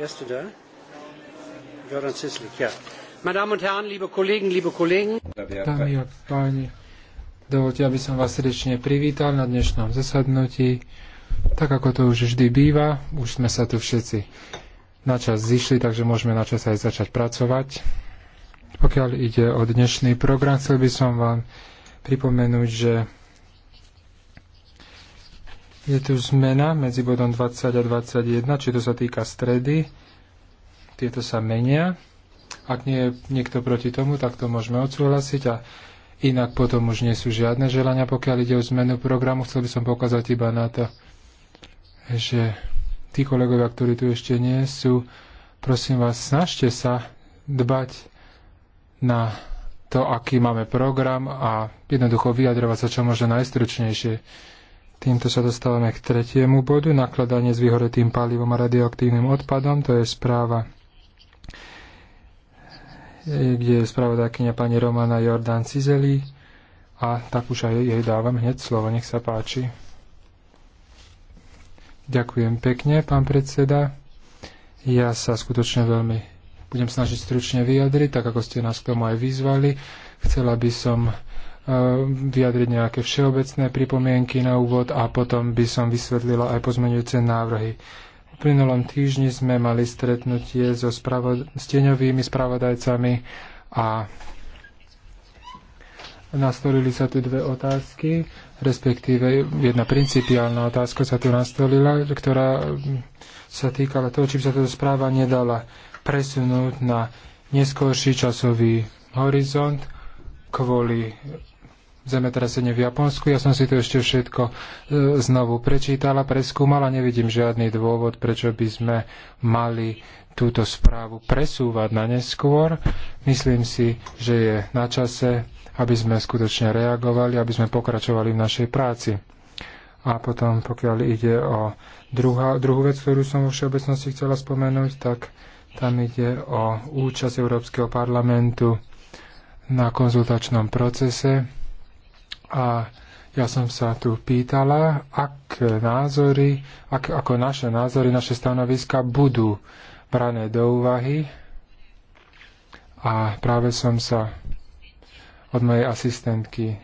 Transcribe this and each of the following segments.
erste da? Göran Zislik, ja. Meine Damen und Herren, liebe Kollegen, liebe Kollegen. Dámy a páni, dovolte, aby som vás srdečne privítal na dnešnom zasadnutí. Tak ako to už vždy býva, už sme sa tu všetci načas zišli, takže môžeme načas aj začať pracovať. Pokiaľ ide o dnešný program, chcel by som vám pripomenúť, že je tu zmena medzi bodom 20 a 21, či to sa týka stredy. Tieto sa menia. Ak nie je niekto proti tomu, tak to môžeme odsúhlasiť a inak potom už nie sú žiadne želania. Pokiaľ ide o zmenu programu, chcel by som pokázať iba na to, že tí kolegovia, ktorí tu ešte nie sú, prosím vás, snažte sa dbať na to, aký máme program a jednoducho vyjadrovať sa čo možno najstručnejšie. Týmto sa dostávame k tretiemu bodu, nakladanie s vyhoretým palivom a radioaktívnym odpadom. To je správa, kde je spravodajkynia pani Romana Jordan Cizeli. A tak už aj jej dávam hneď slovo, nech sa páči. Ďakujem pekne, pán predseda. Ja sa skutočne veľmi budem snažiť stručne vyjadriť, tak ako ste nás k tomu aj vyzvali. Chcela by som Eh, vyjadriť nejaké všeobecné pripomienky na úvod a potom by som vysvetlila aj pozmeňujúce návrhy. V plynulom týždni sme mali stretnutie so spravod- s spravodajcami a nastolili sa tu dve otázky, respektíve jedna principiálna otázka sa tu nastolila, ktorá sa týkala toho, či by sa toto správa nedala presunúť na neskorší časový horizont kvôli zemetrasenie v Japonsku. Ja som si to ešte všetko e, znovu prečítala, preskúmala. Nevidím žiadny dôvod, prečo by sme mali túto správu presúvať na neskôr. Myslím si, že je na čase, aby sme skutočne reagovali, aby sme pokračovali v našej práci. A potom, pokiaľ ide o druhá, druhú vec, ktorú som vo všeobecnosti chcela spomenúť, tak tam ide o účasť Európskeho parlamentu na konzultačnom procese a ja som sa tu pýtala, ak názory, ak, ako naše názory, naše stanoviska budú brané do úvahy. A práve som sa od mojej asistentky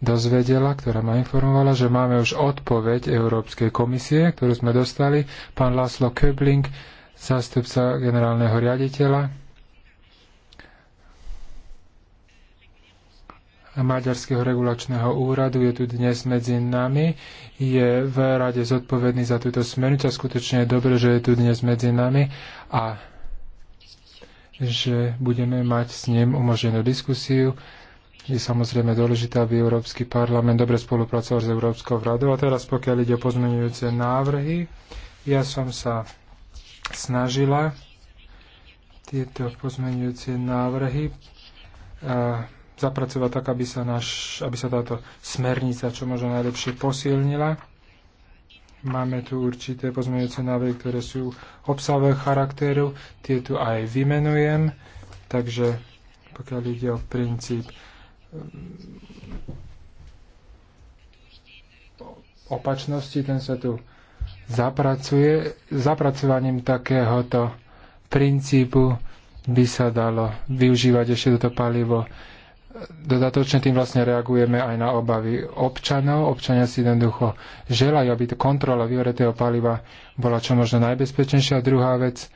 dozvedela, ktorá ma informovala, že máme už odpoveď Európskej komisie, ktorú sme dostali. Pán Laslo Köbling, zástupca generálneho riaditeľa, Maďarského regulačného úradu je tu dnes medzi nami. Je v rade zodpovedný za túto smenu, a skutočne je dobre, že je tu dnes medzi nami a že budeme mať s ním umožnenú diskusiu. Je samozrejme dôležité, aby Európsky parlament dobre spolupracoval s Európskou radou. A teraz, pokiaľ ide o pozmenujúce návrhy, ja som sa snažila tieto pozmenujúce návrhy zapracovať tak, aby sa, naš, aby sa táto smernica čo možno najlepšie posilnila. Máme tu určité pozmeňujúce návrhy, ktoré sú obsahového charakteru, tie tu aj vymenujem, takže pokiaľ ide o princíp um, opačnosti, ten sa tu zapracuje. Zapracovaním takéhoto princípu by sa dalo využívať ešte toto palivo dodatočne tým vlastne reagujeme aj na obavy občanov. Občania si jednoducho želajú, aby to kontrola vyhoretého paliva bola čo možno najbezpečnejšia. Druhá vec,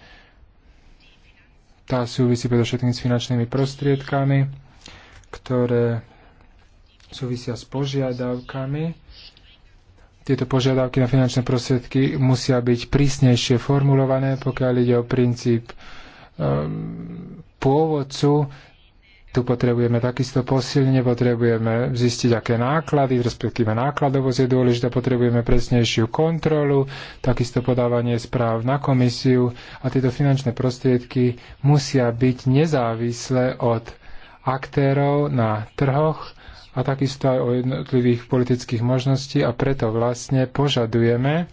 tá súvisí predovšetkým s finančnými prostriedkami, ktoré súvisia s požiadavkami. Tieto požiadavky na finančné prostriedky musia byť prísnejšie formulované, pokiaľ ide o princíp um, pôvodcu, tu potrebujeme takisto posilnenie, potrebujeme zistiť, aké náklady, respektíve nákladovosť je dôležitá, potrebujeme presnejšiu kontrolu, takisto podávanie správ na komisiu a tieto finančné prostriedky musia byť nezávislé od aktérov na trhoch a takisto aj o jednotlivých politických možností a preto vlastne požadujeme,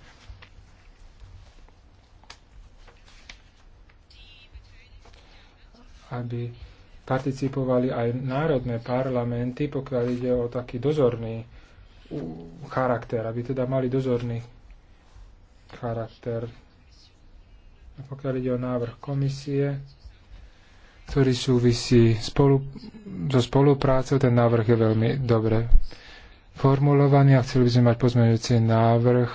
aby participovali aj národné parlamenty, pokiaľ ide o taký dozorný charakter, aby teda mali dozorný charakter. A pokiaľ ide o návrh komisie, ktorý súvisí spolu, so spoluprácou, ten návrh je veľmi dobre formulovaný a chceli by sme mať pozmeňujúci návrh,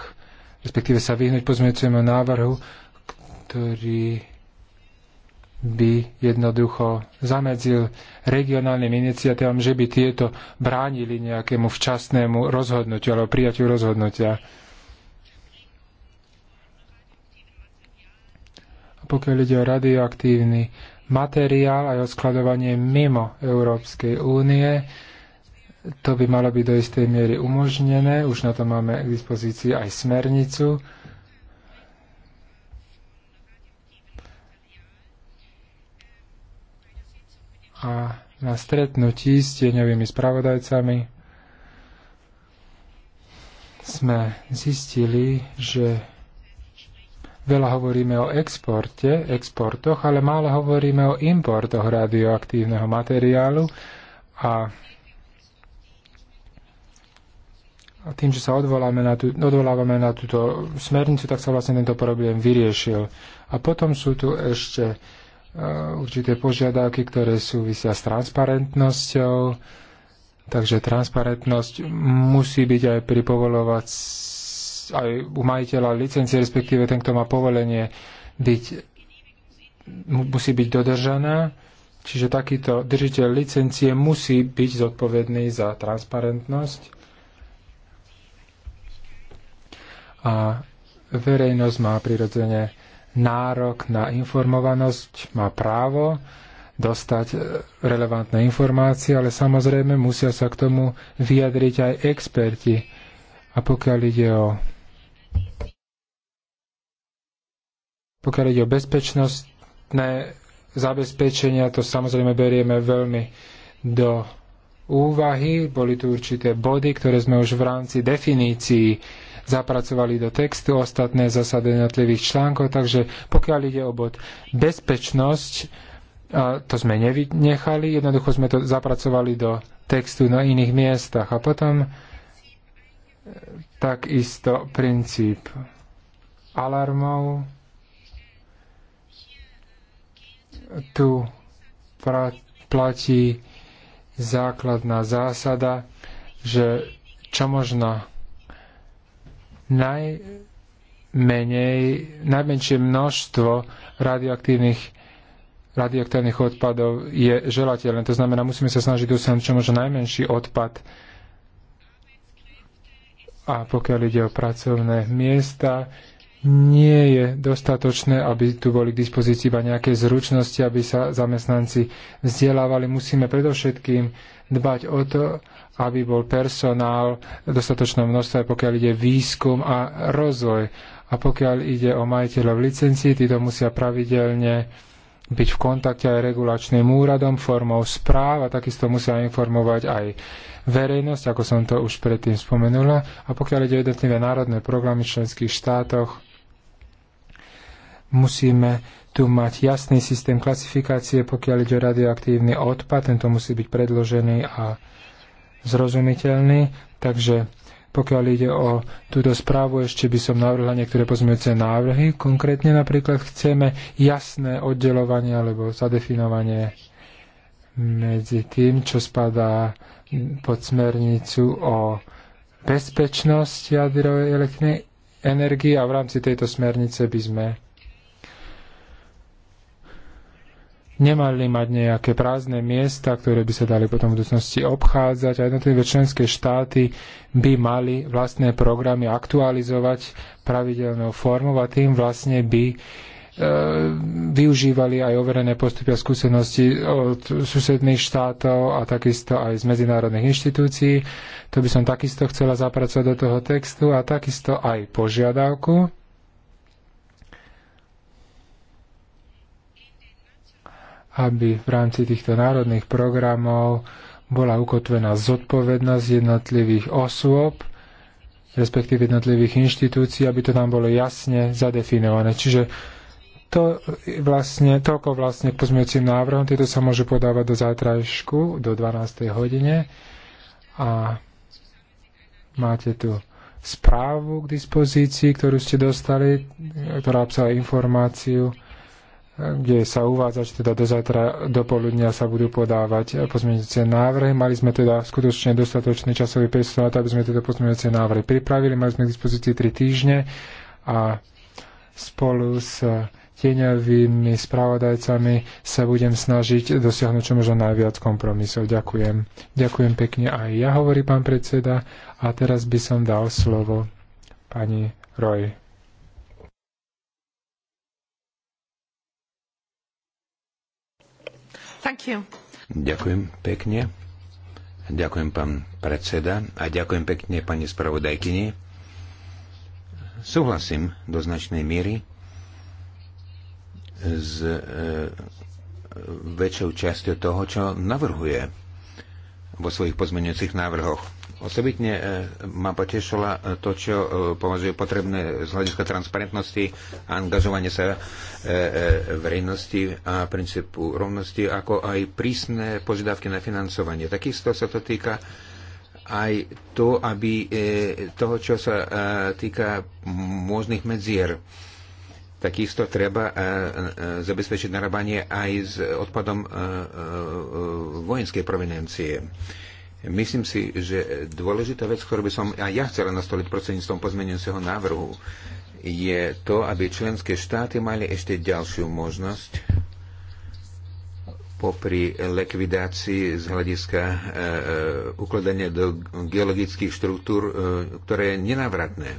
respektíve sa vyhnúť pozmeňujúcemu návrhu, ktorý by jednoducho zamedzil regionálnym iniciatívam, že by tieto bránili nejakému včasnému rozhodnutiu alebo prijatiu rozhodnutia. A pokiaľ ide o radioaktívny materiál a o skladovanie mimo Európskej únie, to by malo byť do istej miery umožnené. Už na to máme k dispozícii aj smernicu. a na stretnutí s tieňovými spravodajcami sme zistili, že veľa hovoríme o exporte, exportoch, ale málo hovoríme o importoch radioaktívneho materiálu a a tým, že sa na tú, odvolávame na túto smernicu, tak sa vlastne tento problém vyriešil. A potom sú tu ešte Eh, určité požiadavky, ktoré súvisia s transparentnosťou. Takže transparentnosť musí byť aj pri povolovať aj u majiteľa licencie, respektíve ten, kto má povolenie, byť, musí byť dodržaná. Čiže takýto držiteľ licencie musí byť zodpovedný za transparentnosť. A verejnosť má prirodzene nárok na informovanosť, má právo dostať e, relevantné informácie, ale samozrejme musia sa k tomu vyjadriť aj experti. A pokiaľ ide o pokiaľ ide o bezpečnostné zabezpečenia, to samozrejme berieme veľmi do úvahy. Boli tu určité body, ktoré sme už v rámci definícií zapracovali do textu, ostatné zasa do jednotlivých článkov, takže pokiaľ ide o bod bezpečnosť, a to sme nevynechali, jednoducho sme to zapracovali do textu na iných miestach. A potom e, takisto princíp alarmov. Tu platí základná zásada, že čo možno najmenej, najmenšie množstvo radioaktívnych radioaktívnych odpadov je želateľné. To znamená, musíme sa snažiť dosiahnuť čo možno najmenší odpad. A pokiaľ ide o pracovné miesta, nie je dostatočné, aby tu boli k dispozícii iba nejaké zručnosti, aby sa zamestnanci vzdelávali. Musíme predovšetkým dbať o to, aby bol personál v dostatočnom množstve, pokiaľ ide výskum a rozvoj. A pokiaľ ide o majiteľov licencií, títo musia pravidelne byť v kontakte aj regulačným úradom formou správ a takisto musia informovať aj verejnosť, ako som to už predtým spomenula. A pokiaľ ide o jednotlivé národné programy v členských štátoch, musíme tu mať jasný systém klasifikácie, pokiaľ ide o radioaktívny odpad, tento musí byť predložený a zrozumiteľný. Takže pokiaľ ide o túto správu, ešte by som navrhla niektoré pozmeňujúce návrhy. Konkrétne napríklad chceme jasné oddelovanie alebo zadefinovanie medzi tým, čo spadá pod smernicu o bezpečnosť jadrovej elektriny energie a v rámci tejto smernice by sme nemali mať nejaké prázdne miesta, ktoré by sa dali potom v budúcnosti obchádzať a jednotlivé členské štáty by mali vlastné programy aktualizovať pravidelnou formou a tým vlastne by e, využívali aj overené postupy a skúsenosti od susedných štátov a takisto aj z medzinárodných inštitúcií. To by som takisto chcela zapracovať do toho textu a takisto aj požiadavku aby v rámci týchto národných programov bola ukotvená zodpovednosť jednotlivých osôb, respektíve jednotlivých inštitúcií, aby to tam bolo jasne zadefinované. Čiže to vlastne, toľko vlastne k pozmeňujúcim návrhom, tieto sa môžu podávať do zátrajšku, do 12. hodine a máte tu správu k dispozícii, ktorú ste dostali, ktorá obsahuje informáciu kde sa uvádza, že teda do zajtra do poludnia sa budú podávať pozmeňujúce návrhy. Mali sme teda skutočne dostatočný časový priestor na to, aby sme tieto pozmeňujúce návrhy pripravili. Mali sme k dispozícii 3 týždne a spolu s tieňovými spravodajcami sa budem snažiť dosiahnuť čo možno najviac kompromisov. Ďakujem. Ďakujem pekne aj ja, hovorí pán predseda. A teraz by som dal slovo pani Roy. Thank you. Ďakujem pekne. Ďakujem pán predseda a ďakujem pekne pani spravodajkyni. Súhlasím do značnej miery s e, väčšou časťou toho, čo navrhuje vo svojich pozmeňujúcich návrhoch Osobitne e, ma potešila e, to, čo e, považujú potrebné z hľadiska transparentnosti a angažovania sa verejnosti a princípu rovnosti, ako aj prísne požiadavky na financovanie. Takisto sa to týka aj to, aby toho, čo sa týka možných medzier. Takisto treba zabezpečiť narábanie aj s odpadom vojenskej provenencie Myslím si, že dôležitá vec, ktorú by som a ja chcela nastoliť prostredníctvom pozmenujúceho návrhu, je to, aby členské štáty mali ešte ďalšiu možnosť popri likvidácii z hľadiska e, e, ukladania do geologických štruktúr, e, ktoré je nenávratné.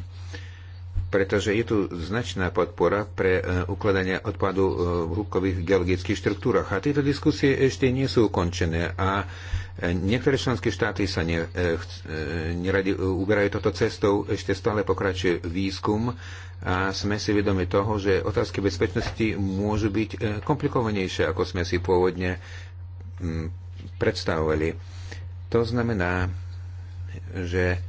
Pretože je tu značná podpora pre e, ukladanie odpadu e, v hĺbkových geologických štruktúrach. A tieto diskusie ešte nie sú ukončené a Niektoré členské štáty sa ne, e, e, neradi e, uberajú toto cestou, ešte stále pokračuje výskum a sme si vedomi toho, že otázky bezpečnosti môžu byť komplikovanejšie, ako sme si pôvodne predstavovali. To znamená, že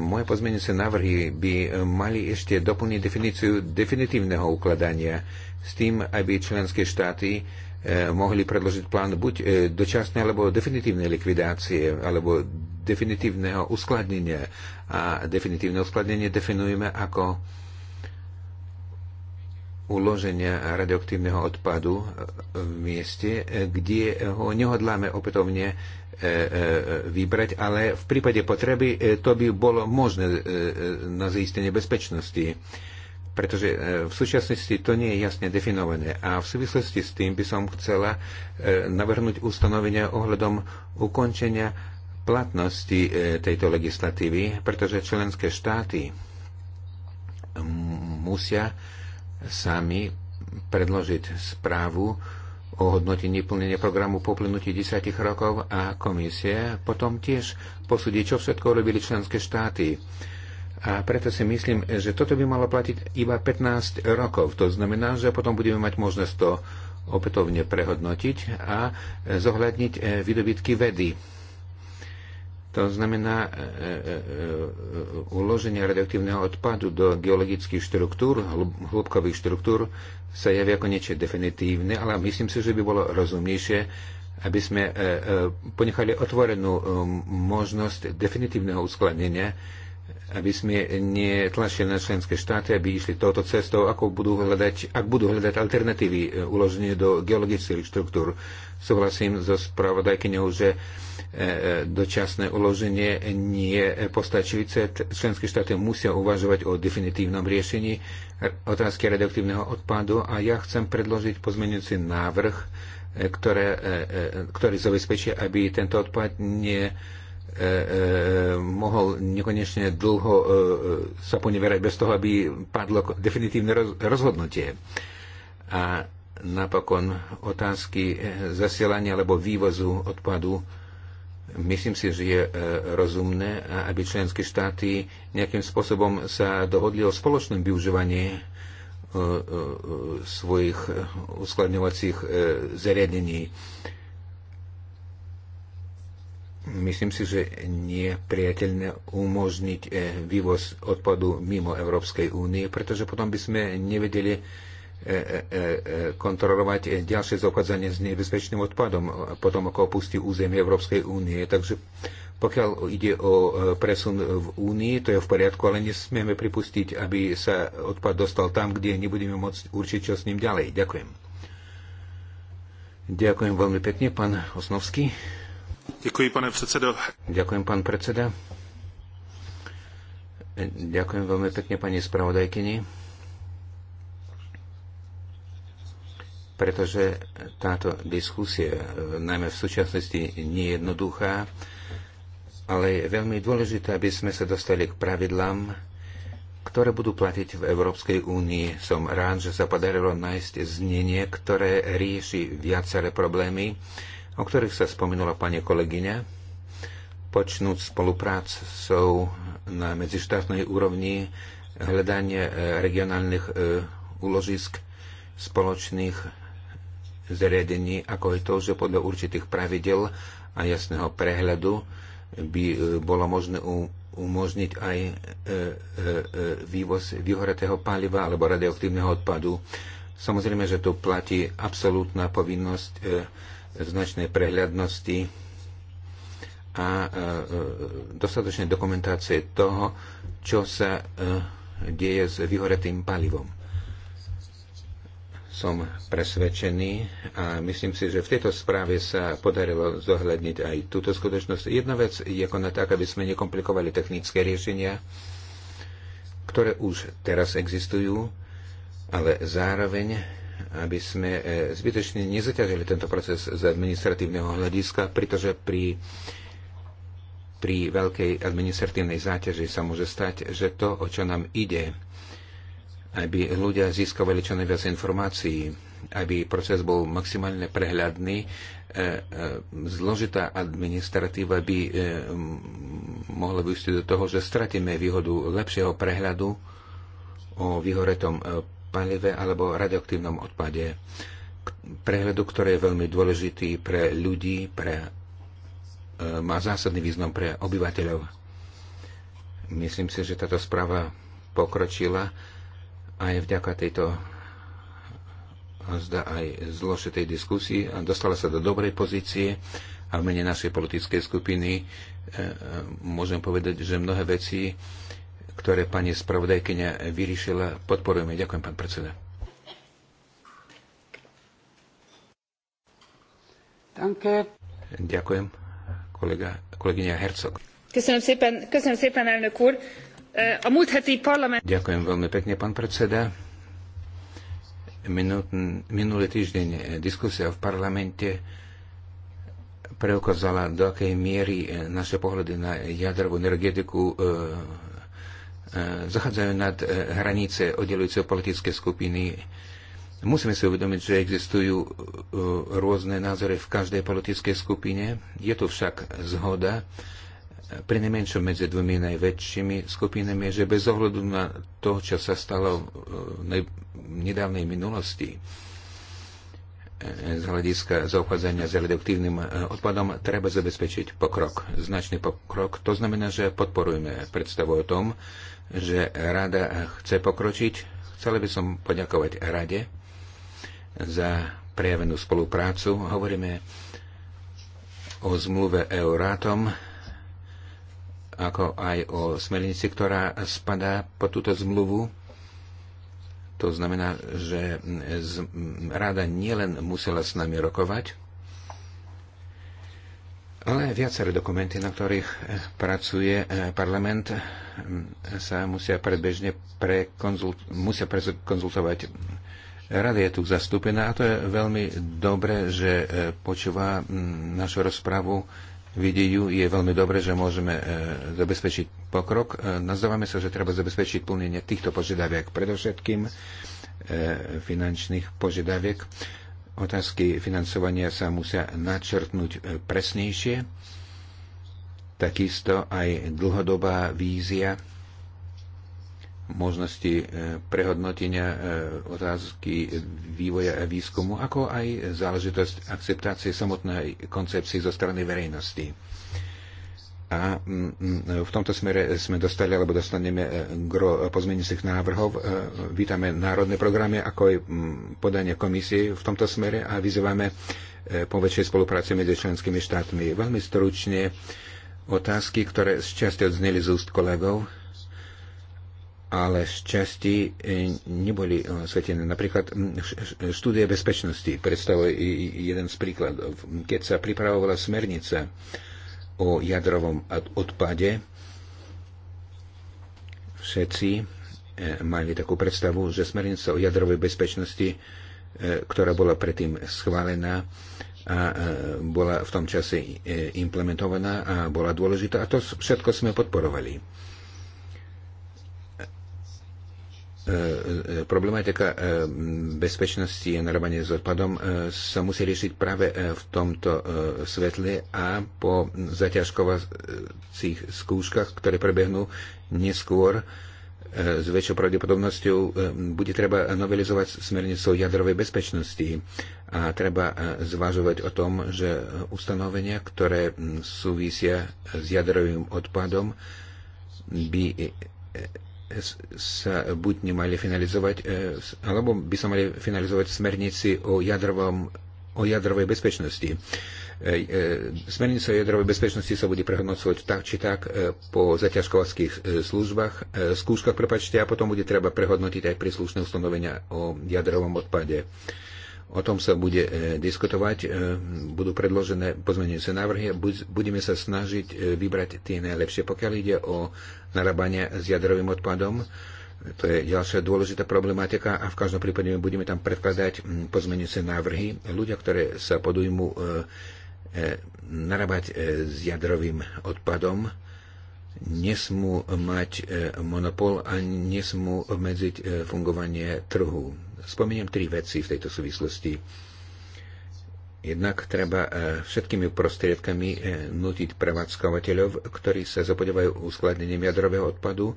moje pozmenujúce návrhy by mali ešte doplniť definíciu definitívneho ukladania s tým, aby členské štáty E, mohli predložiť plán buď e, dočasnej alebo definitívnej likvidácie alebo definitívneho uskladnenia. A definitívne uskladnenie definujeme ako uloženia radioaktívneho odpadu e, v mieste, kde ho nehodláme opätovne vybrať, ale v prípade potreby to by bolo možné na zistenie bezpečnosti pretože e, v súčasnosti to nie je jasne definované. A v súvislosti s tým by som chcela e, navrhnúť ustanovenia ohľadom ukončenia platnosti e, tejto legislatívy, pretože členské štáty musia sami predložiť správu o hodnotení plnenia programu po plynutí 10 rokov a komisie potom tiež posúdi, čo všetko robili členské štáty a preto si myslím, že toto by malo platiť iba 15 rokov. To znamená, že potom budeme mať možnosť to opätovne prehodnotiť a zohľadniť e, vydobitky vedy. To znamená e, e, uloženie radioaktívneho odpadu do geologických štruktúr, hĺbkových štruktúr sa javia ako niečo definitívne, ale myslím si, že by bolo rozumnejšie, aby sme ponechali otvorenú možnosť definitívneho uskladnenia aby sme netlačili na členské štáty, aby išli touto cestou, ako budú hľadať, ak budú hľadať alternatívy e, uloženie do geologických štruktúr. Súhlasím so spravodajkyňou, že e, e, dočasné uloženie nie postačujúce. Členské štáty musia uvažovať o definitívnom riešení otázky radioaktívneho odpadu a ja chcem predložiť pozmeňujúci návrh, ktoré, ktorý zabezpečí, aby tento odpad nie E, e, mohol nekonečne dlho e, sa poneverať bez toho, aby padlo definitívne rozhodnutie. A napokon otázky zasielania alebo vývozu odpadu. Myslím si, že je rozumné, aby členské štáty nejakým spôsobom sa dohodli o spoločnom využívaní svojich uskladňovacích zariadení myslím si, že nie je priateľné umožniť eh, vývoz odpadu mimo Európskej únie, pretože potom by sme nevedeli eh, eh, kontrolovať ďalšie zobchádzanie s nebezpečným odpadom, potom ako opustí územie Európskej únie. Takže pokiaľ ide o presun v únii, to je v poriadku, ale nesmieme pripustiť, aby sa odpad dostal tam, kde nebudeme môcť určiť, čo s ním ďalej. Ďakujem. Ďakujem veľmi pekne, pán Osnovský. Ďakujem, Ďakujem, pán predseda. Ďakujem veľmi pekne pani spravodajkyni, pretože táto diskusia, e, najmä v súčasnosti, nie je jednoduchá, ale je veľmi dôležité, aby sme sa dostali k pravidlám, ktoré budú platiť v Európskej únii. Som rád, že sa podarilo nájsť znenie, ktoré rieši viaceré problémy, o ktorých sa spomenula pani kolegyňa, počnúť spoluprácou na medzištátnej úrovni, hľadanie e, regionálnych e, úložisk spoločných zariadení, ako je to, že podľa určitých pravidel a jasného prehľadu by e, bolo možné umožniť aj vývoz vyhoratého paliva alebo radioaktívneho odpadu. Samozrejme, že tu platí absolútna povinnosť značnej prehľadnosti a e, e, dostatočnej dokumentácie toho, čo sa e, deje s vyhoretým palivom. Som presvedčený a myslím si, že v tejto správe sa podarilo zohľadniť aj túto skutočnosť. Jedna vec je konať tak, aby sme nekomplikovali technické riešenia, ktoré už teraz existujú, ale zároveň aby sme e, zbytočne nezaťažili tento proces z administratívneho hľadiska, pretože pri, pri veľkej administratívnej záťaži sa môže stať, že to, o čo nám ide, aby ľudia získavali čo najviac informácií, aby proces bol maximálne prehľadný, e, e, zložitá administratíva by mohla vyústiť do toho, že stratíme výhodu lepšieho prehľadu o vyhoretom palive alebo radioaktívnom odpade. Prehľadu, ktorý je veľmi dôležitý pre ľudí, pre, e, má zásadný význam pre obyvateľov. Myslím si, že táto správa pokročila aj vďaka tejto zda aj zložitej diskusii a dostala sa do dobrej pozície a v mene našej politickej skupiny e, e môžem povedať, že mnohé veci ktoré pani spravodajkyňa vyriešila. Podporujeme. Ďakujem, pán predseda. Danke. Ďakujem, kolega, kolegyňa Hercog. Köszönöm szépen, köszönöm szépen, elnök úr. A múlt heti parlament... Ďakujem veľmi pekne, pán predseda. minulý týždeň diskusia v parlamente preukázala, do akej miery naše pohľady na jadrovú energetiku E, zachádzajú nad e, hranice oddelujúceho politické skupiny. Musíme si uvedomiť, že existujú e, rôzne názory v každej politickej skupine. Je tu však zhoda, pri najmenšom medzi dvomi najväčšími skupinami, že bez ohľadu na to, čo sa stalo v nedávnej minulosti, z hľadiska zaobchádzania s reduktívnym odpadom treba zabezpečiť pokrok, značný pokrok. To znamená, že podporujeme predstavu o tom, že rada chce pokročiť. Chcela by som poďakovať rade za prejavenú spoluprácu. Hovoríme o zmluve Euratom, ako aj o smernici, ktorá spadá po túto zmluvu. To znamená, že rada nielen musela s nami rokovať, ale viaceré dokumenty, na ktorých pracuje eh, parlament, sa musia predbežne prekonzult, musia prekonzultovať. Rada je tu zastúpená a to je veľmi dobré, že e, počúva našu rozpravu, vidí ju, je veľmi dobré, že môžeme e, zabezpečiť pokrok. E, nazdávame sa, že treba zabezpečiť plnenie týchto požiadaviek, predovšetkým finančných požiadaviek. Otázky financovania sa musia načrtnúť presnejšie takisto aj dlhodobá vízia možnosti e, prehodnotenia e, otázky vývoja a výskumu, ako aj záležitosť akceptácie samotnej koncepcie zo strany verejnosti. A v tomto smere sme dostali, alebo dostaneme e, gro pozmeňujúcich návrhov. Vítame národné programy, ako aj podanie komisie v tomto smere a vyzývame po väčšej spolupráci medzi členskými štátmi. Veľmi stručne otázky, ktoré z časti odzneli z úst kolegov, ale z časti e, neboli e, osvetené. Napríklad štúdie bezpečnosti predstavuje jeden z príkladov. Keď sa pripravovala smernica o jadrovom odpade, všetci e, mali takú predstavu, že smernica o jadrovej bezpečnosti, ktorá bola predtým schválená, a bola v tom čase e, implementovaná a bola dôležitá a to všetko sme podporovali. E, e, problematika bezpečnosti a narábania s odpadom sa musí riešiť práve v tomto svetle a po zaťažkovacích skúškach, ktoré prebehnú neskôr, s väčšou pravdepodobnosťou e, bude treba novelizovať smernicu jadrovej bezpečnosti a treba e, zvažovať o tom, že ustanovenia, ktoré súvisia s jadrovým odpadom, by e, sa buď nemali finalizovať, alebo by sa mali finalizovať smernici o, jadrovom, o jadrovej bezpečnosti. E, e, Smernica o jadrovej bezpečnosti sa bude prehodnocovať tak či tak e, po zaťažkovacích službách, skúškach, prepačte, a potom bude treba prehodnotiť aj príslušné ustanovenia o jadrovom odpade. O tom sa bude diskutovať, budú predložené pozmenujúce návrhy a budeme sa snažiť vybrať tie najlepšie. Pokiaľ ide o narábanie s jadrovým odpadom, to je ďalšia dôležitá problematika a v každom prípade budeme tam predkladať pozmenujúce návrhy. Ľudia, ktoré sa podujmu. E, narábať e, s jadrovým odpadom, nesmú mať e, monopol a nesmú obmedziť fungovanie trhu. Spomeniem tri veci v tejto súvislosti. Jednak treba všetkými prostriedkami nutiť prevádzkovateľov, ktorí sa zapodávajú uskladnením jadrového odpadu,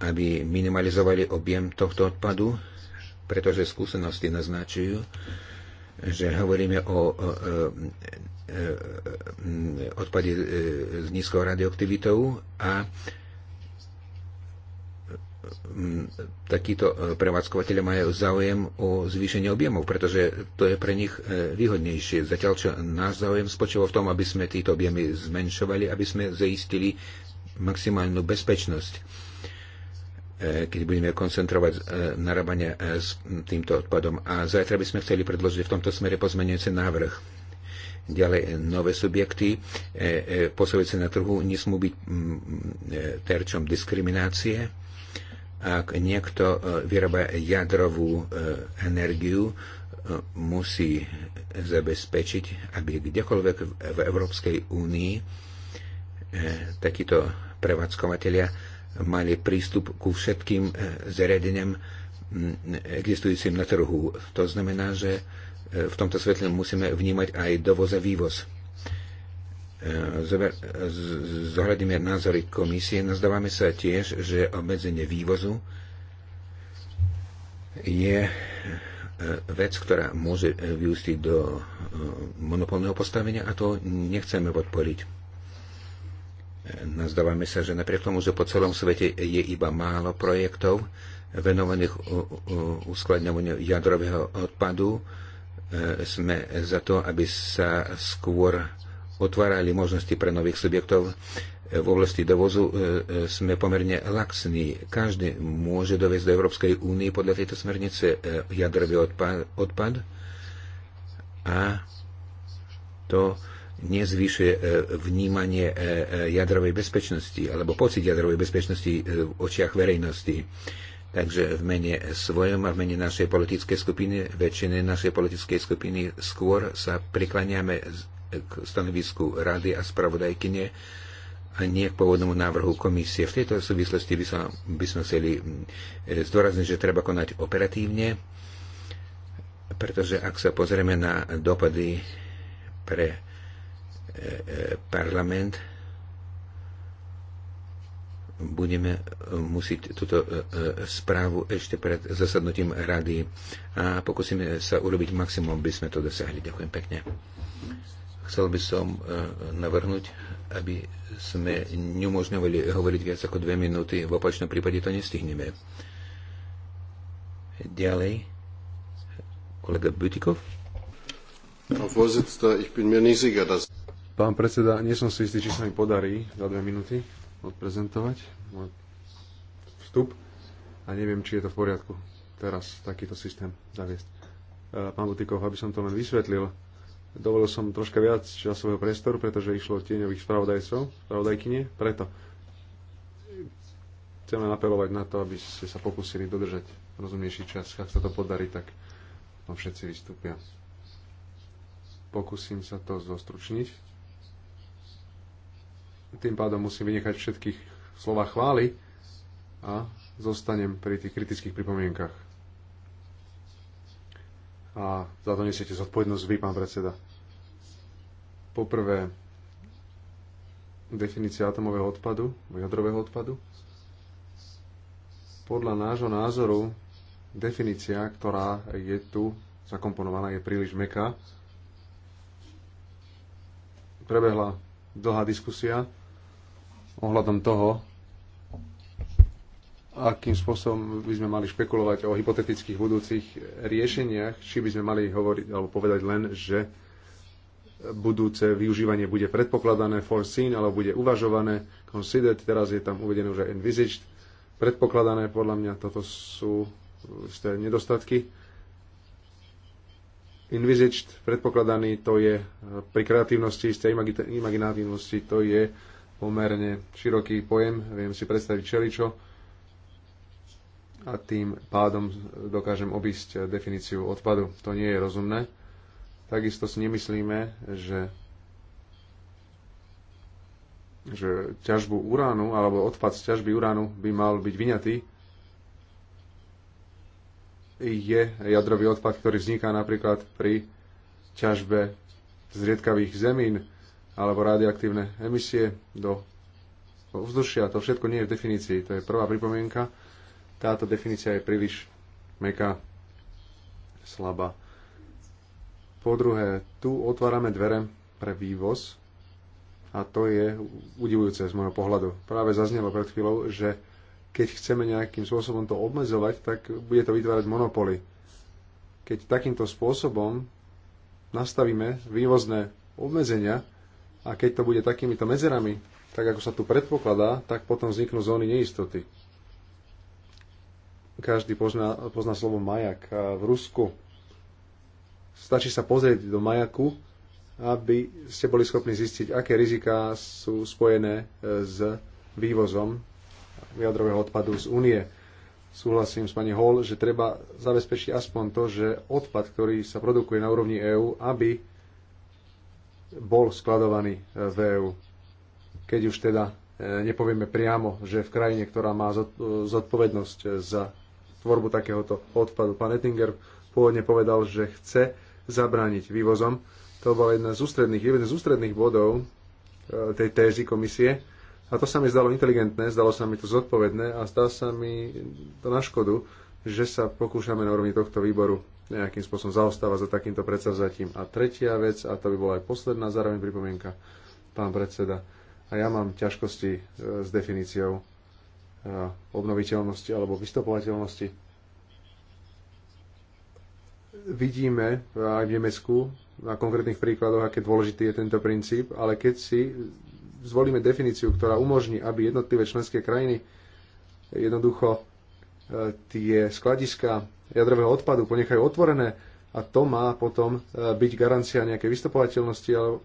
aby minimalizovali objem tohto odpadu, pretože skúsenosti naznačujú, že hovoríme o E, e, odpady s e, nízkou radioaktivitou a takíto prevádzkovateľe majú záujem o zvýšenie objemov, pretože to je pre nich výhodnejšie. Zatiaľ, čo náš záujem spočíva v tom, aby sme tieto objemy zmenšovali, aby sme zaistili maximálnu bezpečnosť keď budeme koncentrovať narábanie s týmto odpadom. A zajtra by sme chceli predložiť v tomto smere pozmenujúci návrh Ďalej, e, nové subjekty e, e, pôsobiace na trhu nesmú byť mm, terčom diskriminácie. Ak niekto vyrába jadrovú energiu, musí zabezpečiť, aby kdekoľvek v Európskej únii takíto prevádzkovateľia mali prístup ku všetkým zariadeniam mm, existujúcim na trhu. To znamená, že v tomto svetle musíme vnímať aj dovoz a vývoz. E, Zohľadíme názory komisie, nazdávame sa tiež, že obmedzenie vývozu je e, vec, ktorá môže vyústiť do e, monopolného postavenia a to nechceme podporiť. Nazdávame sa, že napriek tomu, že po celom svete je iba málo projektov venovaných uskladňovaniu jadrového odpadu, E, sme za to, aby sa skôr otvárali možnosti pre nových subjektov. E, v oblasti dovozu e, sme pomerne laxní. Každý môže dovieť do Európskej únie podľa tejto smernice jadrový odpad, odpad a to nezvyšuje vnímanie jadrovej bezpečnosti alebo pocit jadrovej bezpečnosti v očiach verejnosti Takže v mene svojom a v mene našej politickej skupiny, väčšiny našej politickej skupiny, skôr sa prikláňame k stanovisku rady a spravodajkyne a nie k pôvodnému návrhu komisie. V tejto súvislosti by, som, by sme chceli mm, e, zdôrazniť, že treba konať operatívne, pretože ak sa pozrieme na dopady pre e, e, parlament, budeme e, musieť túto e, e, správu ešte pred zasadnutím rady a pokúsime sa urobiť maximum, by sme to dosiahli. Ďakujem pekne. Chcel by som navrhnúť, aby sme neumožňovali hovoriť viac ako dve minúty, v opačnom prípade to nestihneme. Ďalej, kolega Butikov. Pán predseda, nie som si istý, či sa mi podarí za dve minúty odprezentovať môj vstup a neviem, či je to v poriadku teraz takýto systém zaviesť. E, pán Butikov, aby som to len vysvetlil, dovolil som troška viac časového priestoru, pretože išlo tieňových spravodajcov, spravodajkynie, preto chcem len apelovať na to, aby ste sa pokúsili dodržať rozumnejší čas. Ak sa to podarí, tak všetci vystúpia. Pokúsim sa to zostručniť tým pádom musím vynechať všetkých slova chvály a zostanem pri tých kritických pripomienkach. A za to nesiete zodpovednosť vy, pán predseda. Poprvé, definícia atomového odpadu, jadrového odpadu. Podľa nášho názoru definícia, ktorá je tu zakomponovaná, je príliš meká. Prebehla dlhá diskusia ohľadom toho, akým spôsobom by sme mali špekulovať o hypotetických budúcich riešeniach, či by sme mali hovoriť alebo povedať len, že budúce využívanie bude predpokladané, foreseen, alebo bude uvažované, considered, teraz je tam uvedené už aj envisaged, predpokladané, podľa mňa toto sú isté nedostatky. Envisaged, predpokladaný, to je pri kreatívnosti, isté imaginatívnosti, to je pomerne široký pojem, viem si predstaviť čeličo a tým pádom dokážem obísť definíciu odpadu. To nie je rozumné. Takisto si nemyslíme, že, že ťažbu uránu alebo odpad z ťažby uránu by mal byť vyňatý. Je jadrový odpad, ktorý vzniká napríklad pri ťažbe zriedkavých zemín, alebo radioaktívne emisie do vzdušia. To všetko nie je v definícii. To je prvá pripomienka. Táto definícia je príliš meká, slabá. Po druhé, tu otvárame dvere pre vývoz a to je udivujúce z môjho pohľadu. Práve zaznelo pred chvíľou, že keď chceme nejakým spôsobom to obmedzovať, tak bude to vytvárať monopoly. Keď takýmto spôsobom nastavíme vývozné obmedzenia, a keď to bude takýmito medzerami, tak ako sa tu predpokladá, tak potom vzniknú zóny neistoty. Každý pozná, pozná slovo majak. A v Rusku stačí sa pozrieť do majaku, aby ste boli schopní zistiť, aké riziká sú spojené e, s vývozom jadrového odpadu z únie. Súhlasím s pani Hall, že treba zabezpečiť aspoň to, že odpad, ktorý sa produkuje na úrovni EÚ, aby bol skladovaný e, v EÚ. Keď už teda e, nepovieme priamo, že v krajine, ktorá má e, zodpovednosť za tvorbu takéhoto odpadu. Pán Ettinger pôvodne povedal, že chce zabrániť vývozom. To bol jeden z ústredných, jeden z ústredných bodov tej tézy komisie. A to sa mi zdalo inteligentné, zdalo sa mi to zodpovedné a zdá sa mi to na škodu, že sa pokúšame na úrovni tohto výboru nejakým spôsobom zaostáva za takýmto predsavzatím. A tretia vec, a to by bola aj posledná zároveň pripomienka, pán predseda, a ja mám ťažkosti e, s definíciou e, obnoviteľnosti alebo vystopovateľnosti. Vidíme e, aj v Nemecku na konkrétnych príkladoch, aké dôležitý je tento princíp, ale keď si zvolíme definíciu, ktorá umožní, aby jednotlivé členské krajiny jednoducho tie skladiska jadrového odpadu ponechajú otvorené a to má potom e, byť garancia nejakej vystupovateľnosti, ale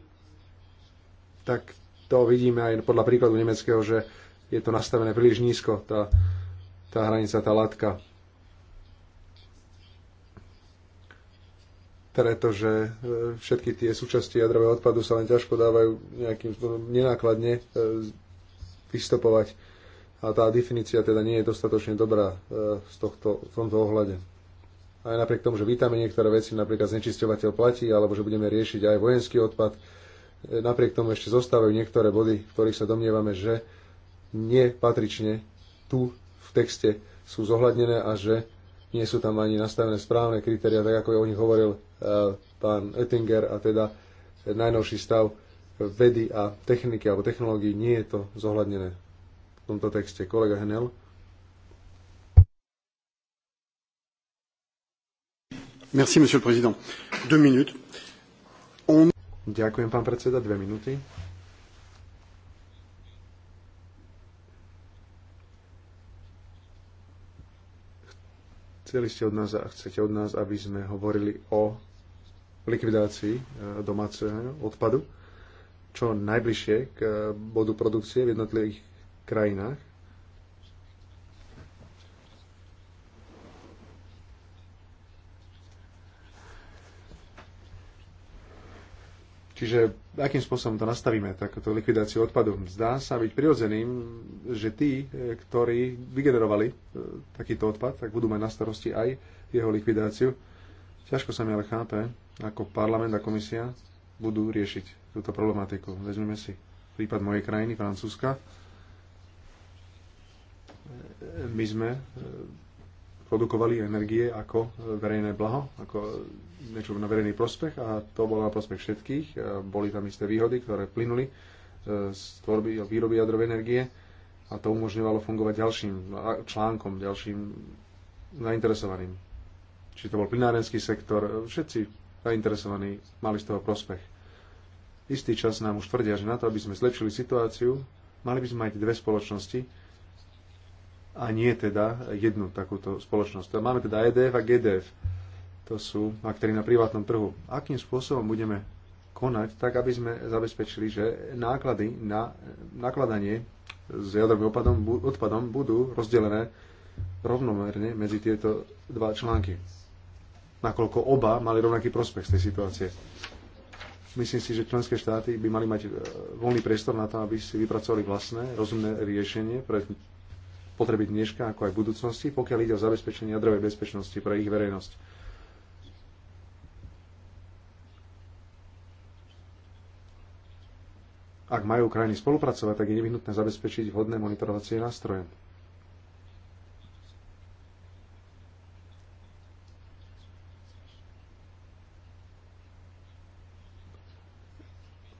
tak to vidíme aj podľa príkladu nemeckého, že je to nastavené príliš nízko, tá, tá hranica, tá látka. pretože e, všetky tie súčasti jadrového odpadu sa len ťažko dávajú nejakým nenákladne e, vystopovať a tá definícia teda nie je dostatočne dobrá z tohto, v tomto ohľade aj napriek tomu, že vítame niektoré veci, napríklad znečisťovateľ platí, alebo že budeme riešiť aj vojenský odpad, e, napriek tomu ešte zostávajú niektoré body, v ktorých sa domnievame, že nepatrične tu v texte sú zohľadnené a že nie sú tam ani nastavené správne kritéria, tak ako o nich hovoril e, pán Oettinger a teda najnovší stav vedy a techniky alebo technológií nie je to zohľadnené v tomto texte. Kolega Henel. Ďakujem, pán predseda, dve minúty. Chceli ste od nás a chcete od nás, aby sme hovorili o likvidácii e, domáceho odpadu čo najbližšie k e, bodu produkcie v jednotlivých krajinách Čiže akým spôsobom to nastavíme, takúto likvidáciu odpadov. Zdá sa byť prirodzeným, že tí, e, ktorí vygenerovali e, takýto odpad, tak budú mať na starosti aj jeho likvidáciu. Ťažko sa mi ale chápe, ako parlament a komisia budú riešiť túto problematiku. Vezmeme si prípad mojej krajiny, Francúzska. E, my sme produkovali energie ako verejné blaho, ako niečo na verejný prospech a to bolo na prospech všetkých. Boli tam isté výhody, ktoré plynuli e, z tvorby a výroby jadrovej energie a to umožňovalo fungovať ďalším no, článkom, ďalším zainteresovaným. Či to bol plinárenský sektor, e, všetci zainteresovaní mali z toho prospech. Istý čas nám už tvrdia, že na to, aby sme zlepšili situáciu, mali by sme mať dve spoločnosti, a nie teda jednu takúto spoločnosť. Máme teda EDF a GDF. To sú aktéry na privátnom trhu. Akým spôsobom budeme konať, tak aby sme zabezpečili, že náklady na nakladanie s jadrovým odpadom, odpadom budú rozdelené rovnomerne medzi tieto dva články. Nakoľko oba mali rovnaký prospech z tej situácie. Myslím si, že členské štáty by mali mať e, voľný priestor na to, aby si vypracovali vlastné rozumné riešenie pre potreby dneška, ako aj v budúcnosti, pokiaľ ide o zabezpečenie jadrovej bezpečnosti pre ich verejnosť. Ak majú krajiny spolupracovať, tak je nevyhnutné zabezpečiť vhodné monitorovacie nástroje.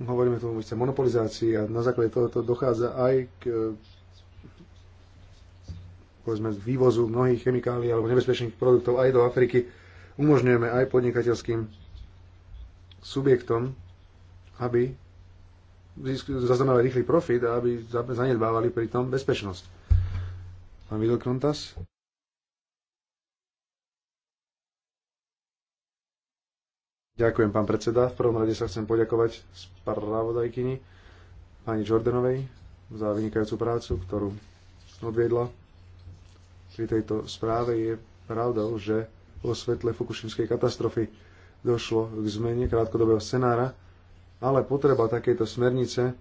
hovoríme tu o monopolizácii a na základe toho to dochádza aj k povedzme, vývozu mnohých chemikálií alebo nebezpečných produktov aj do Afriky, umožňujeme aj podnikateľským subjektom, aby zaznamenali rýchly profit a aby zanedbávali pritom bezpečnosť. Pán Vidal Krontas? Ďakujem, pán predseda. V prvom rade sa chcem poďakovať spravodajkyni pani Jordanovej za vynikajúcu prácu, ktorú odviedla pri tejto správe. Je pravdou, že vo svetle fukušimskej katastrofy došlo k zmene krátkodobého scenára, ale potreba takejto smernice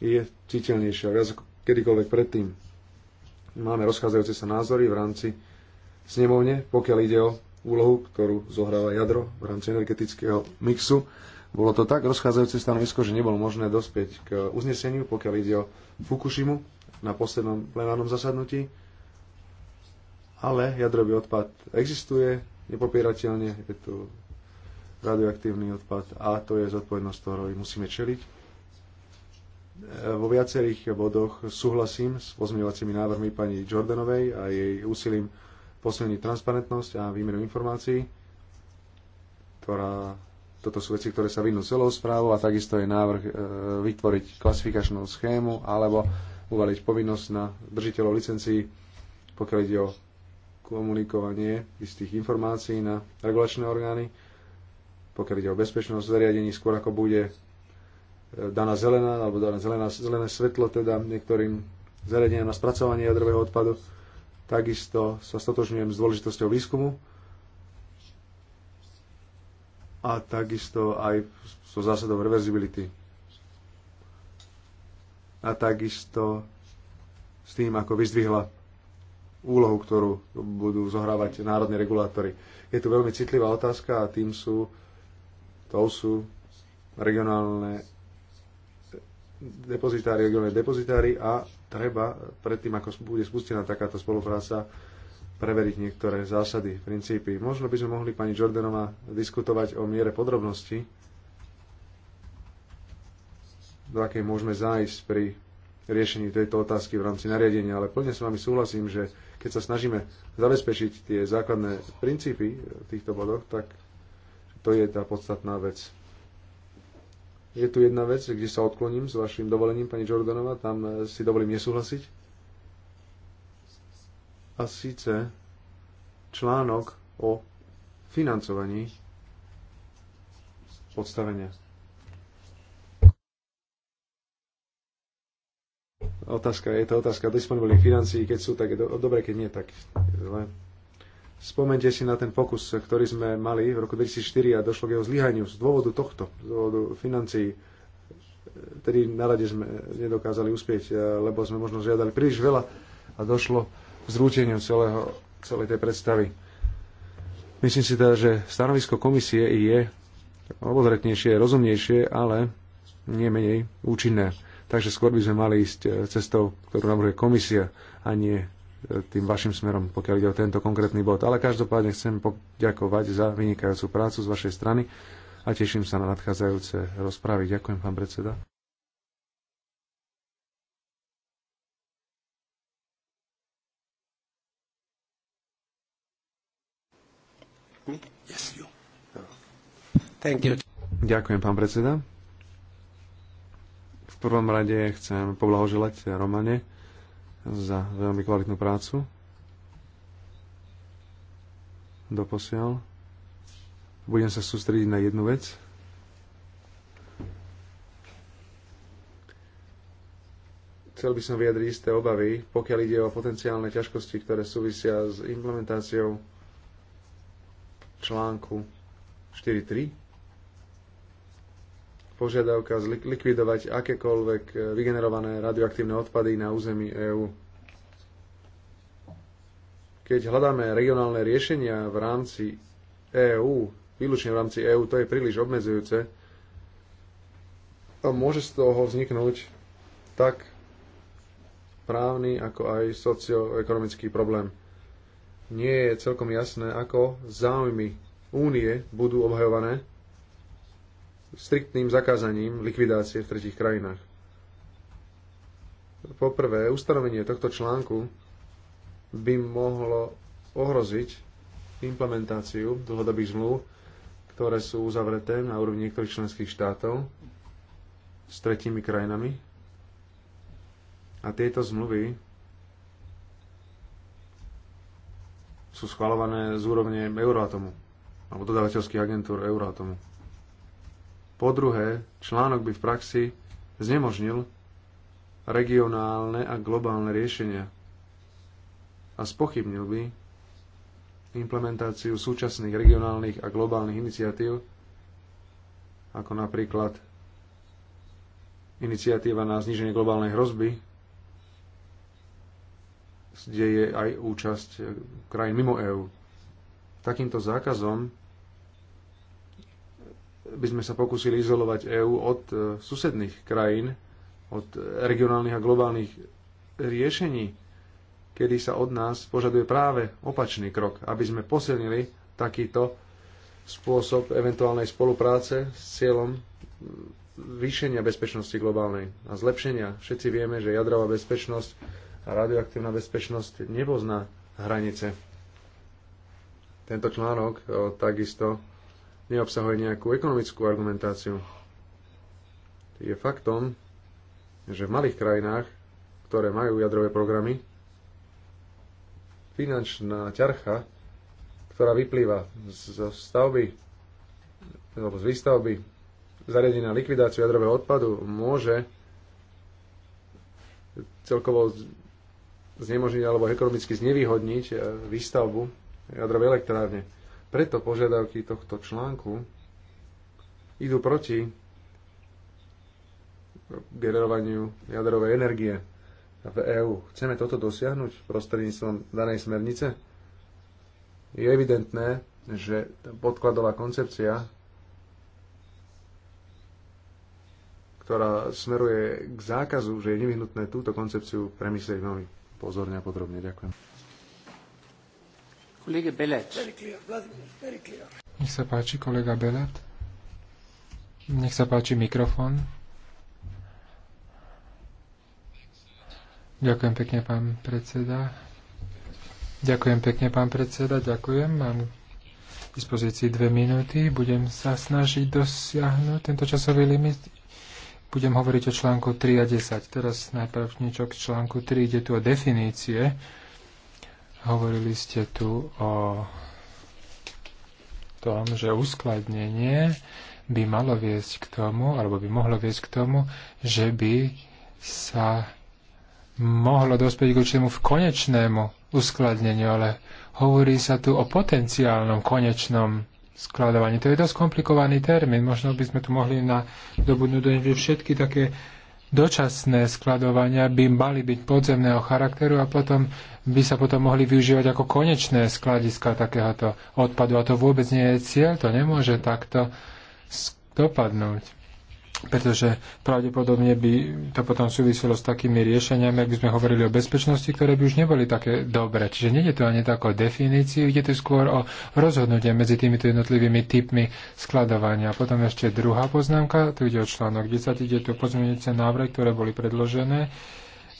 je citeľnejšia viac ako kedykoľvek predtým. Máme rozchádzajúce sa názory v rámci snemovne, pokiaľ ide o úlohu, ktorú zohráva jadro v rámci energetického mixu. Bolo to tak rozchádzajúce stanovisko, že nebolo možné dospieť k uzneseniu, pokiaľ ide o Fukushimu na poslednom plenárnom zasadnutí ale jadrový odpad existuje, nepopierateľne je tu radioaktívny odpad a to je zodpovednosť, ktorou musíme čeliť. Vo viacerých bodoch súhlasím s pozmeňovacími návrhmi pani Jordanovej a jej úsilím posilniť transparentnosť a výmenu informácií, ktorá toto sú veci, ktoré sa vynú celou správou a takisto je návrh e, vytvoriť klasifikačnú schému alebo uvaliť povinnosť na držiteľov licencií, pokiaľ ide o komunikovanie istých informácií na regulačné orgány, pokiaľ ide o bezpečnosť zariadení, skôr ako bude e, daná zelená, alebo daná zelená, zelené svetlo teda niektorým zariadeniam na spracovanie jadrového odpadu. Takisto sa stotožňujem s dôležitosťou výskumu a takisto aj so zásadou reverzibility. A takisto s tým, ako vyzdvihla úlohu, ktorú budú zohrávať národní regulátory. Je tu veľmi citlivá otázka a tým sú, to sú regionálne depozitári, regionálne depozitári a treba predtým, ako bude spustená takáto spolupráca, preveriť niektoré zásady, princípy. Možno by sme mohli pani Jordanova diskutovať o miere podrobnosti, do akej môžeme zájsť pri riešení tejto otázky v rámci nariadenia, ale plne s vami súhlasím, že keď sa snažíme zabezpečiť tie základné princípy v týchto bodoch, tak to je tá podstatná vec. Je tu jedna vec, kde sa odkloním s vašim dovolením, pani Jordanova, tam eh, si dovolím nesúhlasiť. A síce článok o financovaní odstavenia Otázka, je to otázka disponibilných financií, keď sú, tak je do, dobre, keď nie, tak zle. Spomente si na ten pokus, ktorý sme mali v roku 2004 a došlo k jeho zlyhaniu z dôvodu tohto, z dôvodu financií. Tedy na rade sme nedokázali uspieť, e, lebo sme možno žiadali príliš veľa a došlo k zrúteniu celého, celej tej predstavy. Myslím si teda, že stanovisko komisie je obozretnejšie, rozumnejšie, ale nie menej účinné. Takže skôr by sme mali ísť eh, cestou, ktorú navrhuje komisia a nie eh, tým vašim smerom, pokiaľ ide o tento konkrétny bod. Ale každopádne chcem poďakovať za vynikajúcu prácu z vašej strany a teším sa na nadchádzajúce rozpravy. Ďakujem, pán predseda. Hm? Yes, Ďakujem, pán predseda prvom rade chcem poblahoželať Romane za veľmi kvalitnú prácu doposiaľ. Budem sa sústrediť na jednu vec. Chcel by som vyjadriť isté obavy, pokiaľ ide o potenciálne ťažkosti, ktoré súvisia s implementáciou článku 4.3 požiadavka zlikvidovať akékoľvek e, vygenerované radioaktívne odpady na území EÚ. Keď hľadáme regionálne riešenia v rámci EÚ, výlučne v rámci EÚ, to je príliš obmedzujúce a môže z toho vzniknúť tak právny, ako aj socioekonomický problém. Nie je celkom jasné, ako záujmy únie budú obhajované striktným zakázaním likvidácie v tretich krajinách. Poprvé, ustanovenie tohto článku by mohlo ohroziť implementáciu dlhodobých zmluv, ktoré sú uzavreté na úrovni niektorých členských štátov s tretími krajinami. A tieto zmluvy sú schvalované z úrovne Euroatomu alebo dodávateľských agentúr Euroatomu. Po druhé, článok by v praxi znemožnil regionálne a globálne riešenia a spochybnil by implementáciu súčasných regionálnych a globálnych iniciatív, ako napríklad iniciatíva na zníženie globálnej hrozby, kde je aj účasť eh, krajín mimo EÚ. Takýmto zákazom by sme sa pokúsili izolovať EÚ od e, susedných krajín, od e, regionálnych a globálnych riešení, kedy sa od nás požaduje práve opačný krok, aby sme posilnili takýto spôsob eventuálnej spolupráce s cieľom zvýšenia bezpečnosti globálnej a zlepšenia. Všetci vieme, že jadrová bezpečnosť a radioaktívna bezpečnosť nepozná hranice. Tento článok e, takisto neobsahuje nejakú ekonomickú argumentáciu. Je faktom, že v malých krajinách, ktoré majú jadrové programy, finančná ťarcha, ktorá vyplýva zo stavby alebo z výstavby zariadenia na likvidáciu jadrového odpadu, môže celkovo znemožniť alebo ekonomicky znevýhodniť eh, výstavbu jadrovej elektrárne. Preto požiadavky tohto článku idú proti generovaniu jadrovej energie v EÚ. Chceme toto dosiahnuť prostredníctvom danej smernice? Je evidentné, že podkladová koncepcia, ktorá smeruje k zákazu, že je nevyhnutné túto koncepciu premyslieť veľmi pozorne a podrobne. Ďakujem. Kolega Belet. Nech sa páči, kolega Belet. Nech sa páči mikrofón. Ďakujem pekne, pán predseda. Ďakujem pekne, pán predseda. Ďakujem. Mám k dispozícii dve minúty. Budem sa snažiť dosiahnuť tento časový limit. Budem hovoriť o článku 3 a 10. Teraz najprv niečo k článku 3. Ide tu o definície Hovorili ste tu o tom, že uskladnenie by malo viesť k tomu, alebo by mohlo viesť k tomu, že by sa mohlo dospieť k určitému v konečnému uskladneniu, ale hovorí sa tu o potenciálnom konečnom skladovaní. To je dosť komplikovaný termín. Možno by sme tu mohli na dobudnú doň, že všetky také dočasné skladovania by mali byť podzemného charakteru a potom by sa potom mohli využívať ako konečné skladiska takéhoto odpadu. A to vôbec nie je cieľ, to nemôže takto dopadnúť. Pretože pravdepodobne by to potom súviselo s takými riešeniami, ak by sme hovorili o bezpečnosti, ktoré by už neboli také dobré. Čiže nie je to ani tak o definíciu, ide tu skôr o rozhodnutie medzi týmito jednotlivými typmi skladovania. Potom ešte druhá poznámka, tu ide o článok 10, ide tu pozmeňujúce návrhy, ktoré boli predložené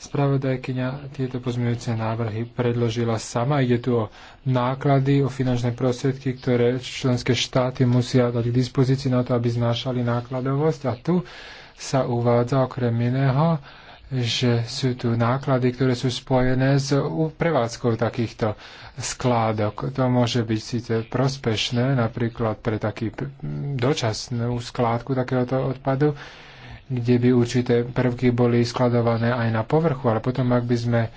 Spravodajkyňa tieto pozmeňujúce návrhy predložila sama. Ide tu o náklady, o finančné prostriedky, ktoré členské štáty musia dať k dispozícii na to, aby znášali nákladovosť. A tu sa uvádza okrem iného, že sú tu náklady, ktoré sú spojené s prevádzkou takýchto skládok. To môže byť síce prospešné, napríklad pre taký dočasnú skládku takéhoto odpadu, kde by určité prvky boli skladované aj na povrchu, ale potom, ak by sme e,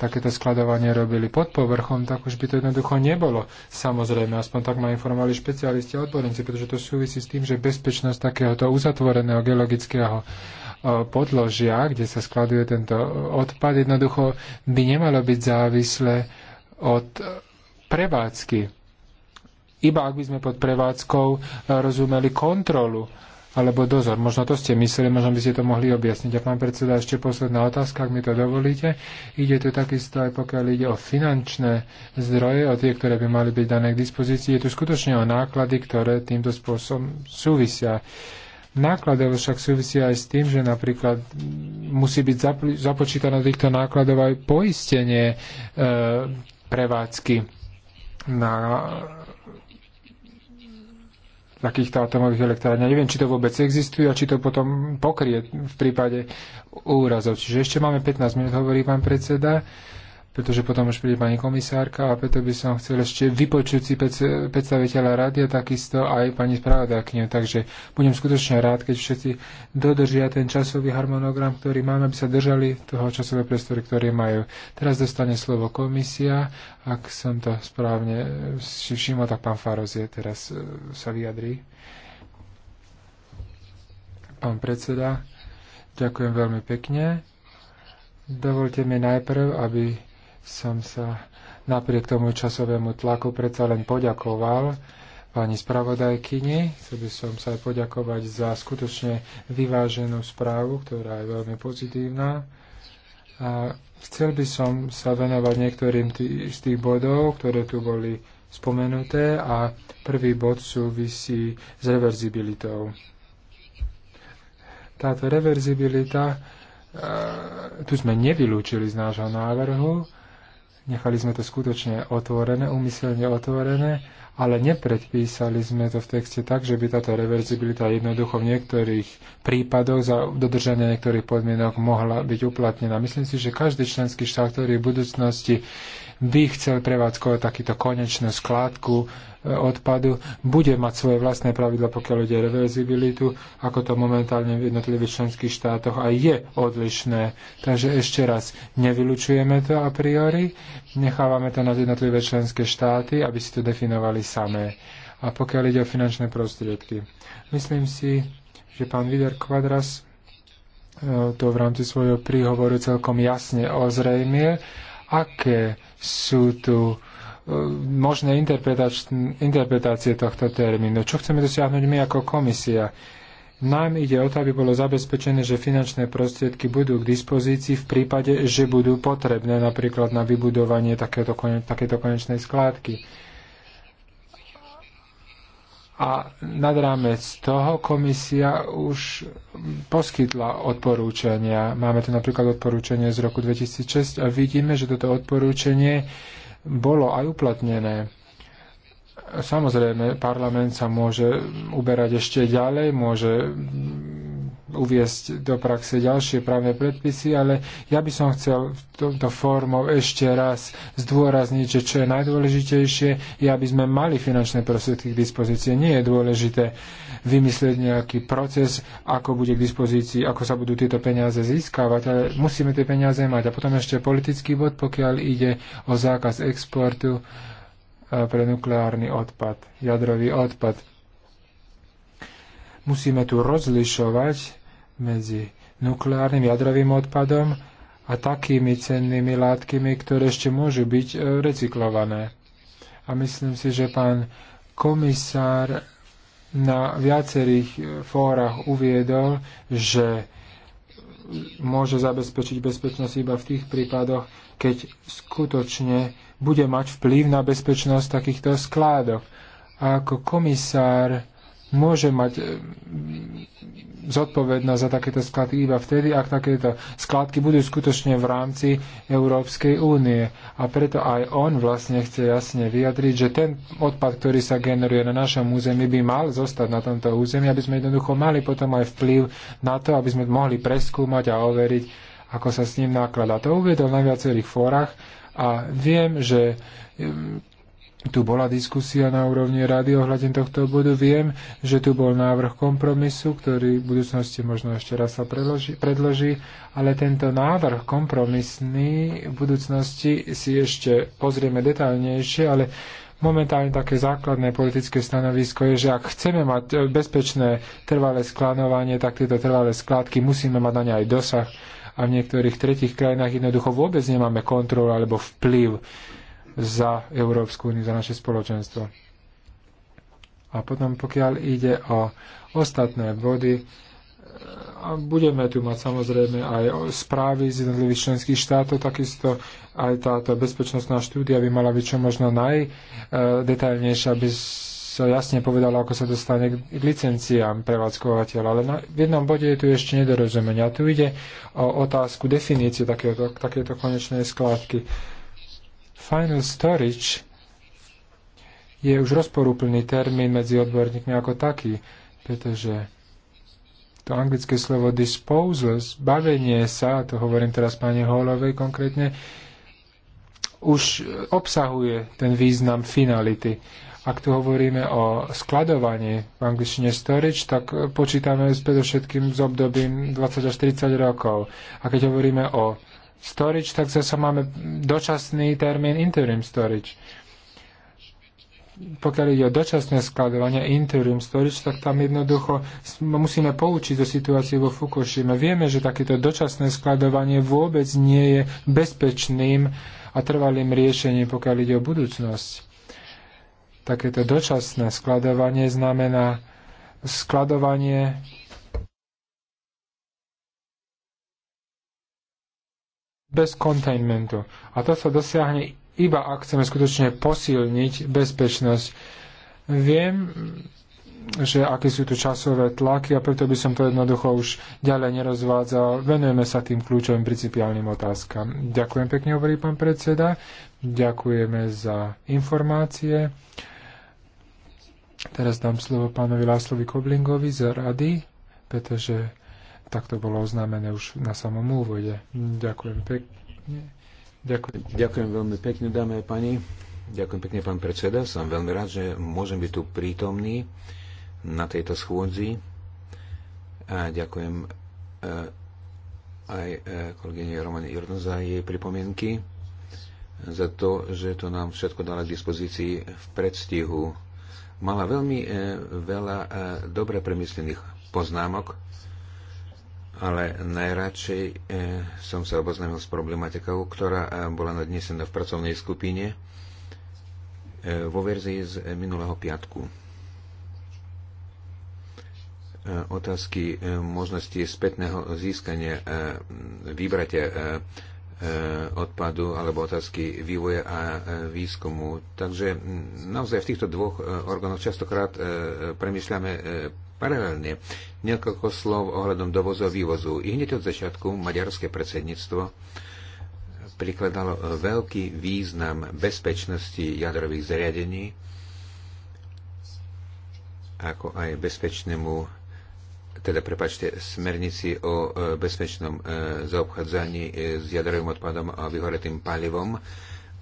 takéto skladovanie robili pod povrchom, tak už by to jednoducho nebolo. Samozrejme, aspoň tak ma informovali špecialisti a odborníci, pretože to súvisí s tým, že bezpečnosť takéhoto uzatvoreného geologického e, podložia, kde sa skladuje tento odpad, jednoducho by nemalo byť závislé od e, prevádzky. Iba ak by sme pod prevádzkou rozumeli kontrolu alebo dozor. Možno to ste mysleli, možno by ste to mohli objasniť. A pán predseda, ešte posledná otázka, ak mi to dovolíte. Ide to takisto aj pokiaľ ide o finančné zdroje, o tie, ktoré by mali byť dané k dispozícii. Je tu skutočne o náklady, ktoré týmto spôsobom súvisia. Nákladov však súvisia aj s tým, že napríklad musí byť započítané týchto nákladov aj poistenie e, prevádzky na takýchto atomových elektrární. Ja neviem, či to vôbec existuje a či to potom pokrie v prípade úrazov. Čiže ešte máme 15 minút, hovorí pán predseda pretože potom už príde pani komisárka a preto by som chcel ešte vypočuť si predstaviteľa rady a takisto aj pani spravodajkňu. Takže budem skutočne rád, keď všetci dodržia ten časový harmonogram, ktorý máme, aby sa držali toho časového priestoru, ktorý majú. Teraz dostane slovo komisia. Ak som to správne si všimol, tak pán Faroz je teraz e, sa vyjadrí. Pán predseda, ďakujem veľmi pekne. Dovolte mi najprv, aby som sa napriek tomu časovému tlaku predsa len poďakoval pani spravodajkyni. Chcel by som sa aj poďakovať za skutočne vyváženú správu, ktorá je veľmi pozitívna. A chcel by som sa venovať niektorým tý, z tých bodov, ktoré tu boli spomenuté a prvý bod súvisí s reverzibilitou. Táto reverzibilita, tu sme nevylúčili z nášho návrhu, Nechali sme to skutočne otvorené, umyselne otvorené, ale nepredpísali sme to v texte tak, že by táto reverzibilita jednoducho v niektorých prípadoch za dodržanie niektorých podmienok mohla byť uplatnená. Myslím si, že každý členský štát, ktorý v budúcnosti by chcel prevádzkovať takýto konečnú skládku e, odpadu, bude mať svoje vlastné pravidla, pokiaľ ide reverzibilitu, ako to momentálne v jednotlivých členských štátoch aj je odlišné. Takže ešte raz, nevylučujeme to a priori, nechávame to na jednotlivé členské štáty, aby si to definovali samé. A pokiaľ ide o finančné prostriedky, myslím si, že pán Vider Kvadras e, to v rámci svojho príhovoru celkom jasne ozrejmie, aké sú tu e, možné interpretácie tohto termínu. Čo chceme dosiahnuť my ako komisia? Nám ide o to, aby bolo zabezpečené, že finančné prostriedky budú k dispozícii v prípade, že budú potrebné napríklad na vybudovanie takéto, konečnej skládky a nad rámec toho komisia už poskytla odporúčania. Máme tu napríklad odporúčanie z roku 2006 a vidíme, že toto odporúčanie bolo aj uplatnené. Samozrejme, parlament sa môže uberať ešte ďalej, môže uviesť do praxe ďalšie právne predpisy, ale ja by som chcel v tomto formou ešte raz zdôrazniť, že čo je najdôležitejšie, je, aby sme mali finančné prostriedky k dispozícii. Nie je dôležité vymyslieť nejaký proces, ako bude k dispozícii, ako sa budú tieto peniaze získavať, ale musíme tie peniaze mať. A potom ešte politický bod, pokiaľ ide o zákaz exportu e, pre nukleárny odpad, jadrový odpad Musíme tu rozlišovať medzi nukleárnym jadrovým odpadom a takými cennými látkami, ktoré ešte môžu byť e, recyklované. A myslím si, že pán komisár na viacerých e, fórach uviedol, že môže zabezpečiť bezpečnosť iba v tých prípadoch, keď skutočne bude mať vplyv na bezpečnosť takýchto skládok. A ako komisár môže mať e, zodpovednosť za takéto skladky iba vtedy, ak takéto skladky budú skutočne v rámci Európskej únie. A preto aj on vlastne chce jasne vyjadriť, že ten odpad, ktorý sa generuje na našom území, by mal zostať na tomto území, aby sme jednoducho mali potom aj vplyv na to, aby sme mohli preskúmať a overiť, ako sa s ním nakladá. To uvedol na viacerých fórach a viem, že tu bola diskusia na úrovni rady ohľadne tohto bodu. Viem, že tu bol návrh kompromisu, ktorý v budúcnosti možno ešte raz sa predloží, predloží ale tento návrh kompromisný v budúcnosti si ešte pozrieme detaľnejšie, ale momentálne také základné politické stanovisko je, že ak chceme mať bezpečné trvalé sklánovanie, tak tieto trvalé skládky musíme mať na ne aj dosah a v niektorých tretich krajinách jednoducho vôbec nemáme kontrolu alebo vplyv za Európsku úniu, za naše spoločenstvo. A potom, pokiaľ ide o ostatné body, e, a budeme tu mať samozrejme aj správy z jednotlivých členských štátov, takisto aj táto bezpečnostná štúdia by mala byť čo možno najdetailnejšia, aby sa jasne povedalo, ako sa dostane k licenciám prevádzkovateľa. Ale na, v jednom bode je tu ešte nedorozumenie. A Tu ide o otázku definície takéto, takéto konečnej skládky. Final storage je už rozporúplný termín medzi odborníkmi ako taký, pretože to anglické slovo disposal, zbavenie sa, to hovorím teraz pani Holovej konkrétne, už obsahuje ten význam finality. Ak tu hovoríme o skladovaní v angličtine storage, tak počítame predovšetkým s obdobím 20 až 30 rokov. A keď hovoríme o storage, tak zase máme dočasný termín interim storage. Pokiaľ ide o dočasné skladovanie interim storage, tak tam jednoducho musíme poučiť do situácie vo Fukushima. Vieme, že takéto dočasné skladovanie vôbec nie je bezpečným a trvalým riešením, pokiaľ ide o budúcnosť. Takéto dočasné skladovanie znamená skladovanie bez kontainmentu. A to sa dosiahne iba ak chceme skutočne posilniť bezpečnosť. Viem, že aké sú tu časové tlaky a preto by som to jednoducho už ďalej nerozvádzal. Venujeme sa tým kľúčovým principiálnym otázkam. Ďakujem pekne, hovorí pán predseda. Ďakujeme za informácie. Teraz dám slovo pánovi Láslovi Koblingovi z rady, pretože tak to bolo oznámené už na samom úvode. Ďakujem pekne. Ďakujem. Ďakujem veľmi pekne, dáme a pani. Ďakujem pekne, pán predseda. Som veľmi rád, že môžem byť tu prítomný na tejto schôdzi. A ďakujem e, aj e, kolegyne Romane Jordan za jej pripomienky, za to, že to nám všetko dala k dispozícii v predstihu. Mala veľmi e, veľa dobre premyslených poznámok, ale najradšej e, som sa oboznámil s problematikou, ktorá e, bola nadnesená v pracovnej skupine e, vo verzii z minulého piatku. Otázky možnosti spätného získania vybratia odpadu alebo otázky vývoja a výskumu. Takže naozaj v týchto dvoch orgánoch častokrát premyšľame Paralelne niekoľko slov ohľadom dovozu a vývozu. I hneď od začiatku maďarské predsedníctvo prikladalo e, veľký význam bezpečnosti jadrových zariadení, ako aj bezpečnému, teda prepačte, smernici o e, bezpečnom e, zaobchádzaní s jadrovým odpadom a vyhoretým palivom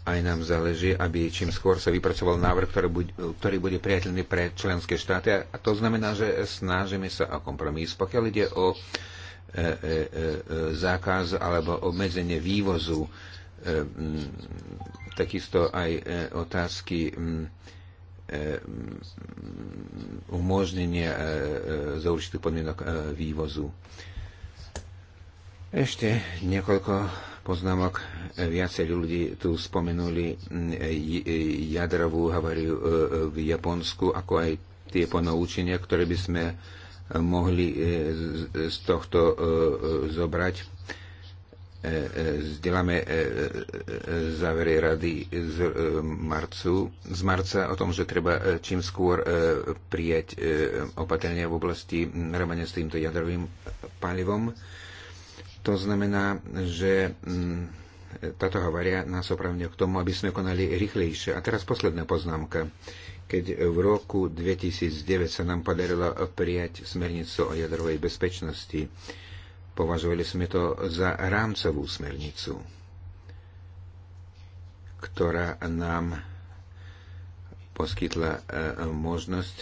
aj nám záleží, aby čím skôr sa vypracoval návrh, ktorý bude, ktorý bude priateľný pre členské štáty. A to znamená, že snažíme sa o kompromis. Pokiaľ ide o e, e, e, zákaz alebo obmedzenie vývozu, e, m, takisto aj e, otázky. M, e, e, e za určitých podmienok e, vývozu. Ešte niekoľko poznámok. Viacej ľudí tu spomenuli mm, jadrovú havariu e, v Japonsku, ako aj tie ponaučenia, ktoré by sme e, mohli e, z tohto zobrať. Zdeláme závery rady z, marcu, z marca o tom, že treba čím skôr prijať opatrenia v oblasti rámane s týmto jadrovým palivom. To znamená, že mm, táto havária nás opravňuje k tomu, aby sme konali rýchlejšie. A teraz posledná poznámka. Keď v roku 2009 sa nám podarilo prijať smernicu o jadrovej bezpečnosti, považovali sme to za rámcovú smernicu, ktorá nám poskytla e, možnosť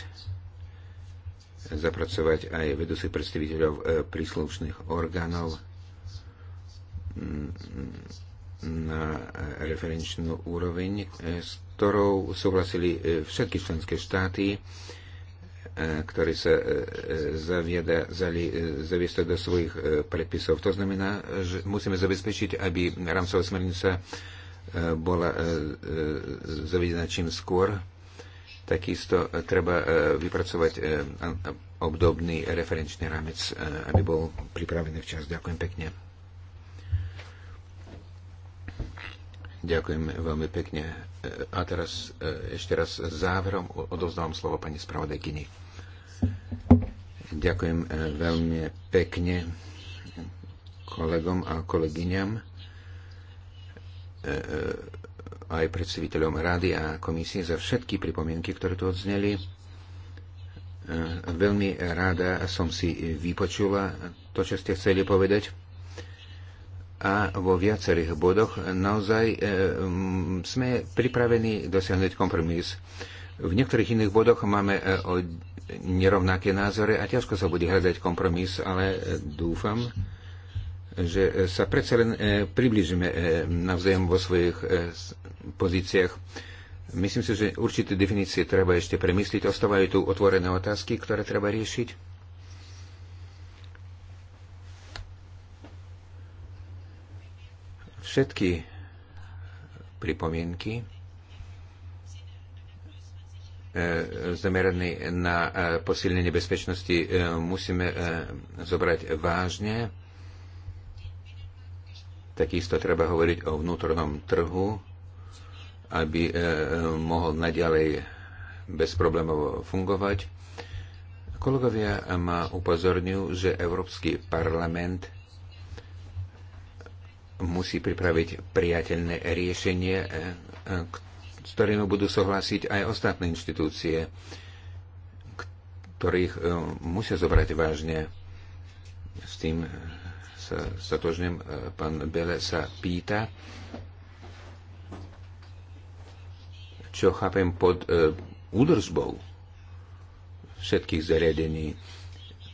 zapracovať aj vedúcich predstaviteľov e, príslušných orgánov na referenčnú úroveň, eh, s ktorou súhlasili eh, všetky členské štáty, eh, ktoré sa zaviedali zali, zaviesť do svojich predpisov. To znamená, že musíme zabezpečiť, aby rámcová smernica bola zavedená čím skôr. Takisto treba vypracovať obdobný referenčný rámec, aby bol pripravený včas. Ďakujem pekne. Ďakujem veľmi pekne. A teraz e, ešte raz záverom odovzdávam slovo pani spravodajkyni. Ďakujem e, veľmi pekne kolegom a kolegyňam, e, aj predstaviteľom rady a komisie za všetky pripomienky, ktoré tu odzneli. Veľmi ráda som si vypočula to, čo ste chceli povedať a vo viacerých bodoch naozaj e, sme pripravení dosiahnuť kompromis. V niektorých iných bodoch máme e, nerovnaké názory a ťažko sa bude hľadať kompromis, ale e, dúfam, že sa predsa len približíme navzájom vo svojich pozíciách. Myslím si, že určité definície treba ešte premyslieť. Ostávajú tu otvorené otázky, ktoré treba riešiť. všetky pripomienky e, zameraný na e, posilnenie bezpečnosti e, musíme zobrať vážne. Takisto treba hovoriť o vnútornom trhu, aby mohol naďalej bezproblémovo fungovať. Kolegovia ma upozorňujú, že Európsky parlament musí pripraviť priateľné riešenie, e, e, s ktorým budú súhlasiť aj ostatné inštitúcie, ktorých e, musia zobrať vážne. S tým sa zatožňujem. Pán Bele sa pýta, čo chápem pod údržbou všetkých zariadení.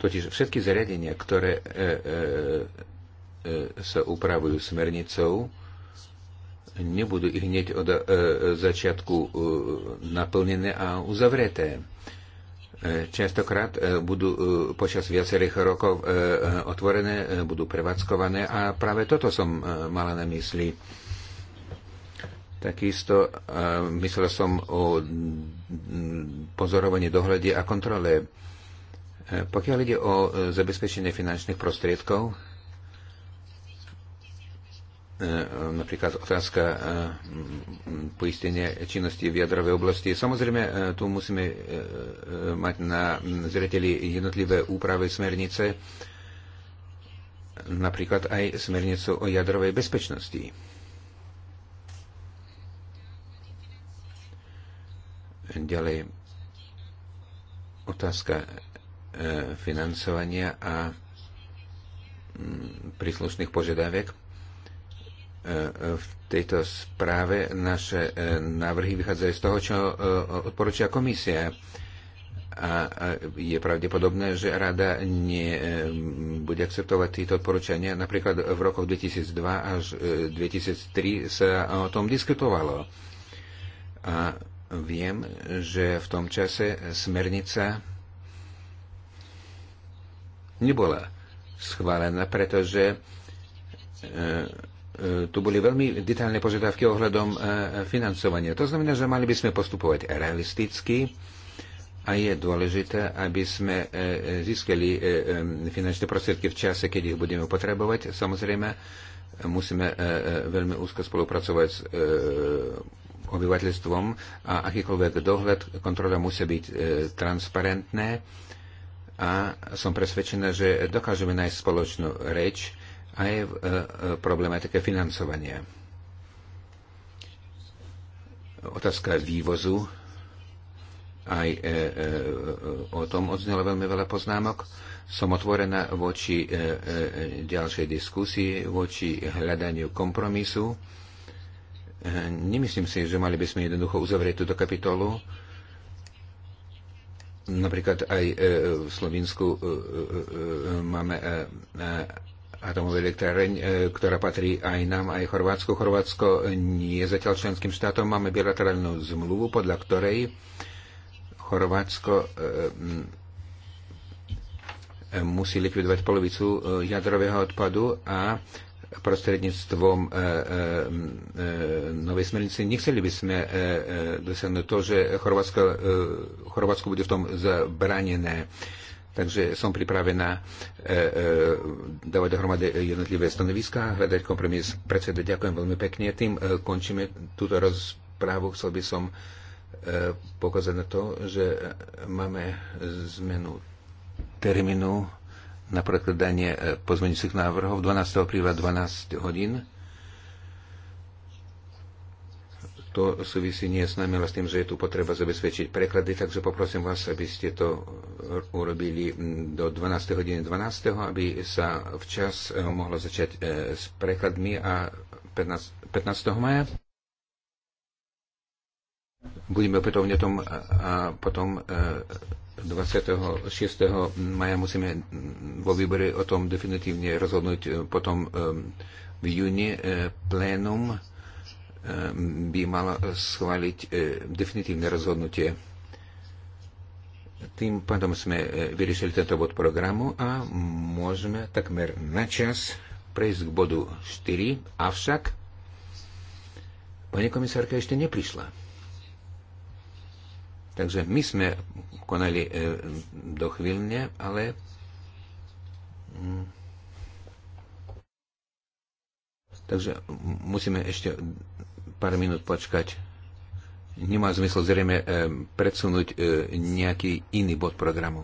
Totiž všetky zariadenia, ktoré e, E, sa upravujú smernicou, nebudú ich hneď od e, začiatku e, naplnené a uzavreté. Častokrát budú počas viacerých rokov otvorené, budú prevádzkované a práve toto som mala na mysli. Takisto myslel som o pozorovaní dohľade a kontrole. Pokiaľ ide o zabezpečenie finančných prostriedkov, E, napríklad otázka e, poistenia činnosti v jadrovej oblasti. Samozrejme, e, tu musíme mať na zreteli jednotlivé úpravy smernice, napríklad aj smernicu o jadrovej bezpečnosti. Ďalej otázka financovania a príslušných požiadaviek E, v tejto správe naše e, návrhy vychádzajú z toho, čo e, odporúčia komisia. A je pravdepodobné, že rada nie bude akceptovať tieto odporúčania. Napríklad v rokoch 2002 až 2003 sa o tom diskutovalo. A viem, že v tom čase smernica nebola schválená, pretože E, tu boli veľmi detailné požiadavky ohľadom e, financovania. To znamená, že mali by sme postupovať realisticky a je dôležité, aby sme e, získali finančné prostriedky v čase, keď ich budeme potrebovať. Samozrejme, musíme veľmi úzko spolupracovať s obyvateľstvom a akýkoľvek dohľad, kontrola musia byť transparentné a som presvedčená, že dokážeme nájsť spoločnú reč aj v e, e, problematike financovania. Otázka vývozu. Aj e, o tom odznelo veľmi veľa poznámok. Som otvorená voči ďalšej diskusii, voči hľadaniu kompromisu. Nemyslím si, že mali by sme jednoducho uzavrieť túto kapitolu napríklad aj v Slovensku máme atomovej elektráreň, e, ktorá patrí aj nám, aj Chorvátsku. Chorvátsko nie je zatiaľ členským štátom. Máme bilaterálnu zmluvu, podľa ktorej Chorvátsko e, musí likvidovať polovicu e, jadrového odpadu a prostredníctvom e, e, e, novej smernice. Nechceli by sme e, e, dosiahnuť to, že Chorvátsko, e, Chorvátsko bude v tom zabranené. E, Takže som pripravená e, e, dávať dohromady jednotlivé stanoviská, hľadať kompromis. Predseda, ďakujem veľmi pekne. Tým e, končíme túto rozprávu. Chcel by som e, pokazať na to, že máme zmenu termínu na prekladanie e, pozmeňujúcich návrhov 12. apríla 12 hodín. to súvisí nie s nami, ale s tým, že je tu potreba zabezpečiť preklady, takže poprosím vás, aby ste to urobili mm, do 12. hodiny 12., aby sa včas eh, mohlo začať eh, s prekladmi a 15. 15. maja. Budeme opätovne tom a potom 26. Eh, maja musíme mm, vo výbore o tom definitívne rozhodnúť potom v júni plénum by mala schváliť e, definitívne rozhodnutie. Tým pádom sme e, vyriešili tento bod programu a môžeme takmer na čas prejsť k bodu 4, avšak pani komisárka ešte neprišla. Takže my sme konali e, dochvíľne, ale mm, Takže musíme ešte pár minút počkať. Nemá zmysel zrejme eh, predsunúť eh, nejaký iný bod programu.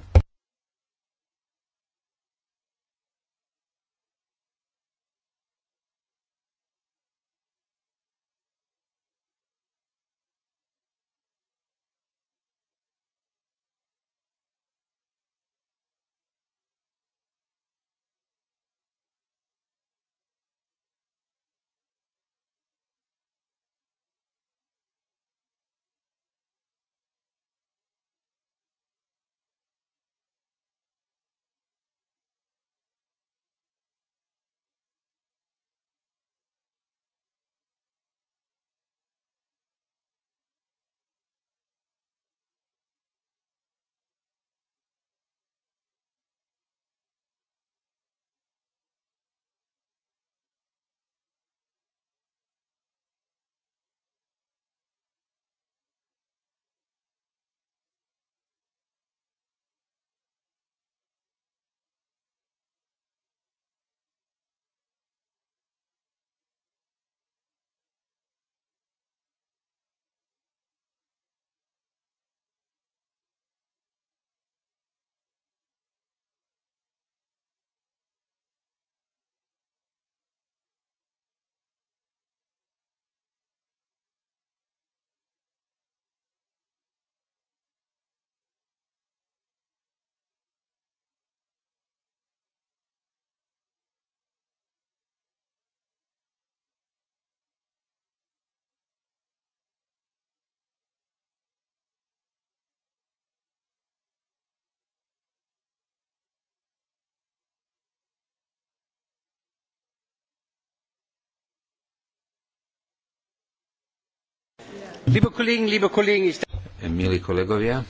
Eh, milí kolegovia,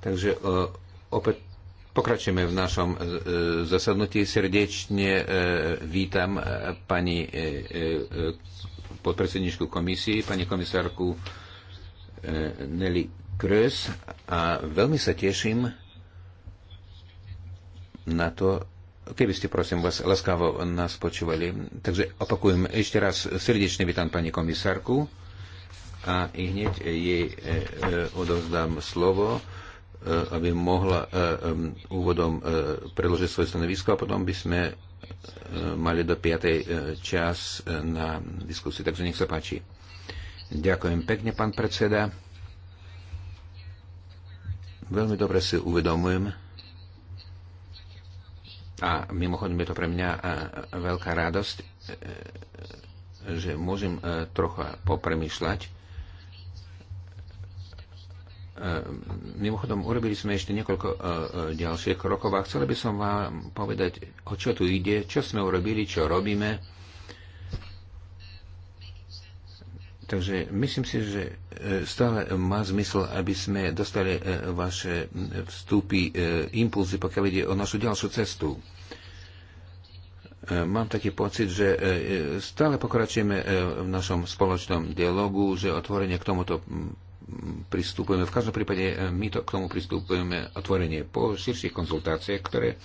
takže eh, opäť pokračujeme v našom eh, zasadnutí. Srdečne vítam pani podpredsedničku komisii, pani komisárku Nelly Kres a veľmi sa teším na to, keby ste, prosím vás, laskavo nás počúvali. Takže opakujem ešte raz, srdečne vítam pani komisárku a i hneď jej e, e, odovzdám slovo, e, aby mohla úvodom predložiť svoje stanovisko a potom by sme mali do 5. čas na diskusii. Takže nech sa páči. Ďakujem pekne, pán predseda. Veľmi dobre si uvedomujem a mimochodom je to pre mňa veľká radosť, že môžem trocha popremýšľať Ehm, mimochodom, urobili sme ešte niekoľko e, e, ďalších krokov a chcel by som vám povedať, o čo tu ide, čo sme urobili, čo robíme. Takže myslím si, že e, stále má zmysel, aby sme dostali vaše vstupy, impulzy, pokiaľ ide o našu ďalšiu cestu. Mám taký pocit, že stále pokračujeme v našom spoločnom dialogu, že otvorenie k tomuto pristupujeme. V každom prípade e, my to k tomu pristupujeme otvorenie po širších konzultáciách, ktoré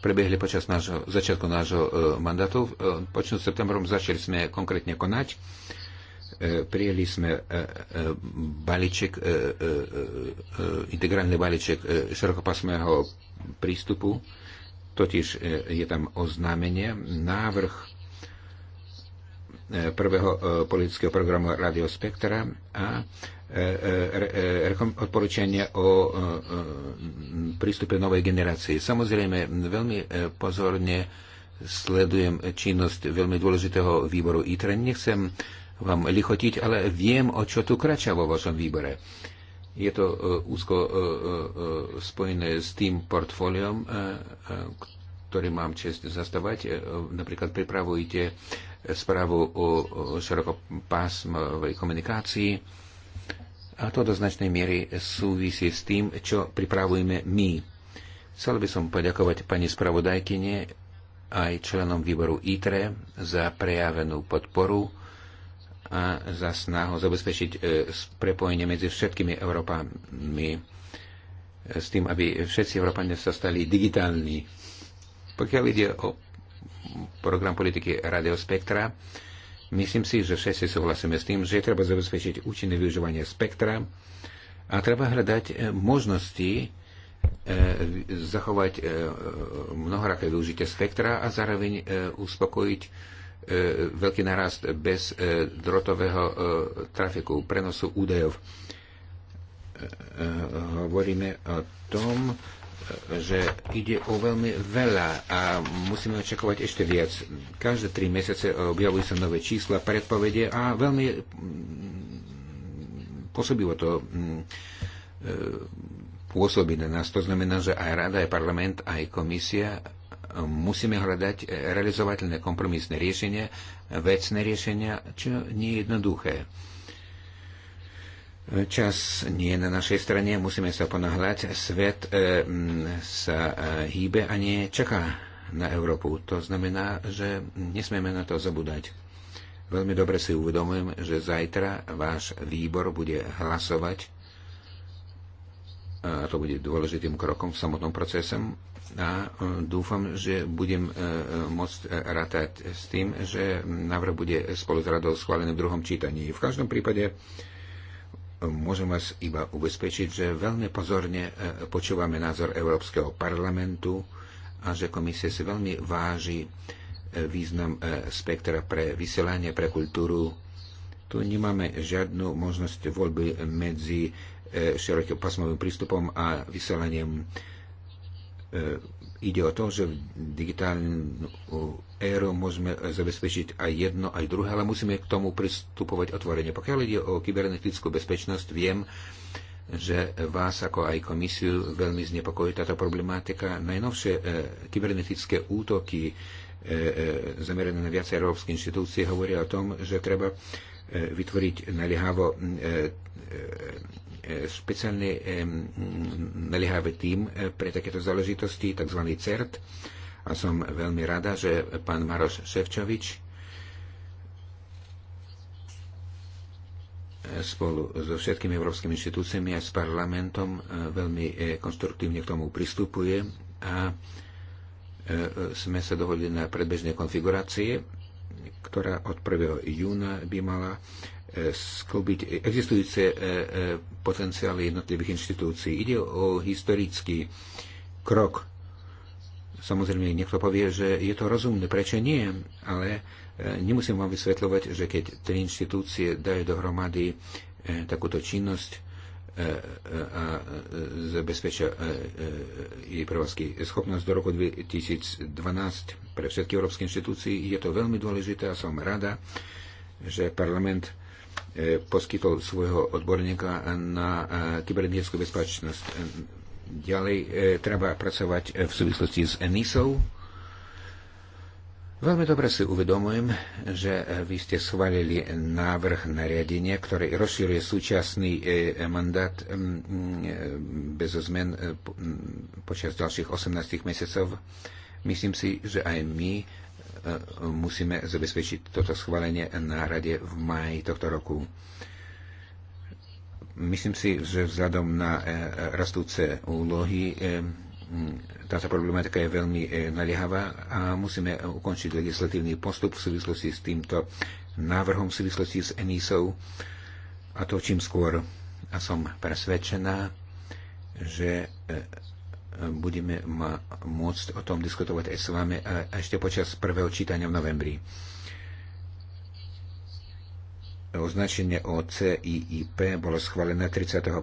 prebehli počas nášho, začiatku nášho e, mandátu. E, Počnúť septembrom začali sme konkrétne konať. E, Prijeli sme e, e, balíček, e, e, e, integrálny balíček e, širokopasmého prístupu, totiž e, je tam oznámenie, návrh prvého e, politického programu Radio Spektra a e, e, odporúčania o prístupe novej generácie. Samozrejme, veľmi pozorne sledujem činnosť veľmi dôležitého výboru ITRE. Nechcem vám lichotiť, ale viem, o čo tu krača vo vašom výbore. Je to úzko spojené s tým portfóliom, ktorý mám čest zastávať. Napríklad pripravujete správu o širokopásmovej komunikácii. A to do značnej miery súvisí s tým, čo pripravujeme my. Chcel by som poďakovať pani spravodajkine aj členom výboru ITRE za prejavenú podporu a za snahu zabezpečiť e, prepojenie medzi všetkými Európami e, s tým, aby všetci Európania sa stali digitálni. Pokiaľ ide o program politiky radiospektra. Myslím si, že všetci súhlasíme s tým, že treba zabezpečiť účinné využívanie spektra a treba hľadať eh, možnosti eh, zachovať eh, mnohoraké využitie spektra a zároveň uspokojiť veľký narast bez drotového trafiku, prenosu údajov. Hovoríme o tom, že ide o veľmi veľa a musíme očakovať ešte viac. Každé tri mesiace eh, objavujú sa nové čísla, predpovede a veľmi mm, pôsobivo to mm, eh, pôsobí na nás. To znamená, že aj rada, aj parlament, aj komisia eh, musíme hľadať realizovateľné kompromisné riešenia, vecné riešenia, čo nie je jednoduché. Čas nie je na našej strane, musíme sa ponáhľať. Svet e, sa e, hýbe a nie čaká na Európu. To znamená, že nesmieme na to zabúdať. Veľmi dobre si uvedomujem, že zajtra váš výbor bude hlasovať a to bude dôležitým krokom v samotnom procese a eh, dúfam, že budem môcť rátať s tým, že návrh bude spolu s radou schválený v druhom čítaní. V každom prípade môžem vás iba ubezpečiť, že veľmi pozorne e, počúvame názor Európskeho parlamentu a že komisia si veľmi váži e, význam e, spektra pre vysielanie, pre kultúru. Tu nemáme žiadnu možnosť voľby medzi pasmovým prístupom a vysielaniem Ide o to, že v digitálnu éru môžeme zabezpečiť aj jedno, aj druhé, ale musíme k tomu pristupovať otvorene. Pokiaľ ide o kybernetickú bezpečnosť, viem, že vás ako aj komisiu veľmi znepokojí táto problematika. Najnovšie e, kybernetické útoky e, e, zamerané na viacej európskej inštitúcie hovoria o tom, že treba e, vytvoriť naliehavo e, e, špeciálne naliehavý tým eh, pre takéto záležitosti, tzv. CERT. A som veľmi rada, že pán Maroš Ševčovič eh, spolu so všetkými európskymi inštitúciami a s parlamentom eh, veľmi konstruktívne k tomu pristupuje a sme sa dohodli na predbežnej konfigurácie, ktorá od 1. júna by mala sklbiť existujúce e, e, potenciály jednotlivých inštitúcií. Ide o historický krok. Samozrejme, niekto povie, že je to rozumné, prečo nie, ale e, nemusím vám vysvetľovať, že keď tri inštitúcie dajú dohromady takúto činnosť a zabezpečia jej prevádzky schopnosť do roku 2012 pre všetky európske inštitúcie, je to veľmi dôležité a som rada, že parlament E, poskytol svojho odborníka na e, kybernetickú bezpečnosť. E, ďalej treba pracovať v súvislosti s NISou. Veľmi dobre si uvedomujem, že vy ste schválili návrh nariadenia, ktorý rozšíruje súčasný mandát bez zmen počas ďalších 18 mesiacov. Myslím si, že aj my E, musíme zabezpečiť toto schválenie na rade v maji tohto roku. Myslím si, že vzhľadom na e, rastúce úlohy e, táto problematika je veľmi naliehavá a musíme ukončiť legislatívny postup v súvislosti s týmto návrhom v súvislosti s emisou a to čím skôr. A som presvedčená, že budeme môcť o tom diskutovať aj s vami a ešte počas prvého čítania v novembri. Označenie OCIIP bolo schválené 31.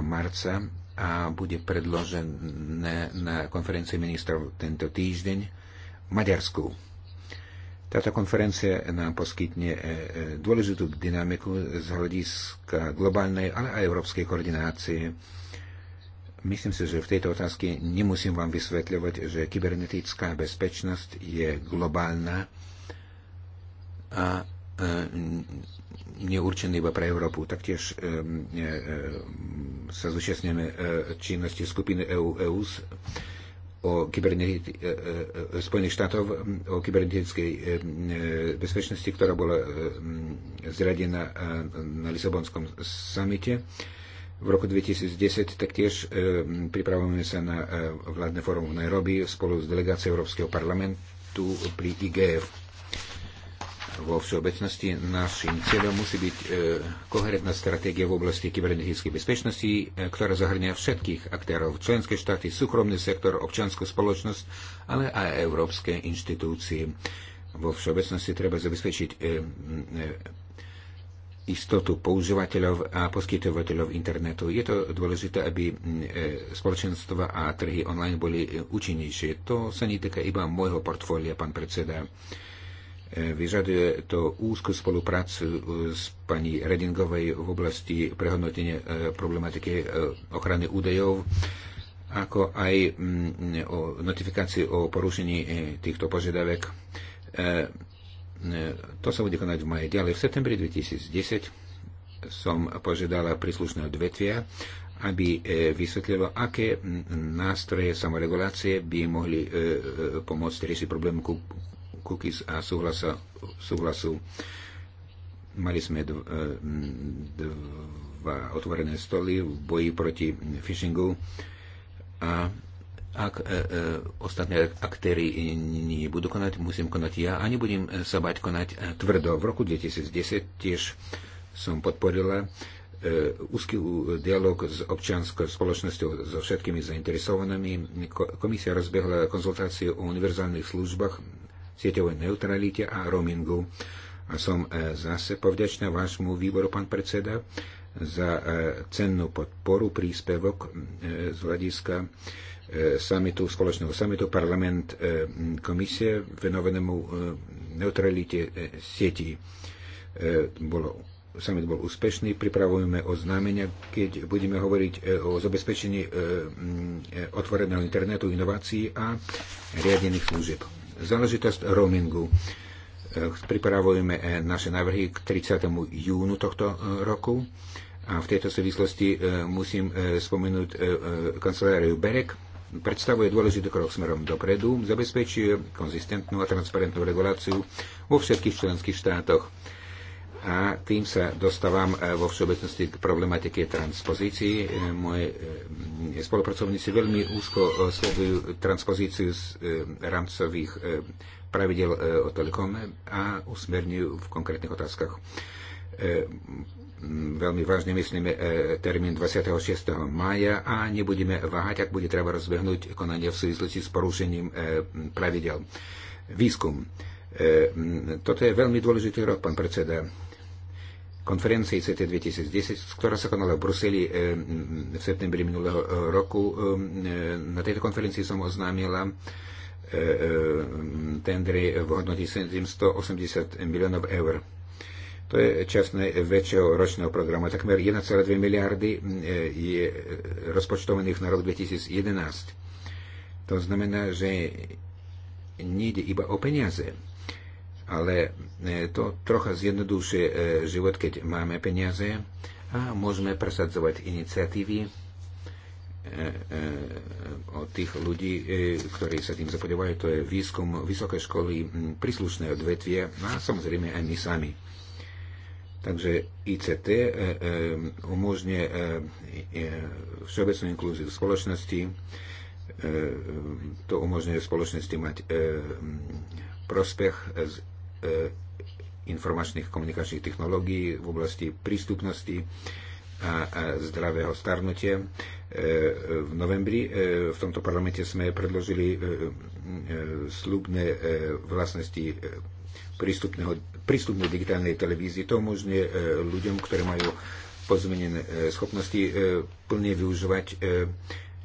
marca a bude predložené na konferencii ministrov tento týždeň v Maďarsku. Táto konferencia nám poskytne e, e, dôležitú dynamiku z hľadiska globálnej, ale aj európskej koordinácie Myslím si, že v tejto otázke nemusím vám vysvetľovať, že kybernetická bezpečnosť je globálna a e, neurčený iba pre Európu. Taktiež e, e, sa zúčastňujeme činnosti skupiny EU-EUS o kyberneti- Spojených štátov o kybernetickej bezpečnosti, ktorá bola zradená na Lisabonskom samite. V roku 2010 tak tiež e, pripravujeme sa na e, vládne fórum v Nairobi spolu s delegáciou Európskeho parlamentu pri IGF. Vo všeobecnosti našim cieľom musí byť e, koherentná stratégia v oblasti kybernetickej bezpečnosti, e, ktorá zahrňa všetkých aktérov, členské štáty, súkromný sektor, občianskú spoločnosť, ale aj európske inštitúcie. Vo všeobecnosti treba zabezpečiť e, e, istotu používateľov a poskytovateľov internetu. Je to dôležité, aby mm, e, spoločenstva a trhy online boli účinnejšie. To sa netýka iba môjho portfólia, pán predseda. E, vyžaduje to úzku spoluprácu e, s pani Redingovej v oblasti prehodnotenia problematiky ochrany údajov, ako aj mm, o notifikácii o porušení týchto požiadavek E, to sa bude konať v maji. Ďalej, v septembri 2010 som požiadala príslušné odvetvia, aby e, vysvetlilo, aké nástroje samoregulácie by mohli e, pomôcť riešiť problém cookies a súhlasu. súhlasu. Mali sme dva otvorené stoly v boji proti phishingu a ak e, e, ostatní aktéry nebudú konať, musím konať ja a nebudem sa bať konať e, tvrdo. V roku 2010 tiež som podporila e, úzky dialog s občianskou spoločnosťou, so všetkými zainteresovanými. Komisia rozbehla konzultácie o univerzálnych službách, sieťovej neutralite a roamingu. A som e, zase povďačná vášmu výboru, pán predseda, za e, cennú podporu, príspevok z hľadiska samitu, spoločného samitu parlament e, komisie venovanému e, neutralite e, sieti. Bolo, samit bol úspešný, pripravujeme oznámenia, keď budeme hovoriť o zabezpečení otvoreného internetu, inovácií a riadených služieb. Záležitosť roamingu pripravujeme naše návrhy k 30. júnu tohto roku a v tejto súvislosti musím spomenúť kanceláriu Berek, predstavuje dôležitý krok smerom dopredu, zabezpečuje konzistentnú a transparentnú reguláciu vo všetkých členských štátoch. A tým sa dostávam e, vo všeobecnosti k problematike transpozícií. E, moje e, spolupracovníci veľmi úzko sledujú transpozíciu z rámcových pravidel o telekom a usmerňujú v konkrétnych otázkach Mm, veľmi vážne myslíme e, termín 26. maja a nebudeme váhať, ak bude treba rozbehnúť konanie v súvislosti s porušením e, pravidel. Výskum. E, mm, toto je veľmi dôležitý rok, pán predseda konferencii CT 2010, ktorá sa konala v Bruseli mm, v septembri minulého roku. Na tejto konferencii som oznámila tendry v hodnote 780 miliónov eur to je časť najväčšieho ročného programu. Takmer 1,2 miliardy e, je rozpočtovaných na rok 2011. To znamená, že ide iba o peniaze, ale e, to trocha zjednodušuje e, život, keď máme peniaze a môžeme presadzovať iniciatívy od tých ľudí, ktorí sa tým zapodobajú. to je výskum vysokej školy, príslušné odvetvie a samozrejme aj my sami. Takže ICT e, e, umožňuje e, všeobecnú inklúziu v spoločnosti, to umožňuje spoločnosti mať prospech z informačných komunikačných technológií v oblasti prístupnosti a zdravého starnutia. V novembri v tomto parlamente sme predložili slubné vlastnosti prístupného prístup k digitálnej televízii. To umožňuje e, ľuďom, ktorí majú pozmenené e, schopnosti, e, plne využívať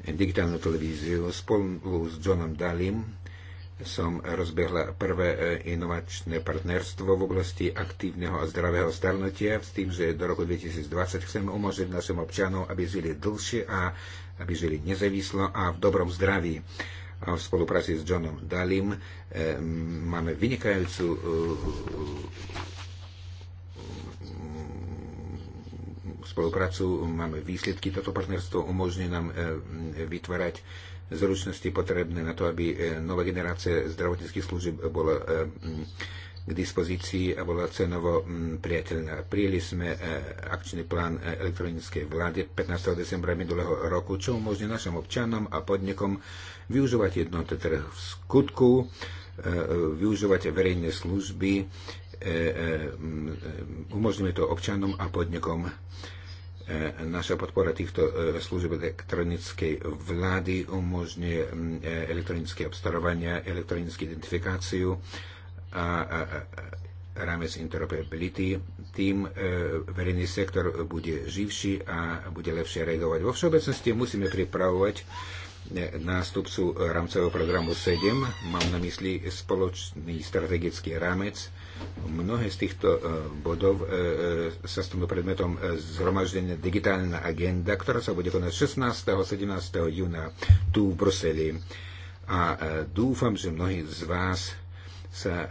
digitálnu televíziu. Spolu s Johnom Dalim som rozbehla prvé inovačné partnerstvo v oblasti aktívneho a zdravého starnutia s tým, že do roku 2020 chcem umožniť našim občanom, aby žili dlhšie a aby žili nezávislo a v dobrom zdraví v spolupráci s Johnom Dalim. Eh, máme vynikajúcu eh, mm, spoluprácu, máme výsledky. Toto partnerstvo umožní nám eh, vytvárať zručnosti potrebné na to, aby nová generácia zdravotníckých služieb bola mm, k dispozícii a bola cenovo mm, priateľná. Prijeli sme e, akčný plán e, elektronickej vlády 15. decembra minulého roku, čo umožní našim občanom a podnikom využívať jednotný trh v skutku, e, využívať verejné služby, mm, umožníme to občanom a podnikom naša podpora týchto služieb elektronickej vlády umožňuje mm, elektronické obstarovania, elektronickú identifikáciu, a rámec interoperability, tým e, verejný sektor bude živší a bude lepšie reagovať. Vo všeobecnosti musíme pripravovať e, nástupcu rámcového programu 7. Mám na mysli spoločný strategický rámec. Mnohé z týchto e, bodov sa stanú predmetom zhromaždenia digitálna agenda, ktorá sa bude konať 16. a 17. júna tu v Bruseli. A dúfam, že mnohí z vás sa e,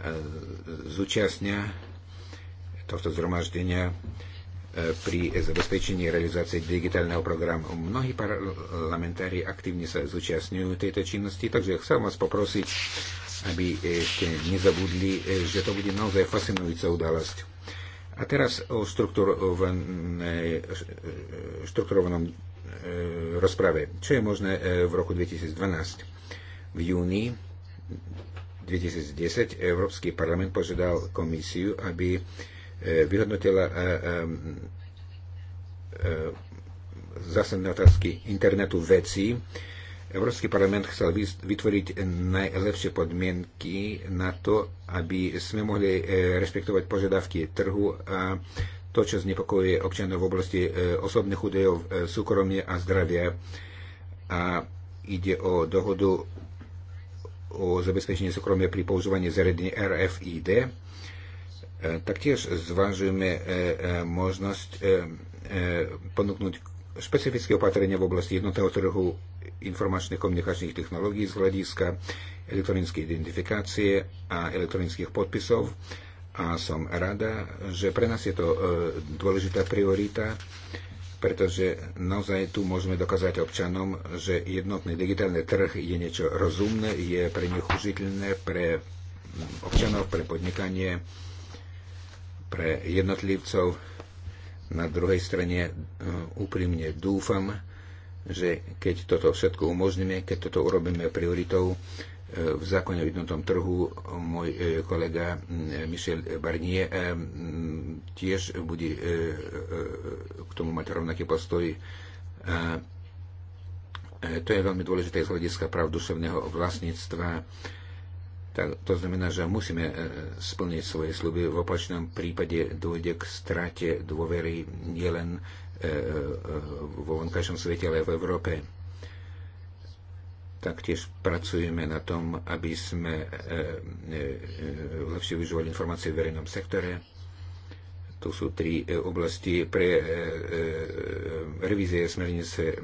zúčastnia tohto zhromaždenia e, pri zabezpečení realizácie digitálneho programu. Mnohí parlamentári aktívne sa zúčastňujú tejto činnosti, takže chcem vás poprosiť, aby ešte nezabudli, e, že to bude naozaj fascinujúca udalosť. A teraz o štrukturovanom rozprave. Čo je možné v roku 2012? V júni 2010 Európsky parlament požiadal komisiu, aby e, vyhodnotila e, e, zásadné otázky internetu vecí. Európsky parlament chcel vytvoriť najlepšie podmienky na to, aby sme mohli rešpektovať požiadavky trhu a to, čo znepokojuje občanov v oblasti osobných údajov, súkromie a zdravia. A ide o dohodu o zabezpečení súkromia pri používaní zariadenia RFID, e, taktiež zvažujeme e, e, možnosť ponúknuť špecifické opatrenia v oblasti jednotného trhu informačných komunikačných technológií z hľadiska elektronickej identifikácie a elektronických podpisov. A som rada, že pre nás je to dôležitá priorita pretože naozaj tu môžeme dokázať občanom, že jednotný digitálny trh je niečo rozumné, je pre nich užiteľné, pre občanov, pre podnikanie, pre jednotlivcov. Na druhej strane e, úprimne dúfam, že keď toto všetko umožníme, keď toto urobíme prioritou, v zákone o jednotnom trhu môj e, kolega e, Michel Barnier e, tiež bude k tomu mať rovnaký postoj. To je veľmi dôležité z hľadiska práv duševného vlastníctva. Tak, to znamená, že musíme splniť svoje sluby. V opačnom prípade dôjde k strate dôvery nielen vo vonkajšom svete, ale aj v Európe Taktiež pracujeme na tom, aby sme e, e, e, lepšie využívali informácie v verejnom sektore. Tu sú tri oblasti pre revízie smernice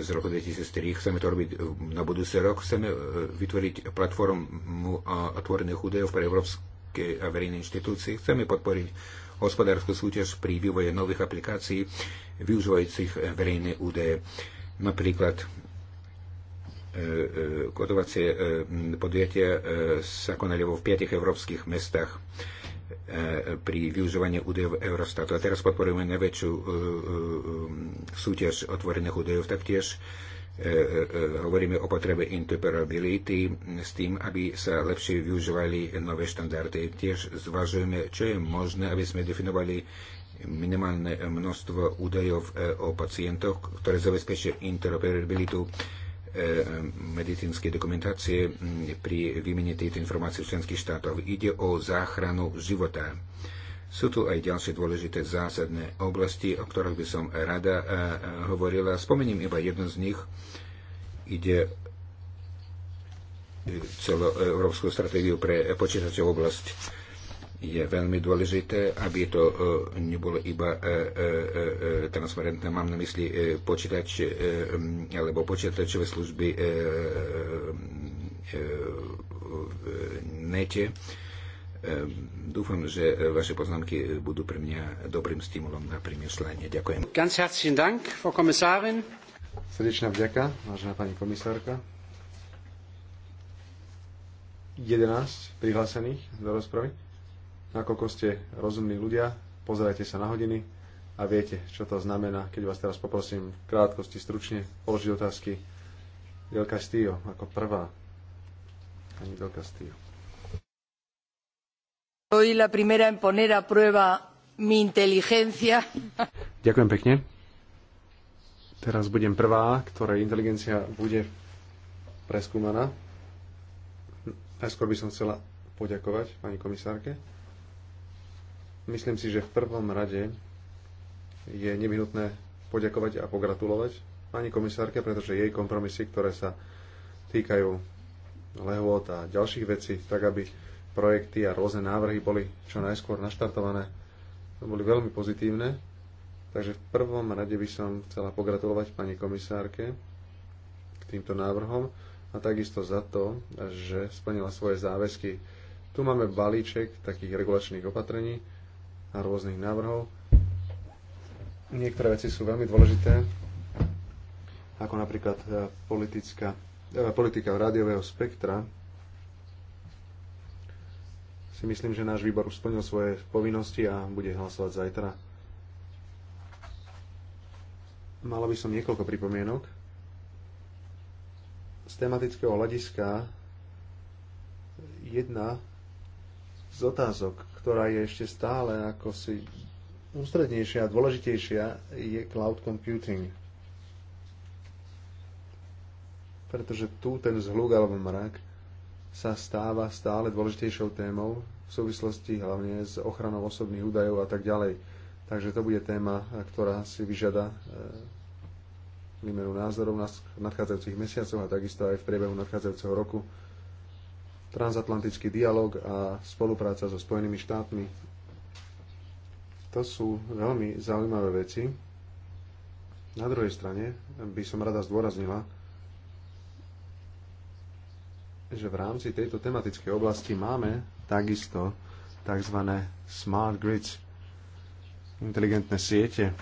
z roku 2003. Chceme to robiť na budúci rok. Chceme vytvoriť platformu otvorených údajov pre európske a verejné inštitúcie. Chceme podporiť hospodárskú súťaž pri vývoje nových aplikácií využívajúcich verejné údaje. Napríklad kodovacie e, e, e, podujatia sa konali vo v piatich európskych mestách pri využívaní údajov Eurostatu. A teraz podporujeme najväčšiu súťaž otvorených údajov taktiež hovoríme o potrebe interoperability s tým, aby sa lepšie využívali nové štandardy. Tiež zvažujeme, čo je možné, aby sme definovali minimálne množstvo údajov o pacientoch, ktoré zabezpečia interoperabilitu Eh, medicínskej dokumentácie mm, pri výmene tejto informácie v členských štátoch. Ide o záchranu života. Sú tu aj ďalšie dôležité zásadné oblasti, o ktorých by som rada eh, hovorila. Spomením iba jednu z nich. Ide eh, celoeurópsku stratégiu pre počítačovú oblasť je veľmi dôležité, aby to e, nebolo iba e, e, e, e transparentné. Mám na mysli e, počítač e, alebo počítačové služby e, e, v nete. E, Dúfam, že vaše poznámky budú pre mňa dobrým stimulom na premyšľanie. Ďakujem. Ganz herzlichen Dank, Frau Kommissarin. Srdečná vďaka, vážená pani komisárka. 11 prihlásených do rozpravy. Nakoľko ste rozumní ľudia, pozerajte sa na hodiny a viete, čo to znamená, keď vás teraz poprosím v krátkosti, stručne položiť otázky. Del Castillo ako prvá. Ani Del Castillo. Soy la primera en poner a prueba mi inteligencia. Ďakujem pekne. Teraz budem prvá, ktorej inteligencia bude preskúmaná. Najskôr by som chcela poďakovať pani komisárke. Myslím si, že v prvom rade je nevyhnutné poďakovať a pogratulovať pani komisárke, pretože jej kompromisy, ktoré sa týkajú lehôd a ďalších vecí, tak aby projekty a rôzne návrhy boli čo najskôr naštartované, boli veľmi pozitívne. Takže v prvom rade by som chcela pogratulovať pani komisárke k týmto návrhom a takisto za to, že splnila svoje záväzky. Tu máme balíček takých regulačných opatrení, a rôznych návrhov. Niektoré veci sú veľmi dôležité, ako napríklad e, politická, e, politika rádiového spektra. Si myslím, že náš výbor už splnil svoje povinnosti a bude hlasovať zajtra. Mala by som niekoľko pripomienok. Z tematického hľadiska jedna z otázok, ktorá je ešte stále ako si ústrednejšia a dôležitejšia, je cloud computing. Pretože tu ten zhluk alebo mrak sa stáva stále dôležitejšou témou v súvislosti hlavne s ochranou osobných údajov a tak ďalej. Takže to bude téma, ktorá si vyžiada eh, výmenu názorov v nadchádzajúcich mesiacoch a takisto aj v priebehu nadchádzajúceho roku transatlantický dialog a spolupráca so Spojenými štátmi. To sú veľmi zaujímavé veci. Na druhej strane by som rada zdôraznila, že v rámci tejto tematickej oblasti máme takisto tzv. smart grids, inteligentné siete.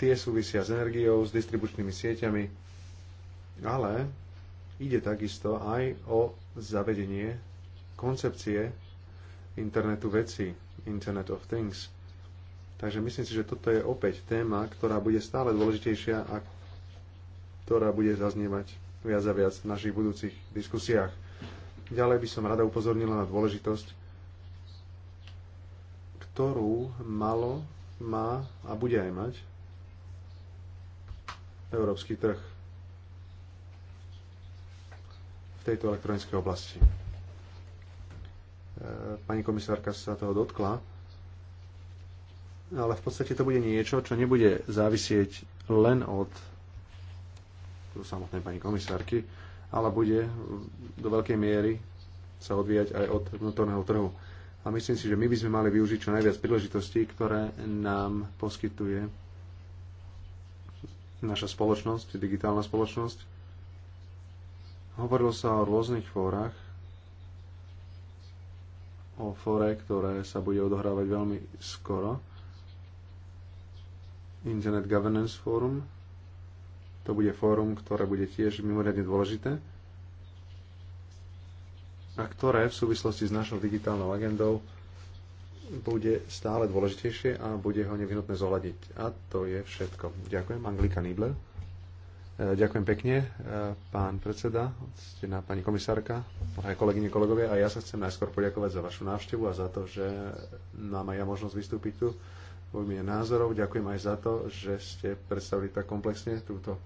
Tie súvisia s energiou, s distribučnými sieťami, ale Ide takisto aj o zavedenie koncepcie internetu vecí, Internet of Things. Takže myslím si, že toto je opäť téma, ktorá bude stále dôležitejšia a ktorá bude zaznievať viac a viac v našich budúcich diskusiách. Ďalej by som rada upozornila na dôležitosť, ktorú malo, má a bude aj mať európsky trh v tejto elektronickej oblasti. E, pani komisárka sa toho dotkla, ale v podstate to bude niečo, čo nebude závisieť len od samotnej pani komisárky, ale bude do veľkej miery sa odvíjať aj od vnútorného trhu. A myslím si, že my by sme mali využiť čo najviac príležitostí, ktoré nám poskytuje naša spoločnosť, digitálna spoločnosť, Hovorilo sa o rôznych fórach, o fóre, ktoré sa bude odohrávať veľmi skoro. Internet Governance Forum, to bude fórum, ktoré bude tiež mimoriadne dôležité a ktoré v súvislosti s našou digitálnou agendou bude stále dôležitejšie a bude ho nevyhnutné zohľadiť. A to je všetko. Ďakujem, Anglika Nibler. E, ďakujem pekne, e, pán predseda, stená pani komisárka, aj kolegyne, kolegovia. A ja sa chcem najskôr poďakovať za vašu návštevu a za to, že nám aj ja možnosť vystúpiť tu vo obmine názorov. Ďakujem aj za to, že ste predstavili tak komplexne túto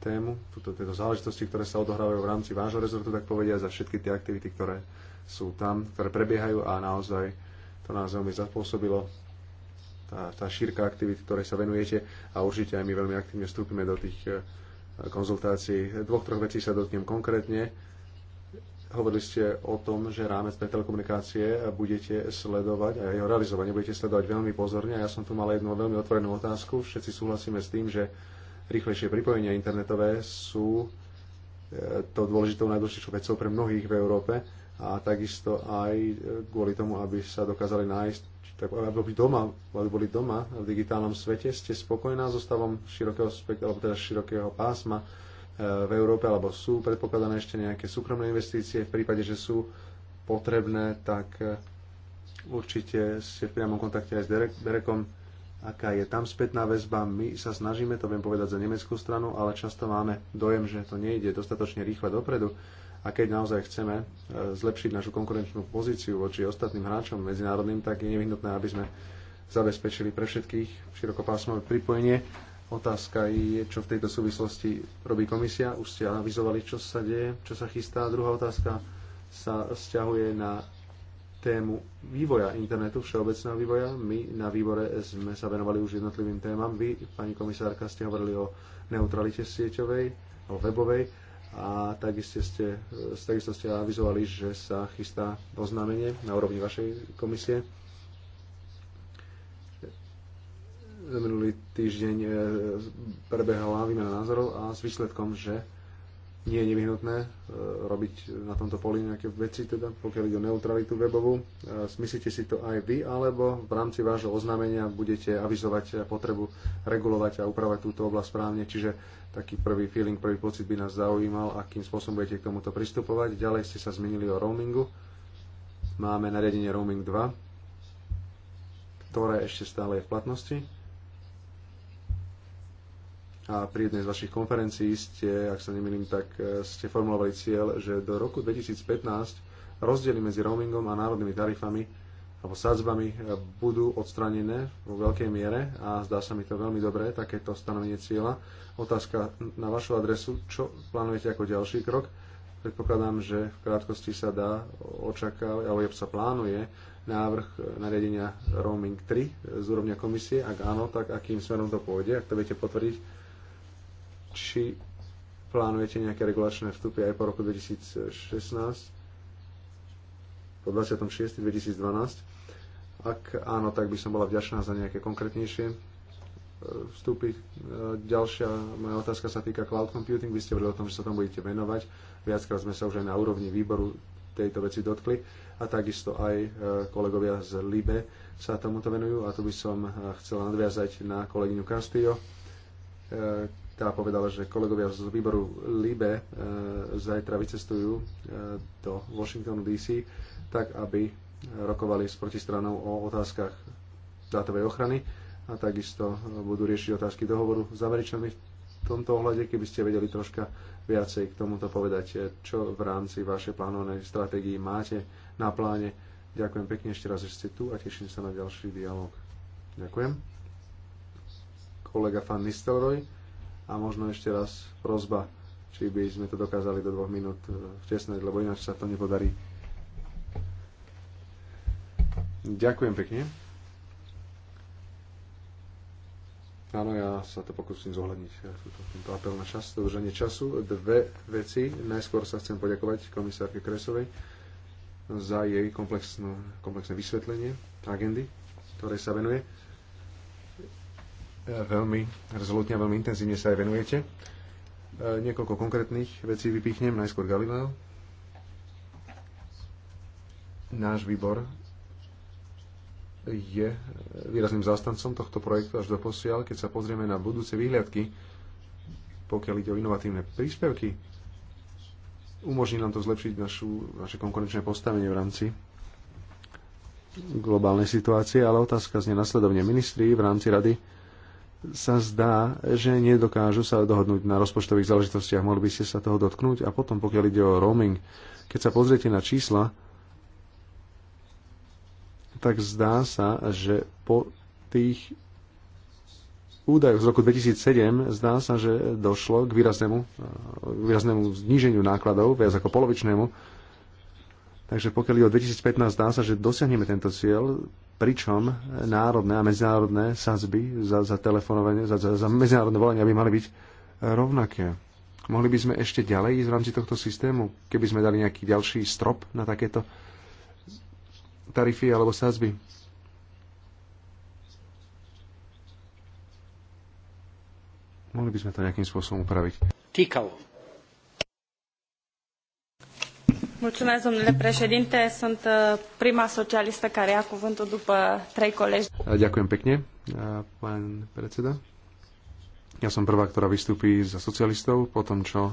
tému, túto, tieto záležitosti, ktoré sa odohrávajú v rámci vášho rezortu, tak povedia za všetky tie aktivity, ktoré sú tam, ktoré prebiehajú a naozaj to nás veľmi zapôsobilo tá, tá šírka aktivít, ktoré sa venujete a určite aj my veľmi aktívne vstúpime do tých e, konzultácií. Dvoch, troch vecí sa dotknem konkrétne. Hovorili ste o tom, že rámec pre telekomunikácie budete sledovať a jeho realizovanie budete sledovať veľmi pozorne. Ja som tu mal jednu veľmi otvorenú otázku. Všetci súhlasíme s tým, že rýchlejšie pripojenia internetové sú e, to dôležitou najdôležitejšou vecou pre mnohých v Európe a takisto aj e, kvôli tomu, aby sa dokázali nájsť tak aby boli doma, aby boli doma v digitálnom svete, ste spokojná so stavom širokého spektra, alebo teda širokého pásma e, v Európe, alebo sú predpokladané ešte nejaké súkromné investície, v prípade, že sú potrebné, tak e, určite ste v priamom kontakte aj s Derekom aká je tam spätná väzba. My sa snažíme, to viem povedať za nemeckú stranu, ale často máme dojem, že to nejde dostatočne rýchle dopredu. A keď naozaj chceme e, zlepšiť našu konkurenčnú pozíciu voči ostatným hráčom medzinárodným, tak je nevyhnutné, aby sme zabezpečili pre všetkých širokopásmové pripojenie. Otázka je, čo v tejto súvislosti robí komisia. Už ste avizovali, čo sa deje, čo sa chystá. Druhá otázka sa vzťahuje na tému vývoja internetu, všeobecného vývoja. My na výbore sme sa venovali už jednotlivým témam. Vy, pani komisárka, ste hovorili o neutralite sieťovej, o webovej a takisto ste, takisto ste avizovali, že sa chystá oznámenie na úrovni vašej komisie. Minulý týždeň eh, prebehala výmena názorov a s výsledkom, že nie je nevyhnutné e, robiť na tomto poli nejaké veci, teda pokiaľ ide o neutralitu webovú. E, smyslíte si to aj vy, alebo v rámci vášho oznámenia budete avizovať potrebu regulovať a upravať túto oblasť správne, čiže taký prvý feeling, prvý pocit by nás zaujímal, akým spôsobom budete k tomuto pristupovať. Ďalej ste sa zmenili o roamingu. Máme nariadenie roaming 2, ktoré ešte stále je v platnosti a pri jednej z vašich konferencií ste, ak sa nemýlim, tak e, ste formulovali cieľ, že do roku 2015 rozdiely medzi roamingom a národnými tarifami alebo sadzbami e, budú odstranené vo veľkej miere a zdá sa mi to veľmi dobré, takéto stanovenie cieľa. Otázka na vašu adresu, čo plánujete ako ďalší krok? Predpokladám, že v krátkosti sa dá očakávať, alebo sa plánuje návrh e, nariadenia Roaming 3 z úrovňa komisie. Ak áno, tak akým smerom to pôjde, ak to viete potvrdiť či plánujete nejaké regulačné vstupy aj po roku 2016, po 26. 2012. Ak áno, tak by som bola vďačná za nejaké konkrétnejšie e, vstupy. E, ďalšia moja otázka sa týka cloud computing. Vy ste hovorili o tom, že sa tomu budete venovať. Viackrát sme sa už aj na úrovni výboru tejto veci dotkli a takisto aj e, kolegovia z LIBE sa tomuto venujú a tu by som chcela nadviazať na kolegyňu Castillo tá povedala, že kolegovia z výboru LIBE e, zajtra vycestujú e, do Washingtonu DC, tak aby rokovali s protistranou o otázkach dátovej ochrany a takisto e, budú riešiť otázky dohovoru s Američanmi v tomto ohľade, keby ste vedeli troška viacej k tomuto povedať, čo v rámci vašej plánovanej stratégii máte na pláne. Ďakujem pekne ešte raz, že ste tu a teším sa na ďalší dialog. Ďakujem. Kolega Fan Nistelrooy. A možno ešte raz prozba, či by sme to dokázali do dvoch minút e, vtesnať, lebo ináč sa to nepodarí. Ďakujem pekne. Áno, ja sa to pokúsim zohľadniť, e, To tento apel na čas, dodržanie času. Dve veci. Najskôr sa chcem poďakovať komisárke Kresovej za jej komplexné vysvetlenie agendy, ktorej sa venuje veľmi rezolutne a veľmi intenzívne sa aj venujete. E, niekoľko konkrétnych vecí vypichnem, najskôr Galileo. Náš výbor je výrazným zástancom tohto projektu až do posiaľ, keď sa pozrieme na budúce výhľadky, pokiaľ ide o inovatívne príspevky, umožní nám to zlepšiť našu, naše konkurenčné postavenie v rámci globálnej situácie, ale otázka zne nasledovne. Ministri v rámci rady sa zdá, že nedokážu sa dohodnúť na rozpočtových záležitostiach. Mohli by ste sa toho dotknúť? A potom, pokiaľ ide o roaming, keď sa pozriete na čísla, tak zdá sa, že po tých údajoch z roku 2007 zdá sa, že došlo k výraznému, výraznému zníženiu nákladov, viac ako polovičnému Takže pokiaľ je o 2015, dá sa, že dosiahneme tento cieľ, pričom národné a medzinárodné sazby za, za telefonovanie, za, za, za medzinárodné volenie by mali byť rovnaké. Mohli by sme ešte ďalej ísť v rámci tohto systému, keby sme dali nejaký ďalší strop na takéto tarify alebo sazby? Mohli by sme to nejakým spôsobom upraviť. Týkalo. Mulțumesc, domnule președinte. Sunt uh, prima socialistă care ia cuvântul după trei colegi. Ďakujem pekne, pán predseda. Ja som prvá, ktorá vystúpi za socialistov, potom čo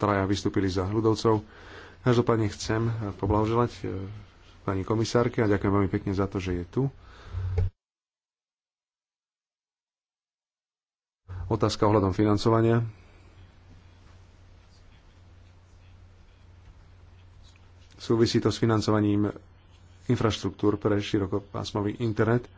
traja vystúpili za ľudovcov. Každopádne chcem poblahoželať pani komisárke a ďakujem veľmi pekne za to, že je tu. Otázka ohľadom financovania. Súvisí to s financovaním infraštruktúr pre širokopásmový internet,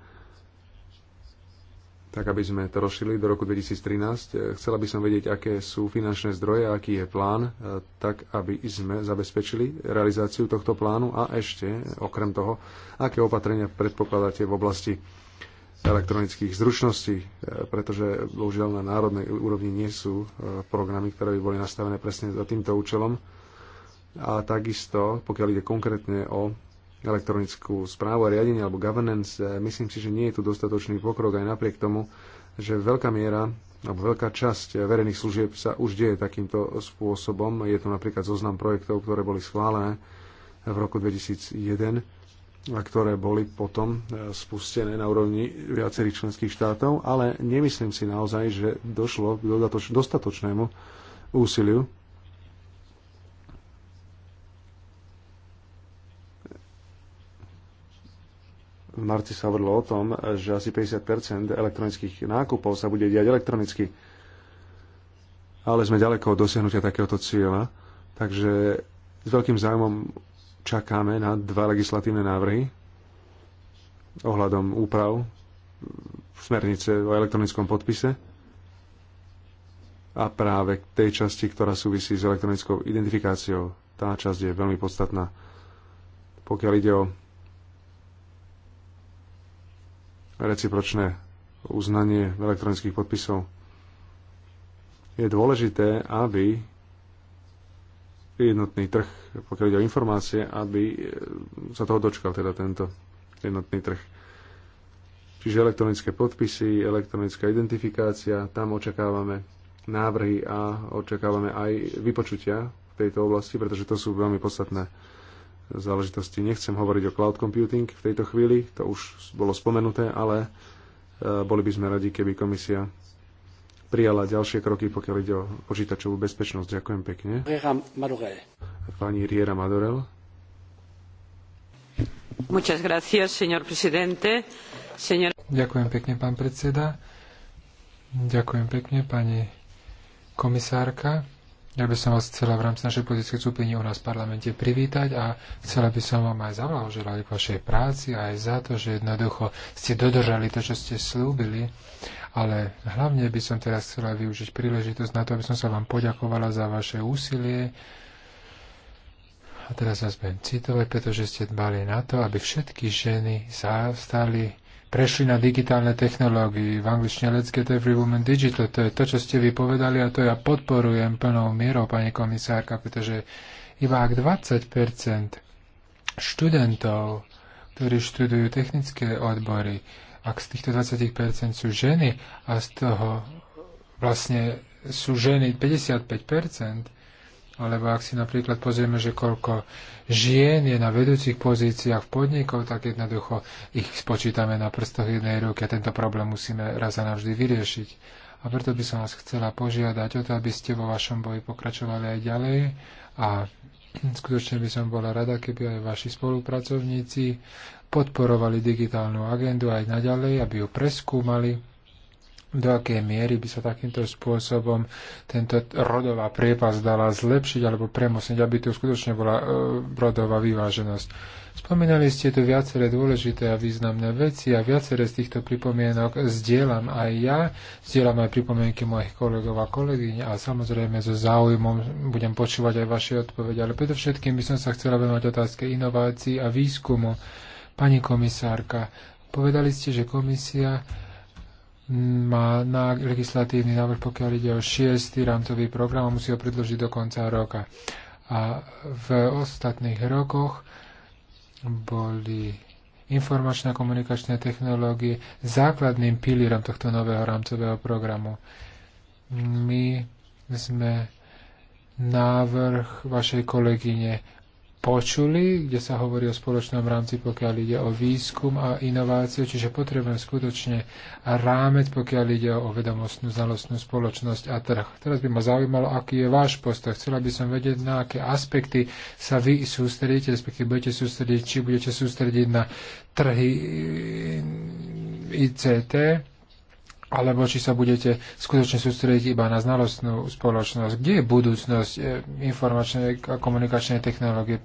tak aby sme to rozšili do roku 2013. Eh, chcela by som vedieť, aké sú finančné zdroje, aký je plán, eh, tak aby sme zabezpečili realizáciu tohto plánu a ešte, eh, okrem toho, aké opatrenia predpokladáte v oblasti elektronických zručností, pretože bohužiaľ na národnej úrovni nie sú programy, ktoré by boli nastavené presne za týmto účelom a takisto, pokiaľ ide konkrétne o elektronickú správu a riadenie alebo governance, eh, myslím si, že nie je tu dostatočný pokrok aj napriek tomu, že veľká miera alebo veľká časť eh, verejných služieb sa už deje takýmto spôsobom. Je tu napríklad zoznam projektov, ktoré boli schválené v roku 2001 a ktoré boli potom eh, spustené na úrovni viacerých členských štátov, ale nemyslím si naozaj, že došlo k dostatočnému úsiliu v marci sa hovorilo o tom, že asi 50 elektronických nákupov sa bude diať elektronicky. Ale sme ďaleko od dosiahnutia takéhoto cieľa, takže s veľkým zájmom čakáme na dva legislatívne návrhy ohľadom úprav smernice o elektronickom podpise a práve k tej časti, ktorá súvisí s elektronickou identifikáciou. Tá časť je veľmi podstatná. Pokiaľ ide o recipročné uznanie elektronických podpisov. Je dôležité, aby jednotný trh, pokiaľ ide o informácie, aby e, sa toho dočkal teda tento jednotný trh. Čiže elektronické podpisy, elektronická identifikácia, tam očakávame návrhy a očakávame aj vypočutia v tejto oblasti, pretože to sú veľmi podstatné záležitosti. Nechcem hovoriť o cloud computing v tejto chvíli, to už bolo spomenuté, ale e, boli by sme radi, keby komisia prijala ďalšie kroky, pokiaľ ide o počítačovú bezpečnosť. Ďakujem pekne. Pani Riera Señor... Ďakujem pekne, pán predseda. Ďakujem pekne, pani komisárka. Ja by som vás chcela v rámci našej politickej skupiny u nás v parlamente privítať a chcela by som vám aj zavlahoželať k vašej práci a aj za to, že jednoducho ste dodržali to, čo ste slúbili. Ale hlavne by som teraz chcela využiť príležitosť na to, aby som sa vám poďakovala za vaše úsilie. A teraz vás budem citovať, pretože ste dbali na to, aby všetky ženy zastali prešli na digitálne technológie. V angličtine Let's get every woman digital. To je to, čo ste vy povedali a to ja podporujem plnou mierou, pani komisárka, pretože iba ak 20% študentov, ktorí študujú technické odbory, ak z týchto 20% sú ženy a z toho vlastne sú ženy 55%, alebo ak si napríklad pozrieme, že koľko žien je na vedúcich pozíciách v podnikoch, tak jednoducho ich spočítame na prstoch jednej ruky a tento problém musíme raz a navždy vyriešiť. A preto by som vás chcela požiadať o to, aby ste vo vašom boji pokračovali aj ďalej a skutočne by som bola rada, keby aj vaši spolupracovníci podporovali digitálnu agendu aj naďalej, aby ju preskúmali do akej miery by sa takýmto spôsobom tento rodová priepas dala zlepšiť alebo premosniť, aby tu skutočne bola e, rodová vyváženosť. Spomínali ste tu viaceré dôležité a významné veci a viaceré z týchto pripomienok zdieľam aj ja, zdieľam aj pripomienky mojich kolegov a kolegyň a samozrejme so záujmom budem počúvať aj vaše odpovede, ale predovšetkým by som sa chcela venovať otázke inovácií a výskumu. Pani komisárka, povedali ste, že komisia má na legislatívny návrh, pokiaľ ide o šiestý rámcový program a musí ho predložiť do konca roka. A v ostatných rokoch boli informačné a komunikačné technológie základným pilierom tohto nového rámcového programu. My sme návrh vašej kolegyne počuli, kde sa hovorí o spoločnom rámci, pokiaľ ide o výskum a inováciu, čiže potrebujeme skutočne rámec, pokiaľ ide o vedomostnú, znalostnú spoločnosť a trh. Teraz by ma zaujímalo, aký je váš postoj. Chcela by som vedieť, na aké aspekty sa vy sústredíte, respektíve budete sústrediť, či budete sústrediť na trhy eh, ICT, alebo či sa budete skutočne sústrediť iba na znalostnú spoločnosť. Kde je budúcnosť e, informačnej a komunikačnej technológie?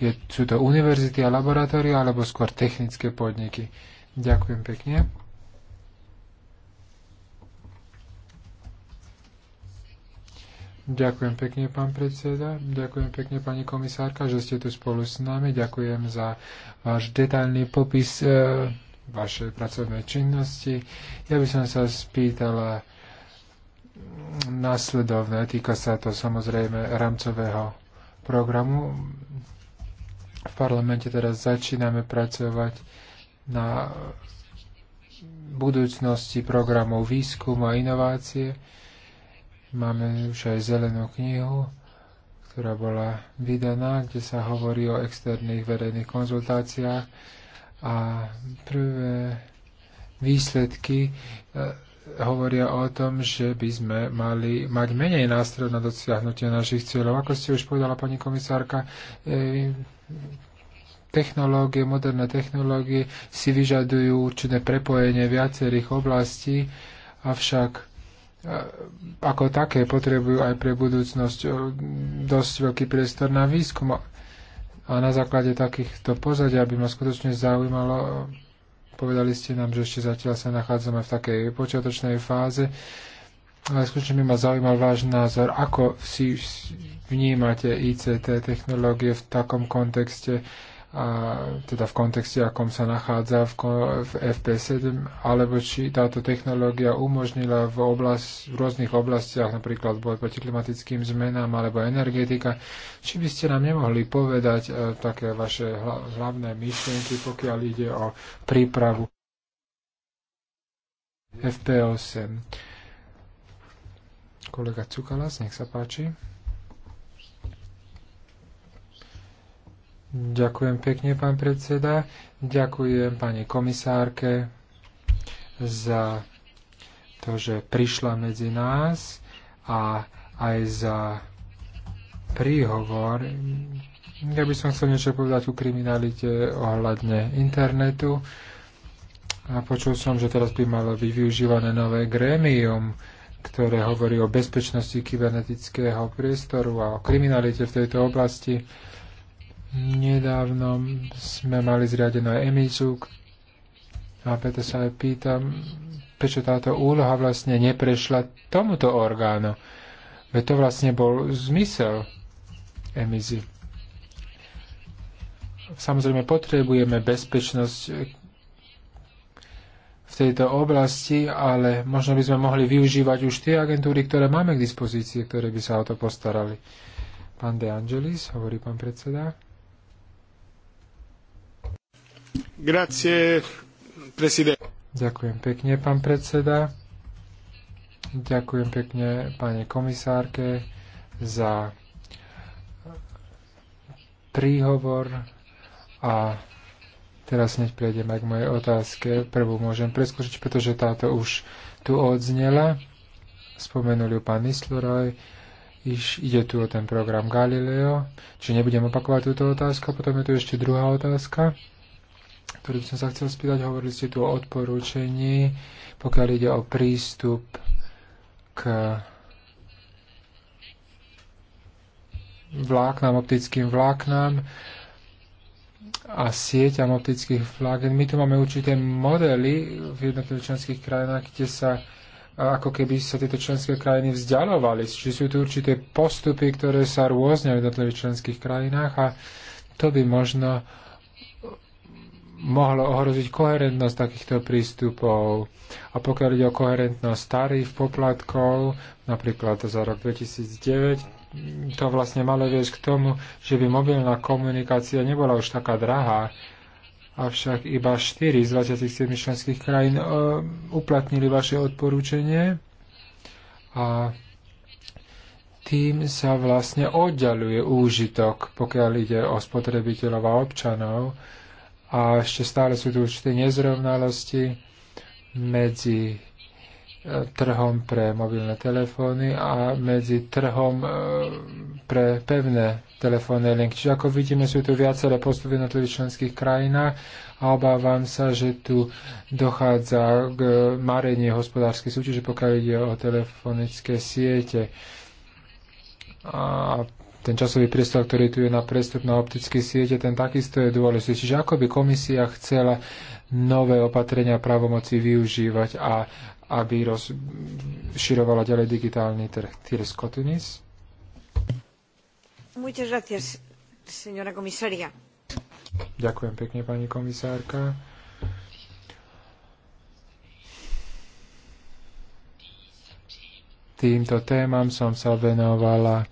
Je, sú to univerzity a laboratória, alebo skôr technické podniky? Ďakujem pekne. Ďakujem pekne, pán predseda. Ďakujem pekne, pani komisárka, že ste tu spolu s nami. Ďakujem za váš detailný popis e, vašej pracovnej činnosti. Ja by som sa spýtala následovné, týka sa to samozrejme rámcového programu. V parlamente teraz začíname pracovať na budúcnosti programov výskumu a inovácie. Máme už aj zelenú knihu, ktorá bola vydaná, kde sa hovorí o externých verejných konzultáciách a prvé výsledky e, hovoria o tom, že by sme mali mať menej nástrojov na dosiahnutie našich cieľov. Ako ste už povedala, pani komisárka, e, technológie, moderné technológie si vyžadujú určité prepojenie viacerých oblastí, avšak e, ako také potrebujú aj pre budúcnosť dosť veľký priestor na výskum. A na základe takýchto pozadia by ma skutočne zaujímalo, povedali ste nám, že ešte zatiaľ sa nachádzame v takej počiatočnej fáze, ale skutočne by ma zaujímal váš názor, ako si vnímate ICT technológie v takom kontexte, a teda v kontexte, akom sa nachádza v, v FP7, alebo či táto technológia umožnila v, oblast, v rôznych oblastiach, napríklad boj proti klimatickým zmenám alebo energetika, či by ste nám nemohli povedať e, také vaše hla, hlavné myšlienky, pokiaľ ide o prípravu FP8. Kolega Cukalas, nech sa páči. Ďakujem pekne, pán predseda. Ďakujem pani komisárke za to, že prišla medzi nás a aj za príhovor. Ja by som chcel niečo povedať o kriminalite ohľadne internetu. A počul som, že teraz by malo byť využívané nové grémium, ktoré hovorí o bezpečnosti kybernetického priestoru a o kriminalite v tejto oblasti. Nedávno sme mali zriadenú emizu a preto sa aj pýtam, prečo táto úloha vlastne neprešla tomuto orgánu. Veď to vlastne bol zmysel emizy. Samozrejme potrebujeme bezpečnosť v tejto oblasti, ale možno by sme mohli využívať už tie agentúry, ktoré máme k dispozícii, ktoré by sa o to postarali. Pán De Angelis, hovorí pán predseda. Ďakujem pekne, pán predseda. Ďakujem pekne pani komisárke za príhovor a teraz hneď prejdeme k mojej otázke. Prvú môžem preskočiť, pretože táto už tu odznela. Spomenul ju pán Nisleroy. Ide tu o ten program Galileo. Či nebudem opakovať túto otázku. Potom je tu ešte druhá otázka ktorý by som sa chcel spýtať. Hovorili ste tu o odporúčení, pokiaľ ide o prístup k vláknam, optickým vláknam a sieťam optických vláken. My tu máme určité modely v jednotlivých členských krajinách, kde sa ako keby sa tieto členské krajiny vzdialovali. Čiže sú tu určité postupy, ktoré sa rôzne v jednotlivých členských krajinách a to by možno uh, mohlo ohroziť koherentnosť takýchto prístupov. A pokiaľ ide o koherentnosť starých poplatkov, napríklad za rok 2009, to vlastne malo viesť k tomu, že by mobilná komunikácia nebola už taká drahá, avšak iba 4 z 27 členských krajín e, uplatnili vaše odporúčanie a tým sa vlastne oddialuje úžitok, pokiaľ ide o spotrebiteľov a občanov, a ešte stále sú tu určité nezrovnalosti medzi e, trhom pre mobilné telefóny a medzi trhom e, pre pevné telefónne linky. Čiže ako vidíme, sú tu viaceré postupy v jednotlivých členských krajinách a obávam sa, že tu dochádza k e, marenie hospodárskej súťaže, pokiaľ ide o telefonické siete. A ten časový priestor, ktorý tu je na prestup na optické siete, ten takisto je dôležitý. Čiže ako by komisia chcela nové opatrenia právomoci využívať a aby rozširovala ďalej digitálny trh. Tires Muchas gracias, señora komisaria. Ďakujem pekne, pani komisárka. Týmto témam som sa venovala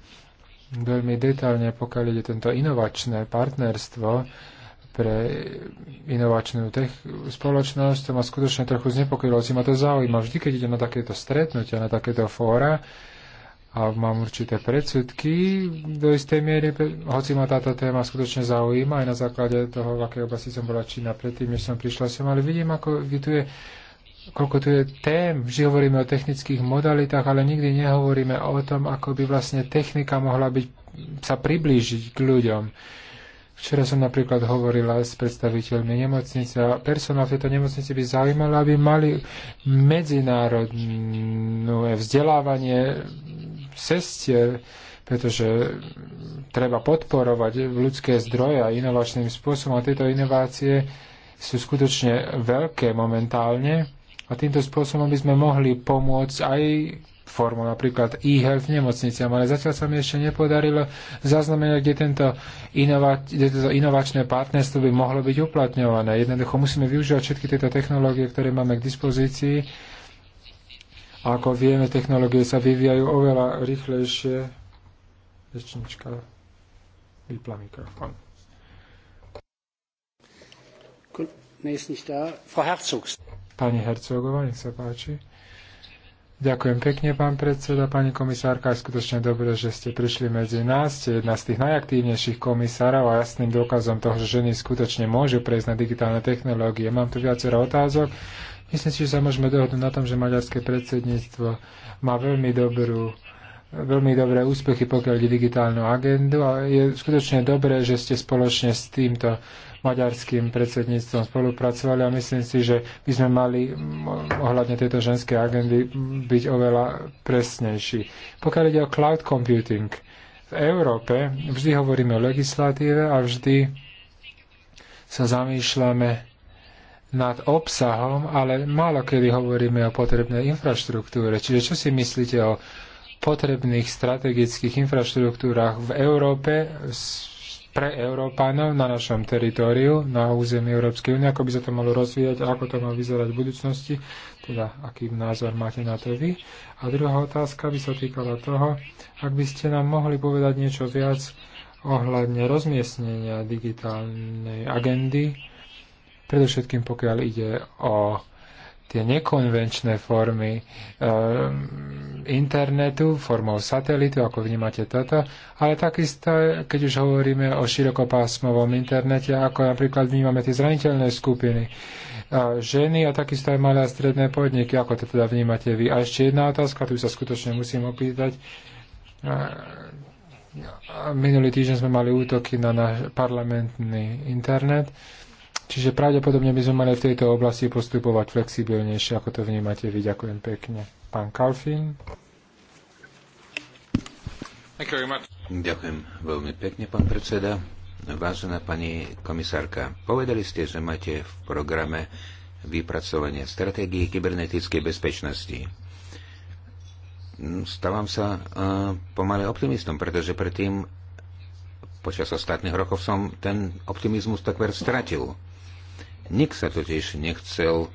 veľmi detálne, pokiaľ ide tento inovačné partnerstvo pre inovačnú tech- spoločnosť, to ma skutočne trochu znepokojilo, si ma to zaujíma. Vždy, keď idem na takéto stretnutia, na takéto fóra, a mám určité predsudky do istej miery, hoci ma táto téma skutočne zaujíma aj na základe toho, v akej oblasti som bola Čína predtým, než som prišla sem, ale vidím, ako tu je koľko tu je tém. Vždy hovoríme o technických modalitách, ale nikdy nehovoríme o tom, ako by vlastne technika mohla byť, sa priblížiť k ľuďom. Včera som napríklad hovorila s predstaviteľmi nemocnice a personál v tejto nemocnici by zaujímalo, aby mali medzinárodné vzdelávanie sestier, pretože treba podporovať ľudské zdroje a inovačným spôsobom a tieto inovácie sú skutočne veľké momentálne a týmto spôsobom by sme mohli pomôcť aj formou napríklad e-health nemocniciam, ale zatiaľ sa mi ešte nepodarilo zaznamenať, kde tento, inova, kde toto inovačné partnerstvo by mohlo byť uplatňované. Jednoducho musíme využívať všetky tieto technológie, ktoré máme k dispozícii. A ako vieme, technológie sa vyvíjajú oveľa rýchlejšie. Rečnička vypla mikrofón. Nee, Frau Herzogs. Pani Hercogová, nech sa páči. Ďakujem pekne, pán predseda, pani komisárka. Je skutočne dobré, že ste prišli medzi nás. Ste jedna z tých najaktívnejších komisárov a jasným dôkazom toho, že ženy skutočne môžu prejsť na digitálne technológie. Mám tu viacero otázok. Myslím si, že sa môžeme dohodnúť na tom, že maďarské predsedníctvo má veľmi dobrú veľmi dobré úspechy, pokiaľ ide digitálnu agendu a je skutočne dobré, že ste spoločne s týmto maďarským predsedníctvom spolupracovali a myslím si, že by sme mali ohľadne tejto ženskej agendy byť oveľa presnejší. Pokiaľ ide o cloud computing, v Európe vždy hovoríme o legislatíve a vždy sa zamýšľame nad obsahom, ale málo kedy hovoríme o potrebnej infraštruktúre. Čiže čo si myslíte o potrebných strategických infraštruktúrach v Európe pre Európanov na našom teritóriu, na území Európskej únie, ako by sa to malo rozvíjať a ako to má vyzerať v budúcnosti, teda aký názor máte na to vy. A druhá otázka by sa týkala toho, ak by ste nám mohli povedať niečo viac ohľadne rozmiestnenia digitálnej agendy, predovšetkým pokiaľ ide o tie nekonvenčné formy e, internetu, formou satelitu, ako vnímate toto, ale takisto, keď už hovoríme o širokopásmovom internete, ako napríklad vnímame tie zraniteľné skupiny, e, ženy a takisto aj malé a stredné podniky, ako to teda vnímate vy. A ešte jedna otázka, tu sa skutočne musím opýtať. E, minulý týždeň sme mali útoky na náš parlamentný internet. E, Čiže pravdepodobne by sme mali v tejto oblasti postupovať flexibilnejšie, ako to vnímate vy. Ďakujem pekne. Pán Kalfin. Ďakujem veľmi pekne, pán predseda. Vážená pani komisárka, povedali ste, že máte v programe vypracovanie stratégie kybernetickej bezpečnosti. Mm, stávam sa e, pomaly optimistom, pretože predtým počas ostatných rokov som ten optimizmus takmer stratil. Nik sa totiž nechcel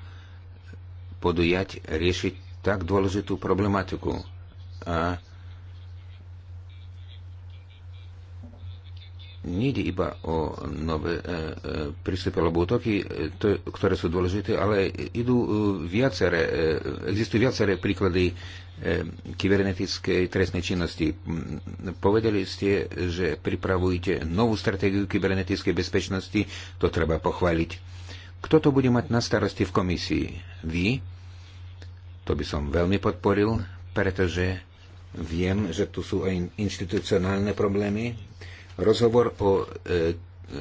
podujať riešiť tak dôležitú problematiku. A nejde iba o nové e, e, prístupy alebo útoky, e, to, ktoré sú dôležité, ale idú e, viacere, e, existujú viaceré príklady e, kybernetickej trestnej činnosti. Povedali ste, že pripravujete novú stratégiu kybernetickej bezpečnosti, to treba pochváliť. Kto to bude mať na starosti v komisii? Vy? To by som veľmi podporil, pretože viem, že tu sú aj inštitucionálne problémy. Rozhovor o e,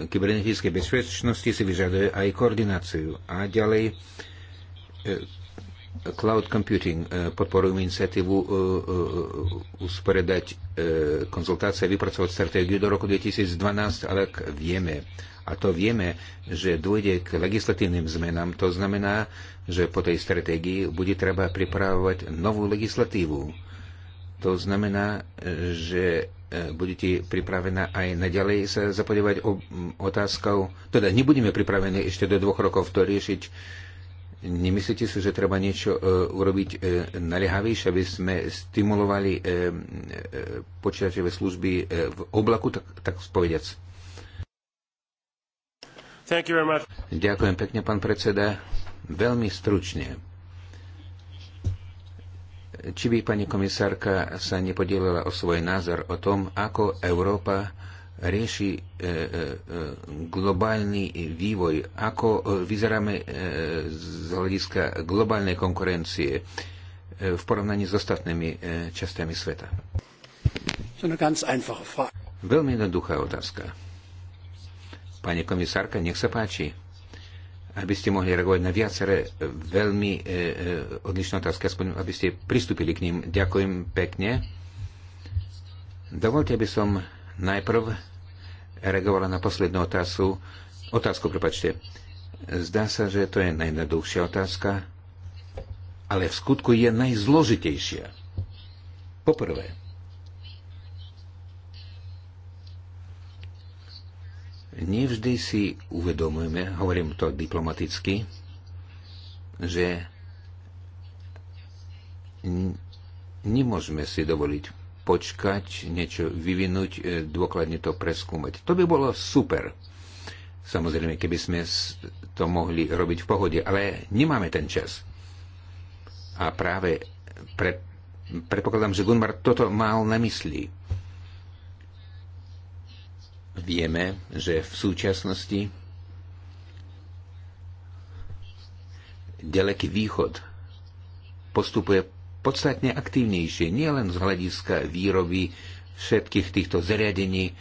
kybernetickej bezpečnosti si vyžaduje aj koordináciu. A ďalej e, cloud computing. E, podporujem iniciatívu e, e, usporedať e, konzultácie, vypracovať stratégiu do roku 2012, ale ak vieme, a to vieme, že dôjde k legislatívnym zmenám. To znamená, že po tej stratégii bude treba pripravovať novú legislatívu. To znamená, že e, budete pripravená aj naďalej sa zapodívať o otázkou, teda nebudeme pripravení ešte do dvoch rokov to riešiť. Nemyslíte si, že treba niečo e, urobiť e, naliehavejšie, aby sme stimulovali počítačové služby v oblaku, tak, tak povediac? Ďakujem pekne, pán predseda. Veľmi stručne. Či by pani komisárka sa nepodielila o svoj názor o tom, ako Európa rieši e, e, e, globálny vývoj, ako vyzeráme e, z hľadiska globálnej konkurencie e, v porovnaní s ostatnými e, častiami sveta? Veľmi jednoduchá otázka. Pani komisárka, nech sa páči, aby ste mohli reagovať na viaceré e, veľmi e, e, odlišné otázky, aspoň aby ste pristúpili k ním. Ďakujem pekne. Dovolte, aby som najprv reagovala na poslednú otázku. Otázku, prepačte. Zdá sa, že to je najjednoduchšia otázka, ale v skutku je najzložitejšia. Poprvé, Nevždy si uvedomujeme, hovorím to diplomaticky, že nemôžeme si dovoliť počkať, niečo vyvinúť, e, dôkladne to preskúmať. To by bolo super. Samozrejme, keby sme to mohli robiť v pohode, ale nemáme ten čas. A práve pre, predpokladám, že Gunmar toto mal na mysli. Vieme, že v súčasnosti ďaleký východ postupuje podstatne aktívnejšie, nielen z hľadiska výroby všetkých týchto zariadení,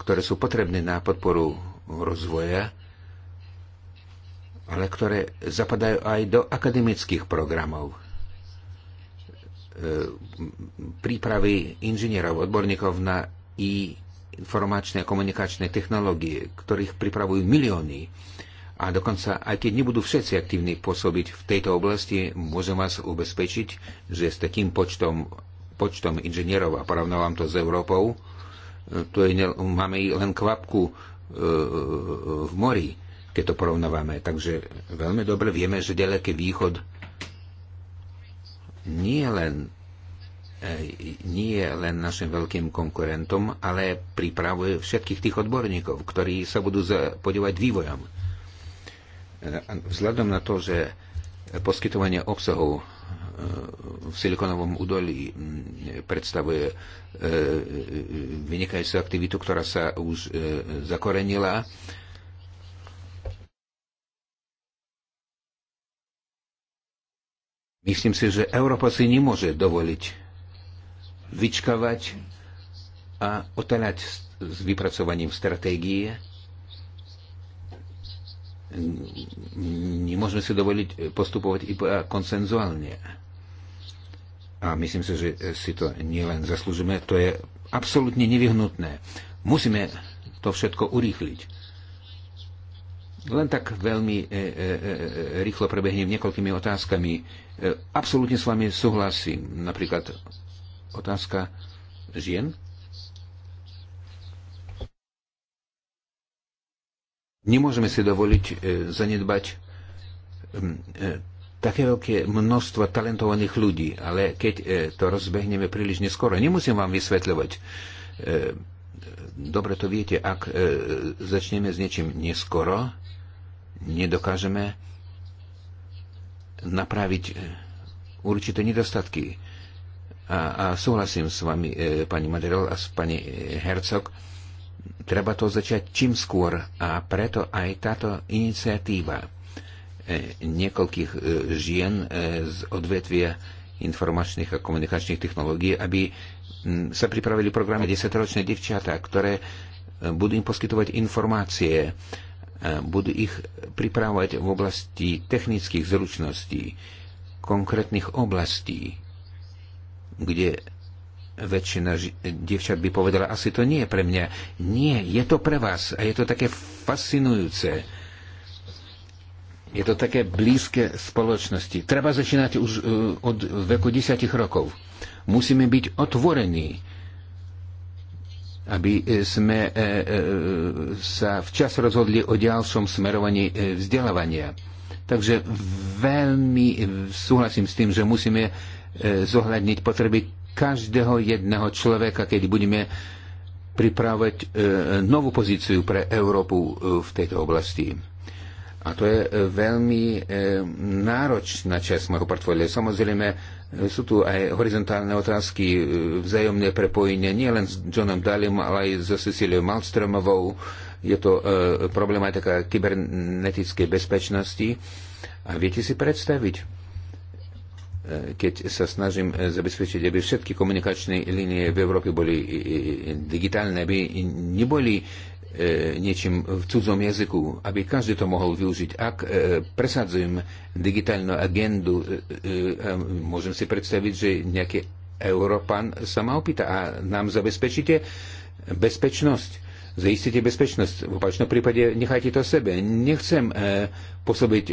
ktoré sú potrebné na podporu rozvoja, ale ktoré zapadajú aj do akademických programov prípravy inžinierov, odborníkov na I, informačné a komunikačné technológie, ktorých pripravujú milióny. A dokonca, aj keď nebudú všetci aktívni pôsobiť v tejto oblasti, môžem vás ubezpečiť, že s takým počtom, počtom inžinierov, a porovnávam to s Európou, to je, máme len kvapku e, v mori, keď to porovnávame. Takže veľmi dobre vieme, že ďaleký východ nie len E, nie je len našim veľkým konkurentom, ale pripravuje všetkých tých odborníkov, ktorí sa budú podívať vývojom. E, vzhľadom na to, že poskytovanie obsahu e, v Silikonovom údolí predstavuje vynikajúcu aktivitu, ktorá sa už zakorenila, Myslím si, že Európa si nemôže dovoliť vyčkávať a otáľať s vypracovaním stratégie. Nemôžeme si dovoliť e, postupovať iba konsenzuálne. A myslím si, že e, si to nielen zaslúžime, to je absolútne nevyhnutné. Musíme to všetko urýchliť. Len tak veľmi e, e, e rýchlo prebehnem niekoľkými otázkami. E, absolútne s vami súhlasím. Napríklad otázka žien. Nemôžeme si dovoliť e, zanedbať e, také veľké množstvo talentovaných ľudí, ale keď e, to rozbehneme príliš neskoro, nemusím vám vysvetľovať. Dobre to viete, ak začneme s niečím neskoro, nedokážeme napraviť určité nedostatky. A, a súhlasím s vami, e, pani Madrel a s pani e, Hercog, treba to začať čím skôr a preto aj táto iniciatíva e, niekoľkých e, žien e, z odvetvia informačných a komunikačných technológií, aby sa pripravili programy 10-ročné devčatá, ktoré e, budú im poskytovať informácie, e, budú ich pripravovať v oblasti technických zručností, konkrétnych oblastí, kde väčšina dievčat by povedala, asi to nie je pre mňa. Nie, je to pre vás a je to také fascinujúce. Je to také blízke spoločnosti. Treba začínať už e, od veku desiatich rokov. Musíme byť otvorení, aby e, sme e, sa včas rozhodli o ďalšom smerovaní vzdelávania. Takže veľmi súhlasím s tým, že musíme E, zohľadniť potreby každého jedného človeka, keď budeme pripravať e, novú pozíciu pre Európu e, v tejto oblasti. A to je veľmi náročná časť môjho portfólia. Samozrejme, sú tu aj horizontálne otázky, vzájomné prepojenie nielen s Johnom Dalim, ale aj so Cecíliou Malstromovou. Je to problematika kybernetickej bezpečnosti. A viete si predstaviť, keď sa snažím eh, zabezpečiť, aby všetky komunikačné linie v Európe boli eh, eh, digitálne, aby neboli niečím v cudzom jazyku, aby každý to mohol využiť. Ak presadzujem digitálnu agendu, môžem si predstaviť, že nejaký Európan sa ma opýta a nám zabezpečíte bezpečnosť. Zaistíte bezpečnosť. V opačnom prípade nechajte to sebe. Nechcem pôsobiť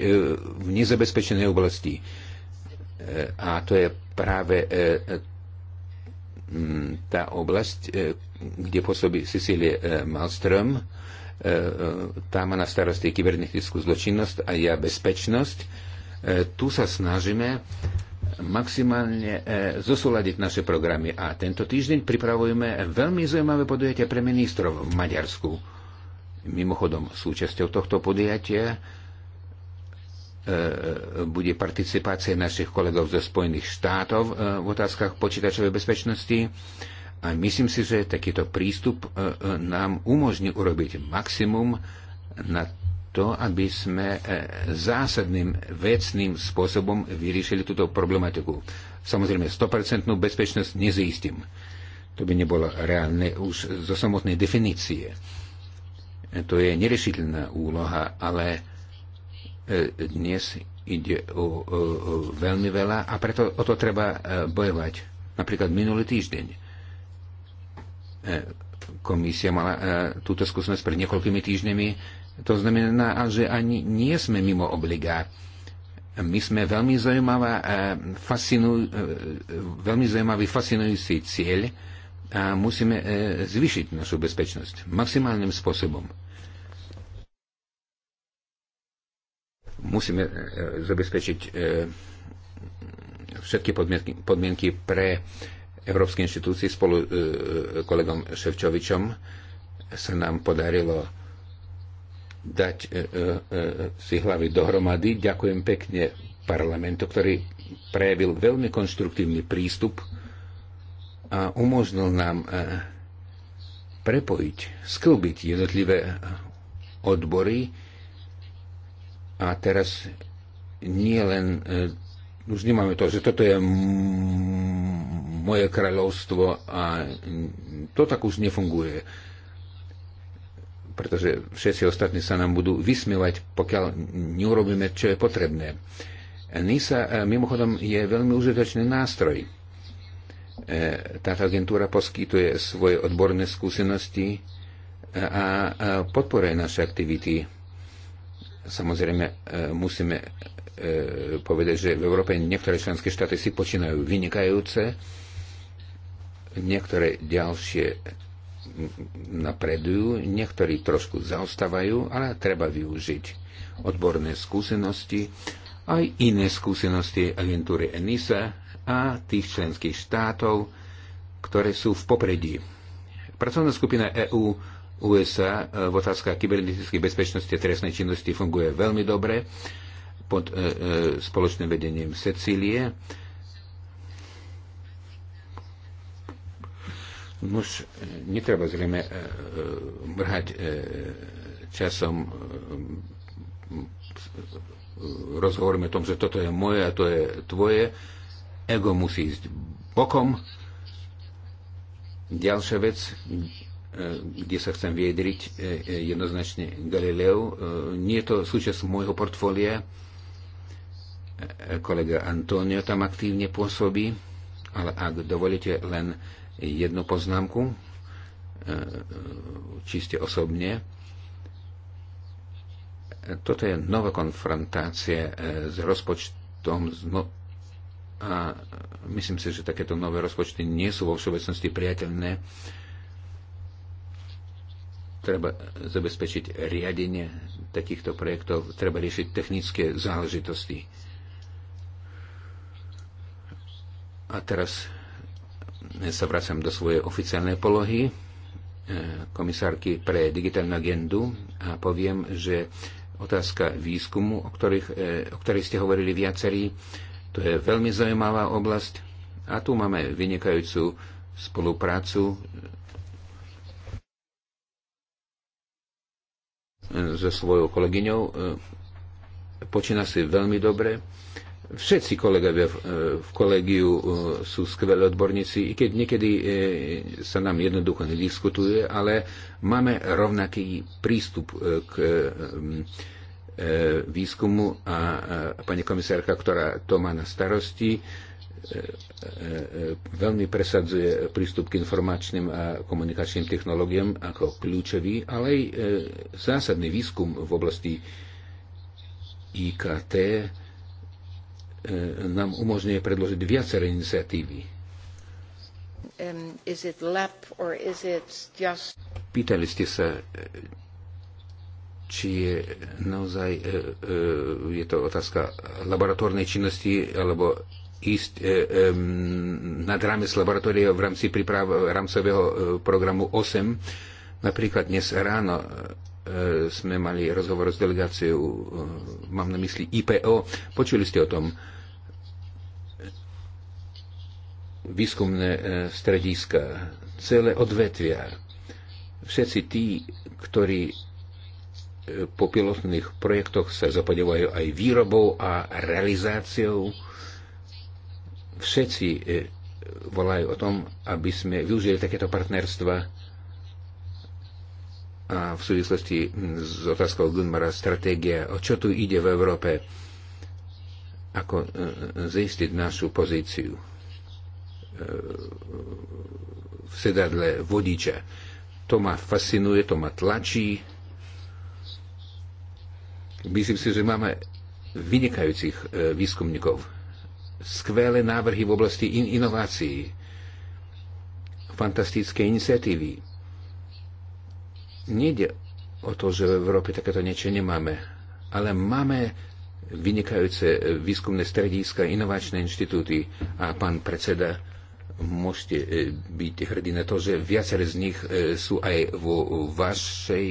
v nezabezpečenej oblasti E, a to je práve e, e, tá oblasť, kde pôsobí Cecilie Malström. Tá má na starosti kybernetickú zločinnosť a ja bezpečnosť. Tu sa snažíme maximálne zosúľadiť naše programy a tento týždeň pripravujeme veľmi zaujímavé podujatie pre ministrov v Maďarsku. Mimochodom, súčasťou tohto podujatia E, bude participácia našich kolegov zo Spojených štátov e, v otázkach počítačovej bezpečnosti. A myslím si, že takýto prístup e, nám umožní urobiť maximum na to, aby sme zásadným, vecným spôsobom vyriešili túto problematiku. Samozrejme, 100% bezpečnosť nezistím. To by nebolo reálne už zo samotnej definície. To je nerešiteľná úloha, ale E, dnes ide o, o, o veľmi veľa a preto o to treba e, bojovať. Napríklad minulý týždeň e, komisia mala túto skúsenosť pred niekoľkými týždňami. To znamená, že ani nie sme mimo obliga. My sme veľmi, zaujímavá, fascinu, veľmi zaujímavý, fascinujúci cieľ a musíme zvýšiť našu bezpečnosť maximálnym spôsobom. Musíme e, zabezpečiť e, všetky podmienky, podmienky pre európske inštitúcie spolu s e, kolegom Ševčovičom sa nám podarilo dať si hlavy dohromady. Ďakujem pekne parlamentu, ktorý prejavil veľmi konstruktívny prístup a umožnil nám prepojiť, sklbiť jednotlivé odbory, a teraz nie len, e, už nemáme to, že toto je moje kráľovstvo a to tak už nefunguje. Pretože všetci ostatní sa nám budú vysmievať, pokiaľ neurobíme, čo je potrebné. NISA e, mimochodom je veľmi užitočný nástroj. E, táto agentúra poskytuje svoje odborné skúsenosti a podporuje naše aktivity Samozrejme, e, musíme e, povedať, že v Európe niektoré členské štáty si počínajú vynikajúce, niektoré ďalšie napredujú, niektorí trošku zaostávajú, ale treba využiť odborné skúsenosti, aj iné skúsenosti agentúry ENISA a tých členských štátov, ktoré sú v popredí. Pracovná skupina EÚ USA e, v otázkach kybernetickej bezpečnosti a trestnej činnosti funguje veľmi dobre pod e, e, spoločným vedením Cecílie. Nož, netreba zrejme e, e, mrhať e, časom e, rozhovoríme o tom, že toto je moje a to je tvoje. Ego musí ísť bokom. Ďalšia vec, E, kde sa chcem viedriť e, e, jednoznačne Galileu. Nie je to súčasť môjho portfólia. Kolega Antonio tam aktívne pôsobí, ale ak dovolíte len jednu poznámku, čiste osobne. Toto je nová konfrontácia s rozpočtom no- a myslím si, že takéto nové rozpočty nie sú vo všeobecnosti priateľné Treba zabezpečiť riadenie takýchto projektov, treba riešiť technické záležitosti. A teraz sa vracam do svojej oficiálnej polohy e, komisárky pre digitálnu agendu a poviem, že otázka výskumu, o, ktorých, e, o ktorej ste hovorili viacerí, to je veľmi zaujímavá oblasť a tu máme vynikajúcu spoluprácu E, so svojou kolegyňou. E, počína si veľmi dobre. Všetci kolegovia v, e, v kolegiu sú skvelí odborníci, i keď niekedy sa nám jednoducho nediskutuje, ale máme rovnaký prístup k výskumu a pani komisárka, ktorá to má na starosti, veľmi presadzuje prístup k informačným a komunikačným technológiám ako kľúčový, ale aj e, zásadný výskum v oblasti IKT e, nám umožňuje predložiť viaceré iniciatívy. Um, Pýtali ste sa, e, či je naozaj je to otázka laboratórnej činnosti alebo ísť e, e, nad rámec laboratórie v rámci príprav rámcového e, programu 8. Napríklad dnes ráno e, sme mali rozhovor s delegáciou, e, mám na mysli IPO, počuli ste o tom, e, výskumné e, strediska, celé odvetvia, všetci tí, ktorí e, po pilotných projektoch sa zapodevajú aj výrobou a realizáciou, Všetci e, volajú o tom, aby sme využili takéto partnerstva a v súvislosti s otázkou Gunmara stratégia, o čo tu ide v Európe, ako e, zistiť našu pozíciu e, v sedadle vodiča. To ma fascinuje, to ma tlačí. Myslím si, že máme vynikajúcich výskumníkov skvelé návrhy v oblasti in- inovácií, fantastické iniciatívy. Nede o to, že v Európe takéto niečo nemáme, ale máme vynikajúce výskumné strediska, inovačné inštitúty a pán predseda, môžete e, byť hrdí na to, že viaceré z nich e, sú aj vo vašej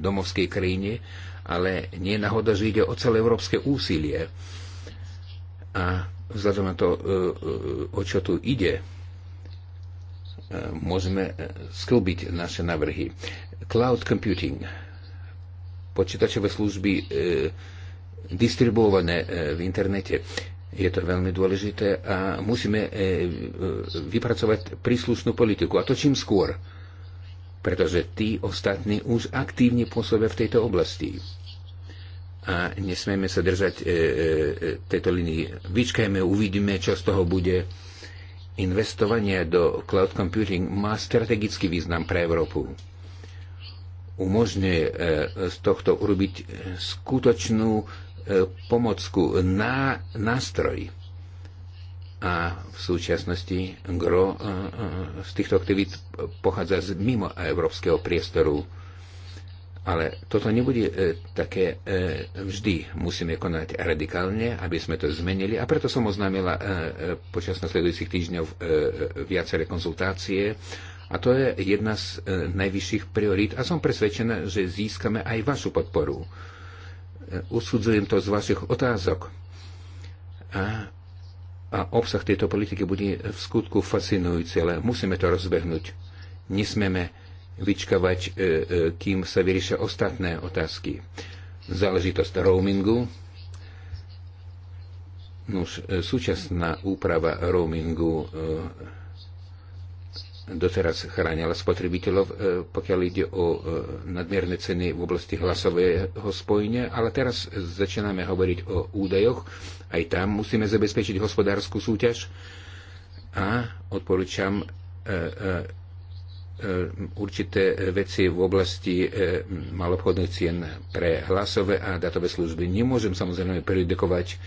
domovskej krajine, ale nie je náhoda, že ide o celé európske úsilie. A vzhľadom na to, e, e, o čo tu ide, e, môžeme sklbiť naše návrhy. Cloud computing, počítačové služby distribuované v internete, je to veľmi dôležité a musíme vypracovať príslušnú politiku. A to čím skôr, pretože tí ostatní už aktívne pôsobia v tejto oblasti a nesmieme sa držať e, e, tejto linii. Vyčkajme, uvidíme, čo z toho bude. Investovanie do cloud computing má strategický význam pre Európu. Umožňuje e, z tohto urobiť skutočnú e, pomocku na nástroj. A v súčasnosti gro e, e, z týchto aktivít pochádza z mimo európskeho priestoru ale toto nebude e, také e, vždy. Musíme konať radikálne, aby sme to zmenili. A preto som oznámila e, počas nasledujúcich týždňov viaceré konzultácie. A to je jedna z najvyšších priorít. A som presvedčená, že získame aj vašu podporu. Usudzujem to z vašich otázok. A, a obsah tejto politiky bude v skutku fascinujúci, ale musíme to rozbehnúť. Nesmieme vyčkavať, e, e, kým sa vyriešia ostatné otázky. Záležitosť roamingu. Nuž, e, súčasná úprava roamingu doteraz chránila spotrebiteľov, pokiaľ ide o nadmierne ceny v oblasti hlasového spojenia, ale teraz začíname hovoriť o údajoch. Aj tam musíme zabezpečiť hospodárskú súťaž a odporúčam E, určité e, veci v oblasti e, malobchodných cien pre hlasové a datové služby. Nemôžem samozrejme prejudikovať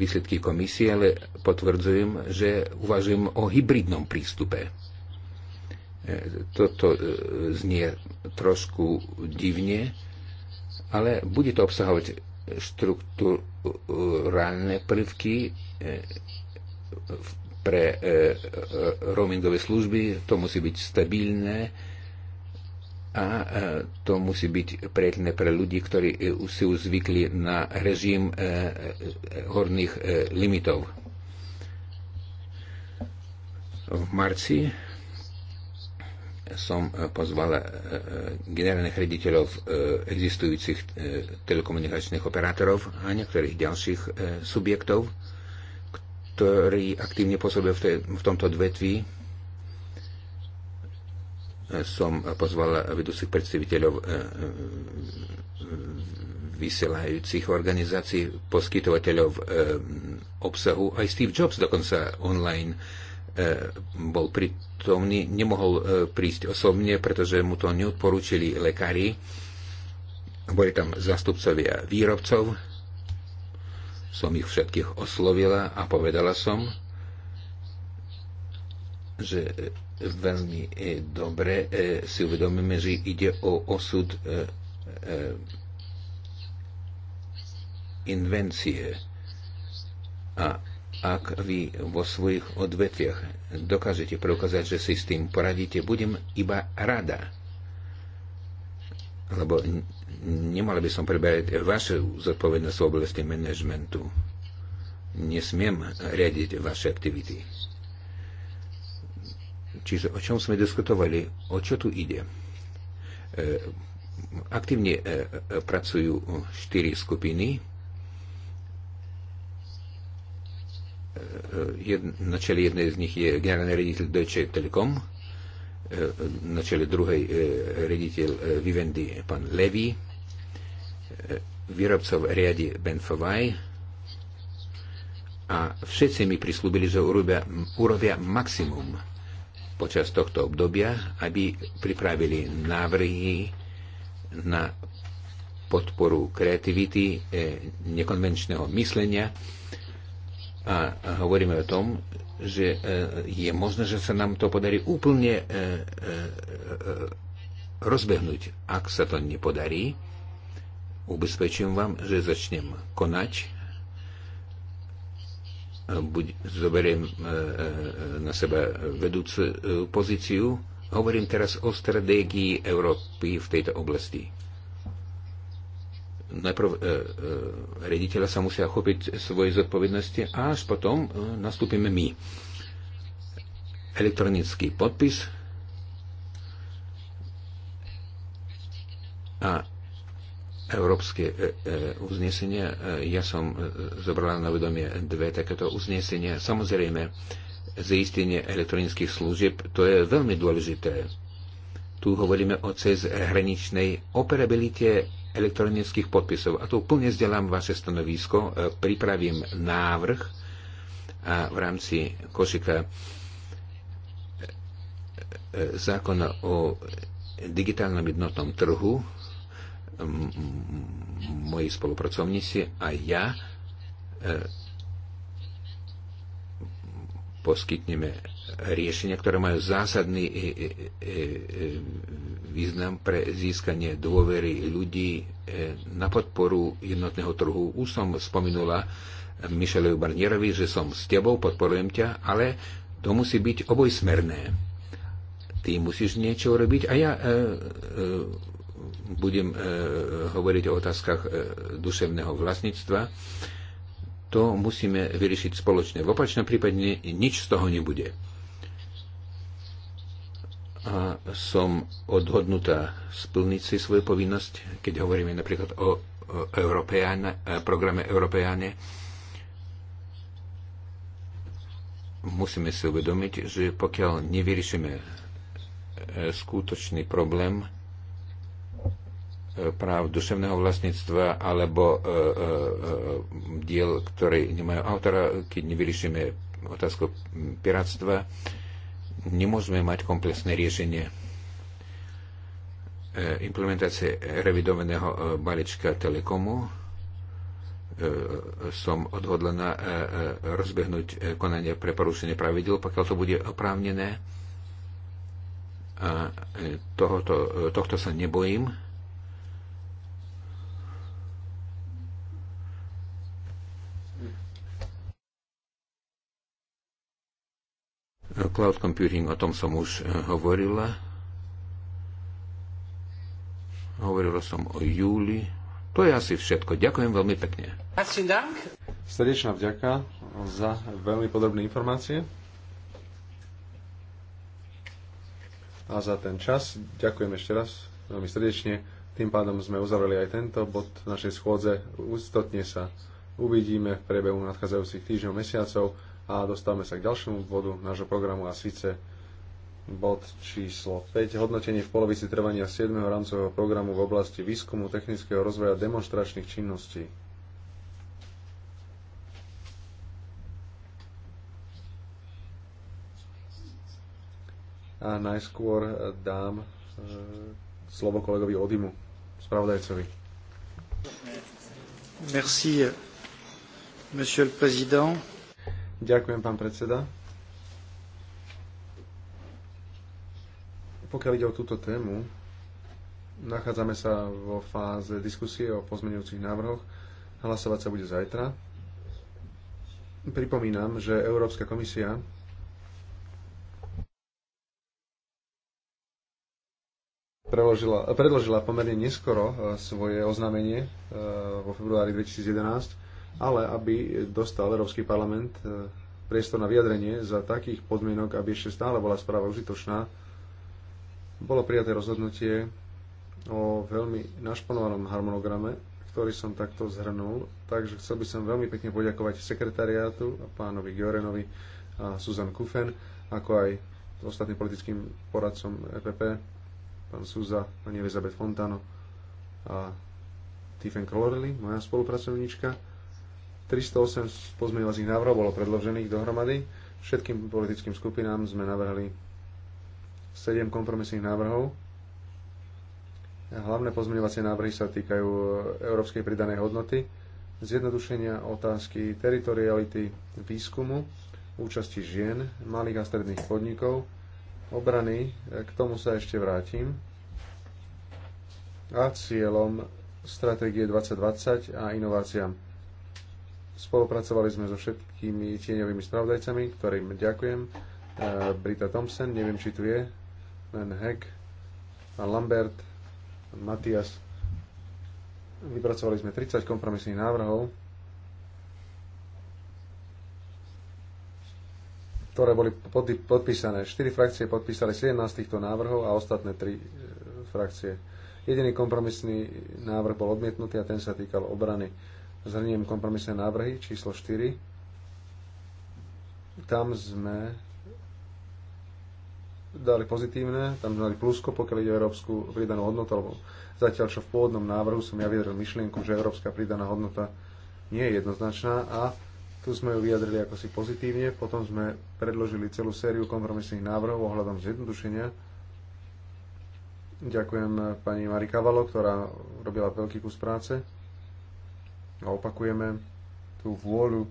výsledky komisie, ale potvrdzujem, že uvažujem o hybridnom prístupe. Toto znie trošku divne, ale bude to obsahovať štruktúrálne prvky pre e, e, roamingové služby, to musí byť stabilné a e, to musí byť priateľné pre ľudí, ktorí si už zvykli na režim horných limitov. V marci som pozvala generálnych rediteľov existujúcich telekomunikačných operátorov a niektorých ďalších subjektov ktorí aktívne pôsobia v, v tomto odvetví. Som pozval vedúcich predstaviteľov e, e, vysielajúcich organizácií, poskytovateľov e, obsahu. Aj Steve Jobs dokonca online bol pritomný, nemohol prísť osobne, pretože mu to neodporúčili lekári. Boli tam zastupcovia výrobcov, som ich všetkých oslovila a povedala som, že e, veľmi e, dobre e, si uvedomíme, že ide o osud invencie. A ak vy vo svojich odvetviach dokážete preukázať, že si s tým poradíte, budem iba rada. Lebo nemala by som preberať vašu zodpovednosť v oblasti manažmentu. Nesmiem riadiť vaše aktivity. Čiže o čom sme diskutovali? O čo tu ide? E, aktívne e, e, pracujú štyri skupiny. Na čele jednej z nich je generálny riaditeľ Deutsche Telekom, na čele druhej riaditeľ Vivendi pán Levy, výrobcov riadi Benfovai a všetci mi prislúbili, že urobia, urobia maximum počas tohto obdobia, aby pripravili návrhy na podporu kreativity, e, nekonvenčného myslenia a hovoríme o tom, že e, je možné, že sa nám to podarí úplne e, rozbehnúť. Ak sa to nepodarí, Ubezpečím vám, že začnem konať. Buď zoberiem e, e, e, na seba vedúcu pozíciu. Hovorím teraz o stratégii Európy v tejto oblasti. Najprv e, e, rediteľa sa musia chopiť svoje zodpovednosti a až potom e, nastúpime my. Elektronický podpis a európske e, e, uznesenia. E, ja som zobrala na vedomie dve takéto uznesenia. Samozrejme, zaistenie elektronických služieb, to je veľmi dôležité. Tu hovoríme o cez hraničnej operabilite elektronických podpisov. A tu plne zdelám vaše stanovisko, pripravím návrh a v rámci košika zákona o digitálnom jednotnom trhu moji spolupracovníci a ja e, poskytneme riešenia, ktoré majú zásadný e, e, význam pre získanie dôvery ľudí na podporu jednotného trhu. Už som spomenula Michelovi Barnierovi, že som s tebou, podporujem ťa, ale to musí byť obojsmerné. Ty musíš niečo robiť a ja e, e, budem e, hovoriť o otázkach e, duševného vlastníctva, to musíme vyriešiť spoločne. V opačnom prípade nič z toho nebude. A som odhodnutá splniť si svoju povinnosť, keď hovoríme napríklad o, Európejane, e, programe Európejane. Musíme si uvedomiť, že pokiaľ nevyriešime skutočný problém, práv duševného vlastníctva alebo e, e, e, diel, ktoré nemajú autora, keď nevyriešime otázku piráctva, nemôžeme mať komplexné riešenie implementácie revidovaného balíčka telekomu. Som odhodlená rozbehnúť konanie pre porušenie pravidel, pokiaľ to bude oprávnené. A tohoto, tohto sa nebojím Cloud computing, o tom som už e, hovorila. Hovorila som o júli. To je asi všetko. Ďakujem veľmi pekne. Srdečná vďaka za veľmi podrobné informácie a za ten čas. Ďakujem ešte raz veľmi srdečne. Tým pádom sme uzavreli aj tento bod našej schôdze. Ústotne sa uvidíme v priebehu nadchádzajúcich týždňov, mesiacov a dostávame sa k ďalšiemu bodu nášho programu a síce bod číslo 5. Hodnotenie v polovici trvania 7. rámcového programu v oblasti výskumu, technického rozvoja demonstračných činností. A najskôr dám e, slovo kolegovi Odimu, spravodajcovi. Merci, monsieur le président. Ďakujem, pán predseda. Pokiaľ ide o túto tému, nachádzame sa vo fáze diskusie o pozmeňujúcich návrhoch. Hlasovať sa bude zajtra. Pripomínam, že Európska komisia predložila pomerne neskoro e, svoje oznámenie e, vo februári 2011 ale aby dostal Európsky parlament e, priestor na vyjadrenie za takých podmienok, aby ešte stále bola správa užitočná, bolo prijaté rozhodnutie o veľmi našponovanom harmonograme, ktorý som takto zhrnul. Takže chcel by som veľmi pekne poďakovať sekretariátu a pánovi Giorenovi a Susan Kufen, ako aj ostatným politickým poradcom EPP, pán Suza, pani Elizabeth Fontano a Tiffen Clorelli, moja spolupracovníčka 308 pozmeňovacích návrhov bolo predložených dohromady. Všetkým politickým skupinám sme navrhli 7 kompromisných návrhov. Hlavné pozmeňovacie návrhy sa týkajú európskej pridanej hodnoty, zjednodušenia otázky teritoriality výskumu, účasti žien, malých a stredných podnikov, obrany, k tomu sa ešte vrátim, a cieľom stratégie 2020 a inováciám. Spolupracovali sme so všetkými tieňovými spravodajcami, ktorým ďakujem. E, Brita Thompson, neviem, či tu je, len Heck, pán Lambert, Matias. Vypracovali sme 30 kompromisných návrhov, ktoré boli podpísané. 4 frakcie podpísali 17 týchto návrhov a ostatné 3 e, frakcie. Jediný kompromisný návrh bol odmietnutý a ten sa týkal obrany. Zhrniem kompromisné návrhy číslo 4. Tam sme dali pozitívne, tam sme dali plusko, pokiaľ ide o európsku pridanú hodnotu, lebo zatiaľ čo v pôvodnom návrhu som ja vyjadril myšlienku, že európska pridaná hodnota nie je jednoznačná a tu sme ju vyjadrili ako si pozitívne, potom sme predložili celú sériu kompromisných návrhov ohľadom zjednodušenia. Ďakujem pani Mari Kavalo, ktorá robila veľký kus práce a opakujeme tú vôľu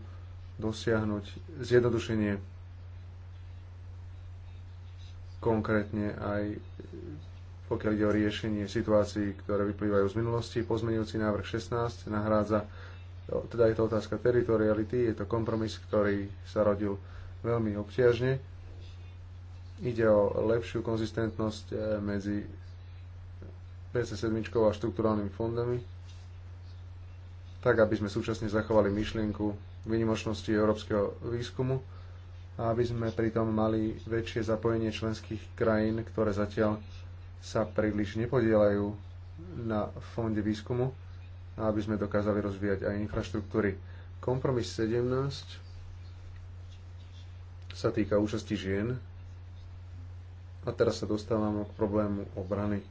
dosiahnuť zjednodušenie konkrétne aj pokiaľ ide o riešenie situácií, ktoré vyplývajú z minulosti. Pozmenujúci návrh 16 nahrádza, teda je to otázka teritoriality, je to kompromis, ktorý sa rodil veľmi obťažne. Ide o lepšiu konzistentnosť e, medzi PC7 a štruktúrálnymi fondami tak aby sme súčasne zachovali myšlienku vynimočnosti európskeho výskumu a aby sme pritom mali väčšie zapojenie členských krajín, ktoré zatiaľ sa príliš nepodielajú na fonde výskumu a aby sme dokázali rozvíjať aj infraštruktúry. Kompromis 17 sa týka účasti žien a teraz sa dostávam k problému obrany.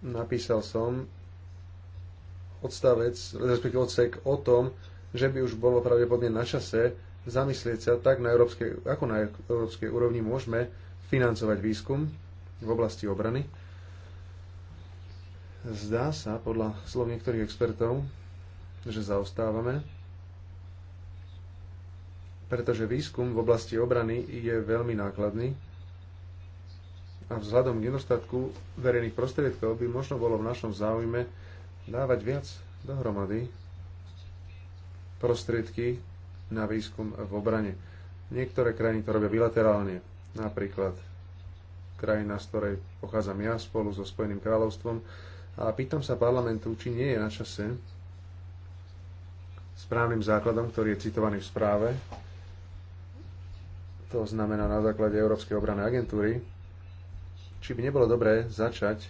Napísal som, odstavec, respektíve odsek o tom, že by už bolo pravdepodobne na čase zamyslieť sa tak na európskej, ako na európskej úrovni môžeme financovať výskum v oblasti obrany. Zdá sa, podľa slov niektorých expertov, že zaostávame, pretože výskum v oblasti obrany je veľmi nákladný a vzhľadom k nedostatku verejných prostriedkov by možno bolo v našom záujme dávať viac dohromady prostriedky na výskum v obrane. Niektoré krajiny to robia bilaterálne, napríklad krajina, z ktorej pochádzam ja spolu so Spojeným kráľovstvom. A pýtam sa parlamentu, či nie je na čase správnym základom, ktorý je citovaný v správe, to znamená na základe Európskej obrany agentúry, či by nebolo dobré začať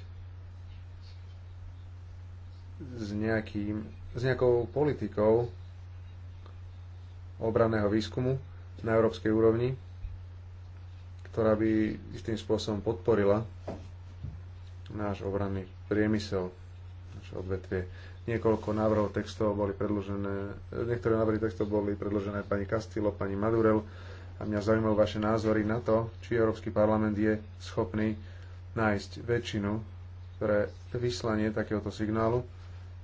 s, nejakým, s nejakou politikou obranného výskumu na európskej úrovni, ktorá by istým spôsobom podporila náš obranný priemysel, naše odvetvie. Niekoľko návrhov textov boli predložené, niektoré návrhy textov boli predložené pani Castillo, pani Madurel a mňa zaujímajú vaše názory na to, či Európsky parlament je schopný nájsť väčšinu pre vyslanie takéhoto signálu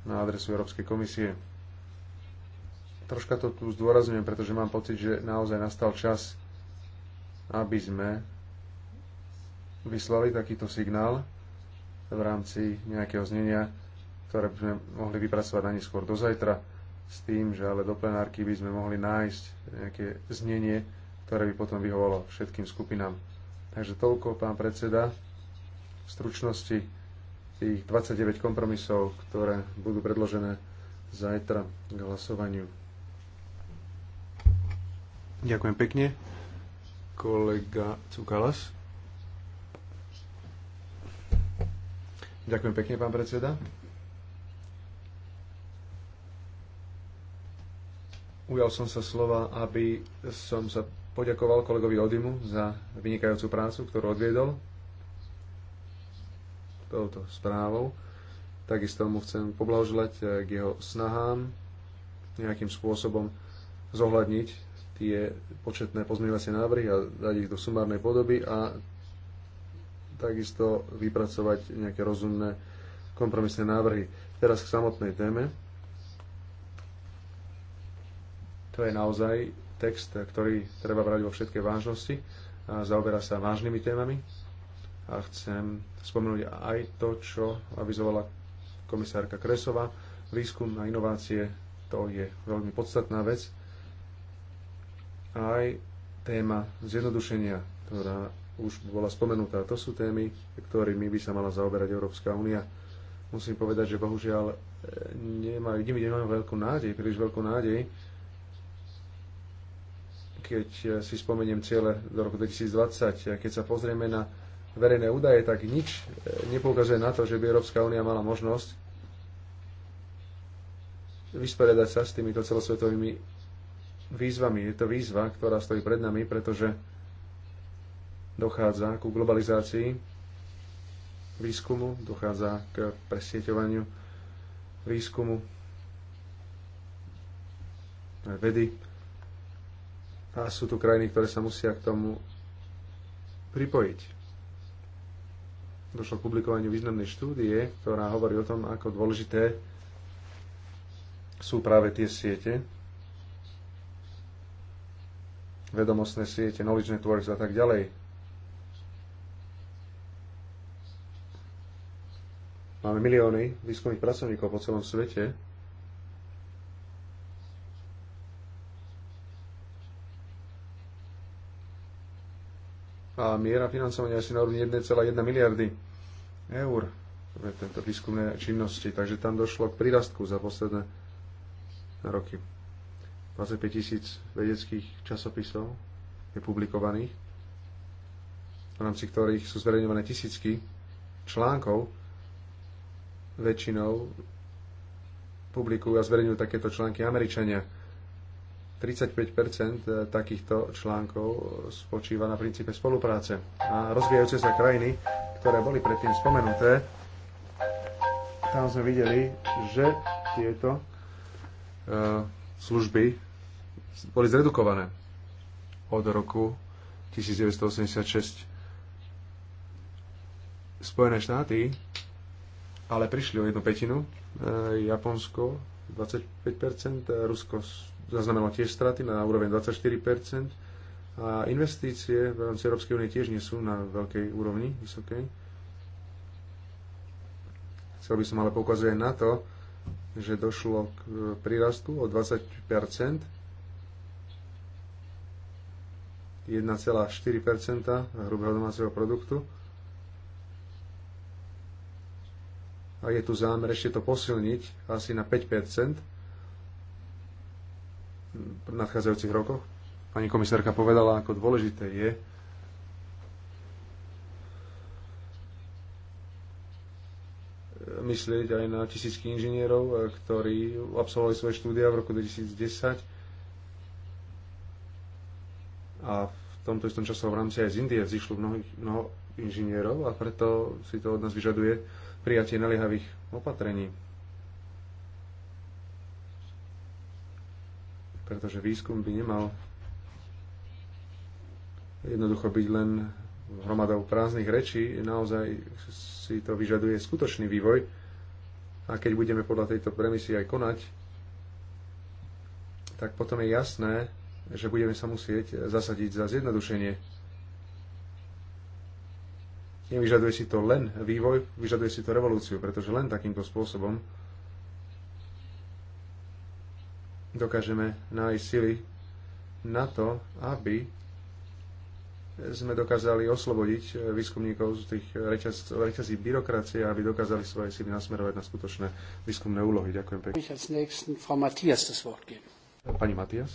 na adresu Európskej komisie. Troška to tu zdôrazňujem, pretože mám pocit, že naozaj nastal čas, aby sme vyslali takýto signál v rámci nejakého znenia, ktoré by sme mohli vypracovať ani skôr do zajtra, s tým, že ale do plenárky by sme mohli nájsť nejaké znenie, ktoré by potom vyhovalo všetkým skupinám. Takže toľko, pán predseda, v stručnosti tých 29 kompromisov, ktoré budú predložené zajtra k hlasovaniu. Ďakujem pekne. Kolega Cukalas. Ďakujem pekne, pán predseda. Ujal som sa slova, aby som sa poďakoval kolegovi Odimu za vynikajúcu prácu, ktorú odviedol touto správou. Takisto mu chcem poblahoželať eh, k jeho snahám nejakým spôsobom zohľadniť tie početné pozmievacie návrhy a dať ich do sumárnej podoby a takisto vypracovať nejaké rozumné kompromisné návrhy. Teraz k samotnej téme. To je naozaj text, eh, ktorý treba brať vo všetkej vážnosti a zaoberá sa vážnymi témami a chcem spomenúť aj to, čo avizovala komisárka Kresova. Výskum a inovácie to je veľmi podstatná vec. Aj téma zjednodušenia, ktorá už bola spomenutá. To sú témy, ktorými by sa mala zaoberať Európska únia. Musím povedať, že bohužiaľ e, nemajú, nimi nemajú veľkú nádej, príliš veľkú nádej, keď si spomeniem ciele do roku 2020, keď sa pozrieme na verejné údaje, tak nič e, nepoukazuje na to, že by Európska únia mala možnosť vysporiadať sa s týmito celosvetovými výzvami. Je to výzva, ktorá stojí pred nami, pretože dochádza ku globalizácii výskumu, dochádza k presieťovaniu výskumu vedy. A sú tu krajiny, ktoré sa musia k tomu pripojiť došlo k publikovaniu významnej štúdie, ktorá hovorí o tom, ako dôležité sú práve tie siete, vedomostné siete, knowledge networks a tak ďalej. Máme milióny výskumných pracovníkov po celom svete, a miera financovania asi na úrovni 1,1 miliardy eur pre tento výskumné činnosti. Takže tam došlo k prírastku za posledné roky. 25 tisíc vedeckých časopisov je publikovaných, v rámci ktorých sú zverejňované tisícky článkov. Väčšinou publikujú a zverejňujú takéto články Američania 35 eh, takýchto článkov eh, spočíva na princípe spolupráce. A rozvíjajúce sa krajiny, ktoré boli predtým spomenuté, tam sme videli, že tieto eh, služby boli zredukované od roku 1986. Spojené štáty ale prišli o jednu petinu, Japonsko 25%, Rusko zaznamenala tiež straty na úroveň 24 a investície v rámci Európskej únie tiež nie sú na veľkej úrovni, vysokej. Chcel by som ale poukazovať na to, že došlo k e, prírastu o 20 1,4 hrubého domáceho produktu. A je tu zámer ešte to posilniť asi na 5 v nadchádzajúcich rokoch. Pani komisárka povedala, ako dôležité je e, myslieť aj na tisícky inžinierov, e, ktorí absolvovali svoje štúdia v roku 2010 a v tomto istom v rámci aj z Indie vzýšlo mnoho, mnoho inžinierov a preto si to od nás vyžaduje prijatie naliehavých opatrení. pretože výskum by nemal jednoducho byť len hromadou prázdnych rečí, naozaj si to vyžaduje skutočný vývoj a keď budeme podľa tejto premisy aj konať, tak potom je jasné, že budeme sa musieť zasadiť za zjednodušenie. Nevyžaduje si to len vývoj, vyžaduje si to revolúciu, pretože len takýmto spôsobom dokážeme nájsť sily na to, aby sme dokázali oslobodiť eh, výskumníkov z tých reťaz, reťazí byrokracie, aby dokázali svoje sily nasmerovať na skutočné výskumné úlohy. Ďakujem pekne. Pani Matias.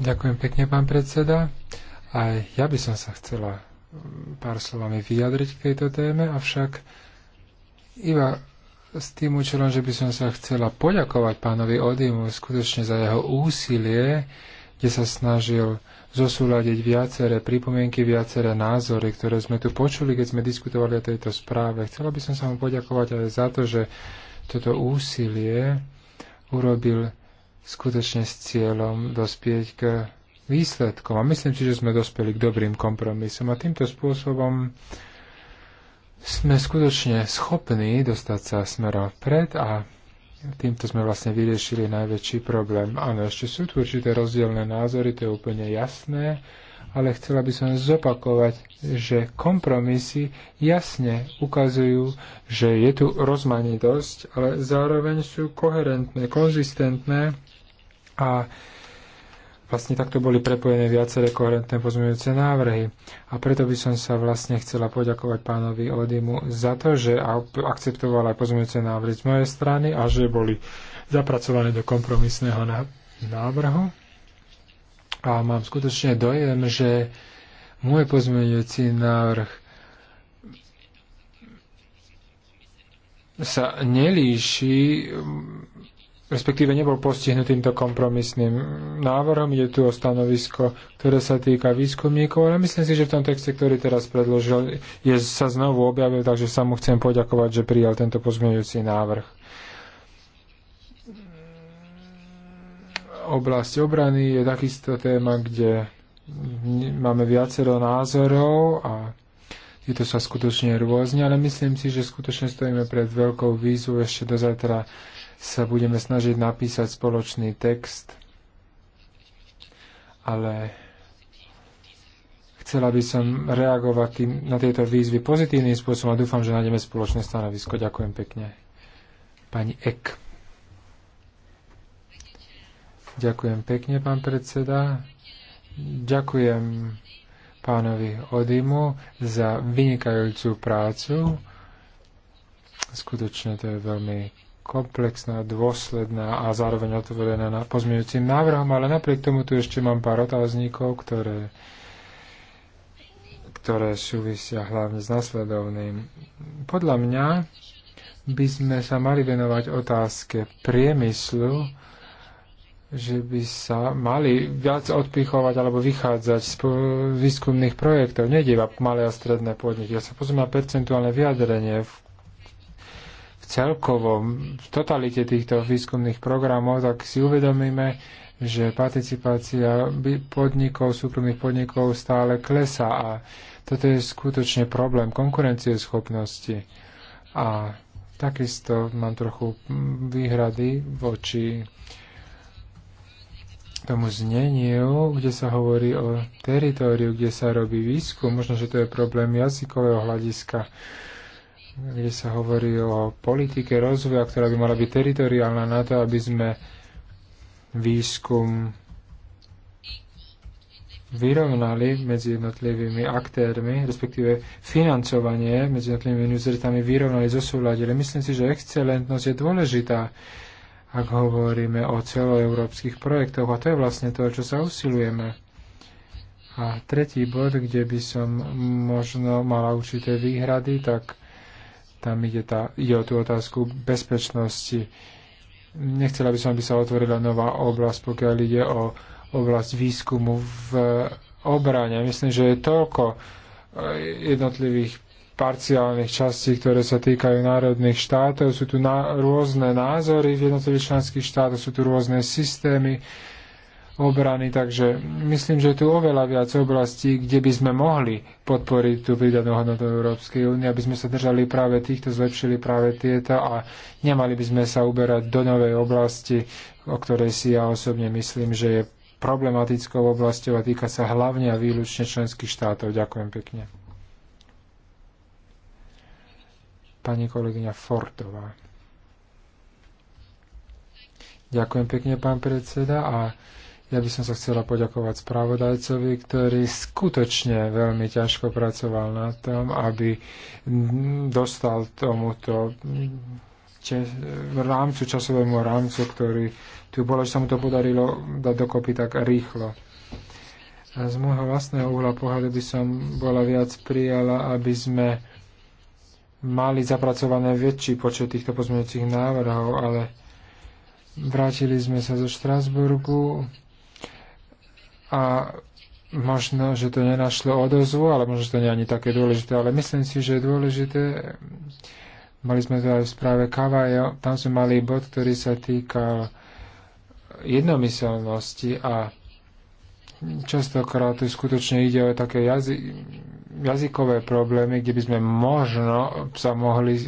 Ďakujem pekne, pán predseda. Aj ja by som sa chcela mm, pár slovami vyjadriť k tejto téme, avšak iba s tým účelom, že by som sa chcela poďakovať pánovi Odimu skutočne za jeho úsilie, kde sa snažil zosúľadiť viaceré pripomienky, viaceré názory, ktoré sme tu počuli, keď sme diskutovali o tejto správe. Chcela by som sa mu poďakovať aj za to, že toto úsilie urobil skutočne s cieľom dospieť k výsledkom. A myslím si, že sme dospeli k dobrým kompromisom. A týmto spôsobom sme skutočne schopní dostať sa smerom vpred a týmto sme vlastne vyriešili najväčší problém. Áno, ešte sú tu určité rozdielne názory, to je úplne jasné, ale chcela by som zopakovať, že kompromisy jasne ukazujú, že je tu rozmanitosť, ale zároveň sú koherentné, konzistentné a vlastne takto boli prepojené viaceré koherentné pozmeňujúce návrhy. A preto by som sa vlastne chcela poďakovať pánovi Odimu za to, že akceptoval aj pozmeňujúce návrhy z mojej strany a že boli zapracované do kompromisného návrhu. A mám skutočne dojem, že môj pozmeňujúci návrh sa nelíši respektíve nebol postihnutý týmto kompromisným návrhom. Je tu o stanovisko, ktoré sa týka výskumníkov, ale myslím si, že v tom texte, ktorý teraz predložil, je, sa znovu objavil, takže sa mu chcem poďakovať, že prijal tento pozmeňujúci návrh. Oblasť obrany je takisto téma, kde máme viacero názorov a tieto sa skutočne rôzne, ale myslím si, že skutočne stojíme pred veľkou výzvou ešte do zajtra sa budeme snažiť napísať spoločný text, ale chcela by som reagovať tým, na tieto výzvy pozitívnym spôsobom a dúfam, že nájdeme spoločné stanovisko. Ďakujem pekne. Pani Ek. Ďakujem pekne, pán predseda. Ďakujem pánovi Odimu za vynikajúcu prácu. Skutočne to je veľmi komplexná, dôsledná a zároveň otvorená na pozmeňujúcim návrhom, ale napriek tomu tu ešte mám pár otáznikov, ktoré, ktoré súvisia hlavne s nasledovným. Podľa mňa by sme sa mali venovať otázke priemyslu, že by sa mali viac odpichovať alebo vychádzať z výskumných projektov. Nejde iba malé a stredné podniky. Ja sa pozriem na percentuálne vyjadrenie v celkovo v totalite týchto výskumných programov, tak si uvedomíme, že participácia podnikov, súkromných podnikov stále klesá a toto je skutočne problém konkurencieschopnosti. A takisto mám trochu výhrady voči tomu zneniu, kde sa hovorí o teritóriu, kde sa robí výskum. Možno, že to je problém jazykového hľadiska kde sa hovorí o politike rozvoja, ktorá by mala byť teritoriálna na to, aby sme výskum vyrovnali medzi jednotlivými aktérmi, respektíve financovanie medzi jednotlivými univerzitami vyrovnali, zosúladili. Myslím si, že excelentnosť je dôležitá, ak hovoríme o celoeurópskych projektoch. A to je vlastne to, čo sa usilujeme. A tretí bod, kde by som možno mala určité výhrady, tak tam ide, tá, ide o tú otázku bezpečnosti. Nechcela by som, aby sa otvorila nová oblasť, pokiaľ ide o oblasť výskumu v obrane. Myslím, že je toľko eh, jednotlivých parciálnych častí, ktoré sa týkajú národných štátov. Sú tu na, rôzne názory v jednotlivých členských štátoch, sú tu rôzne systémy. Uh, obrany, takže myslím, že tu oveľa viac oblastí, kde by sme mohli podporiť tú pridanú hodnotu Európskej únie, aby sme sa držali práve týchto, zlepšili práve tieto a nemali by sme sa uberať do novej oblasti, o ktorej si ja osobne myslím, že je problematickou oblasťou a týka sa hlavne a výlučne členských štátov. Ďakujem pekne. Pani kolegyňa Fortová. Ďakujem pekne, pán predseda, a ja by som sa chcela poďakovať spravodajcovi, ktorý skutočne veľmi ťažko pracoval na tom, aby dostal tomuto rámcu, časovému rámcu, ktorý tu bolo, že sa mu to podarilo dať dokopy tak rýchlo. A z môjho vlastného uhla pohľadu by som bola viac prijala, aby sme mali zapracované väčší počet týchto pozmeňujúcich návrhov, ale vrátili sme sa zo Štrásburgu, a možno, že to nenašlo odozvu, ale možno, že to nie je ani také dôležité, ale myslím si, že je dôležité, mali sme to aj v správe Kavajo, tam sme mali bod, ktorý sa týkal jednomyselnosti a častokrát tu skutočne ide o také jazy, jazykové problémy, kde by sme možno sa mohli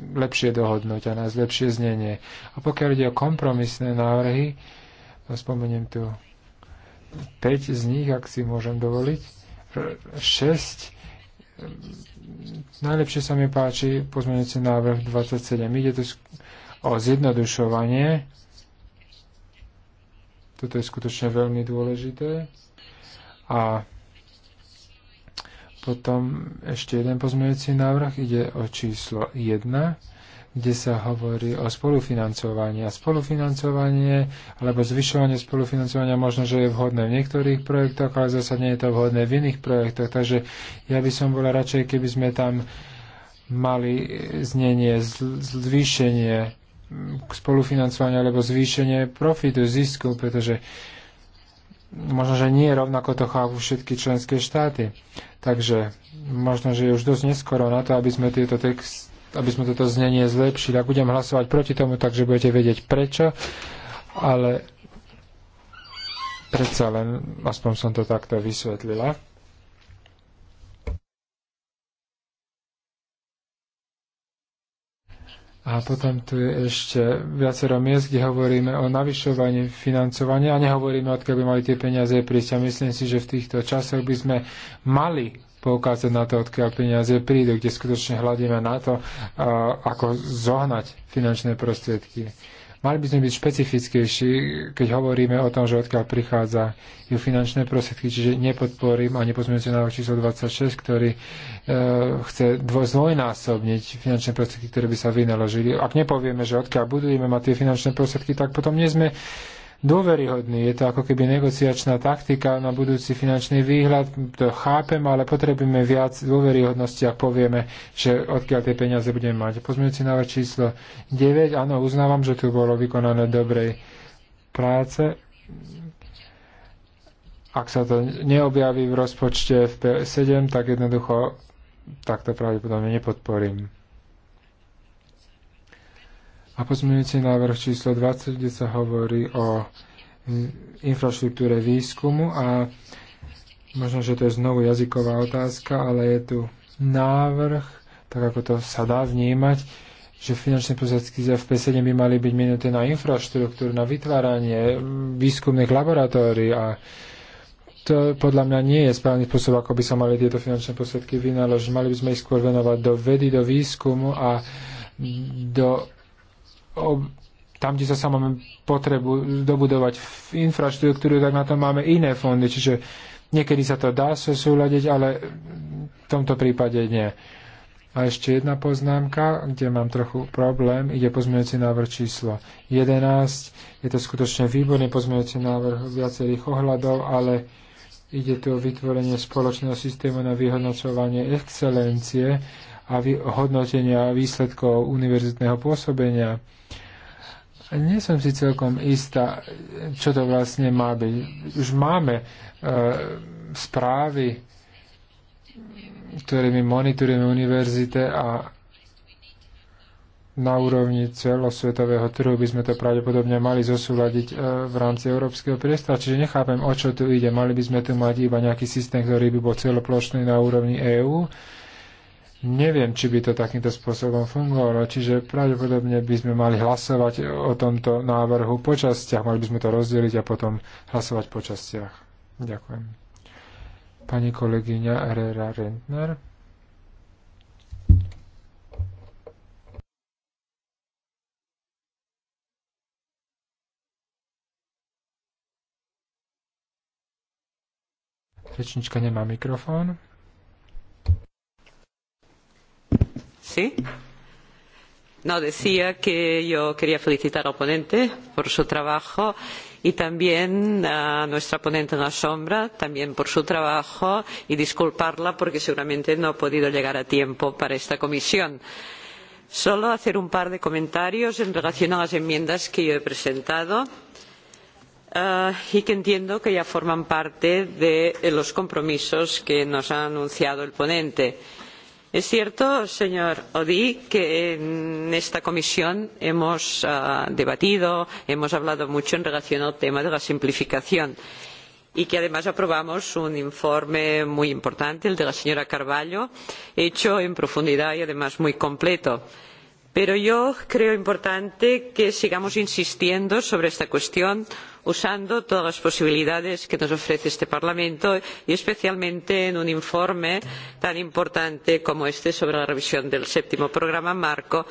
lepšie dohodnúť a nás lepšie znenie. A pokiaľ ide o kompromisné návrhy, no spomeniem tu 5 z nich, ak si môžem dovoliť, 6. Najlepšie sa mi páči pozmeňujúci návrh 27. Ide to o zjednodušovanie. Toto je skutočne veľmi dôležité. A potom ešte jeden pozmeňujúci návrh ide o číslo 1 kde sa hovorí o spolufinancovaní. A spolufinancovanie alebo zvyšovanie spolufinancovania možno, že je vhodné v niektorých projektoch, ale zase nie je to vhodné v iných projektoch. Takže ja by som bola radšej, keby sme tam mali znenie, zvýšenie spolufinancovania alebo zvýšenie profitu, zisku, pretože možno, že nie rovnako to chápu všetky členské štáty. Takže možno, že je už dosť neskoro na to, aby sme tieto text, aby sme toto znenie zlepšili. Ak budem hlasovať proti tomu, takže budete vedieť prečo, ale predsa len, aspoň som to takto vysvetlila. A potom tu je ešte viacero miest, kde hovoríme o navyšovaní financovania a nehovoríme, odkiaľ by mali tie peniaze prísť. A myslím si, že v týchto časoch by sme mali poukázať na to, odkiaľ peniaze prídu, kde skutočne hľadíme na to, ako zohnať finančné prostriedky. Mali by sme byť špecifickejší, keď hovoríme o tom, že odkiaľ prichádza ju finančné prostriedky, čiže nepodporím a nepozmeňujem sa návrh číslo 26, ktorý e, chce dvojnásobniť finančné prostriedky, ktoré by sa vynaložili. Ak nepovieme, že odkiaľ budujeme mať tie finančné prostriedky, tak potom nie sme dôveryhodný. Je to ako keby negociačná taktika na budúci finančný výhľad, to chápem, ale potrebujeme viac dôveryhodnosti, ak povieme, že odkiaľ tie peniaze budeme mať. Pozmeňujúci návrh číslo 9, áno, uznávam, že tu bolo vykonané dobrej práce. Ak sa to neobjaví v rozpočte v P7, tak jednoducho takto pravdepodobne nepodporím. A pozmeňujúci návrh číslo 20, kde sa hovorí o infraštruktúre výskumu a možno, že to je znovu jazyková otázka, ale je tu návrh, tak ako to sa dá vnímať, že finančné prostriedky z FP7 by mali byť minuté na infraštruktúru, na vytváranie výskumných laboratórií a to podľa mňa nie je správny spôsob, ako by sa mali tieto finančné prostriedky vynaložiť. Mali by sme ich skôr venovať do vedy, do výskumu a do tam, kde sa sa máme potrebu dobudovať infraštruktúru, tak na to máme iné fondy. Čiže niekedy sa to dá súľadiť, ale v tomto prípade nie. A ešte jedna poznámka, kde mám trochu problém, ide pozmeňujúci návrh číslo 11. Je to skutočne výborný pozmeňujúci návrh viacerých ohľadov, ale ide tu o vytvorenie spoločného systému na vyhodnocovanie excelencie a hodnotenia výsledkov univerzitného pôsobenia. Nie som si celkom istá, čo to vlastne má byť. Už máme e, správy, ktorými monitorujeme univerzite a na úrovni celosvetového trhu by sme to pravdepodobne mali zosúľadiť e, v rámci európskeho priestora. Čiže nechápem, o čo tu ide. Mali by sme tu mať iba nejaký systém, ktorý by bol celoplošný na úrovni EÚ Neviem, či by to takýmto spôsobom fungovalo, čiže pravdepodobne by sme mali hlasovať o tomto návrhu po častiach, mali by sme to rozdeliť a potom hlasovať po častiach. Ďakujem. Pani kolegyňa Herrera Rentner. Rečnička nemá mikrofón. Sí. No, decía que yo quería felicitar al ponente por su trabajo y también a nuestra ponente en la sombra también por su trabajo y disculparla porque seguramente no ha podido llegar a tiempo para esta comisión. Solo hacer un par de comentarios en relación a las enmiendas que yo he presentado uh, y que entiendo que ya forman parte de los compromisos que nos ha anunciado el ponente. Uh, es cierto señor audy que en esta comisión hemos ah, debatido hemos hablado mucho en relación con el tema de la simplificación y que además aprobamos un informe muy importante el de la señora carvalho hecho en profundidad y además muy completo pero yo creo importante que sigamos insistiendo sobre esta cuestión porque usando todas las posibilidades que nos ofrece este parlamento y especialmente en un informe tan importante como este sobre la revisión del séptimo programa marco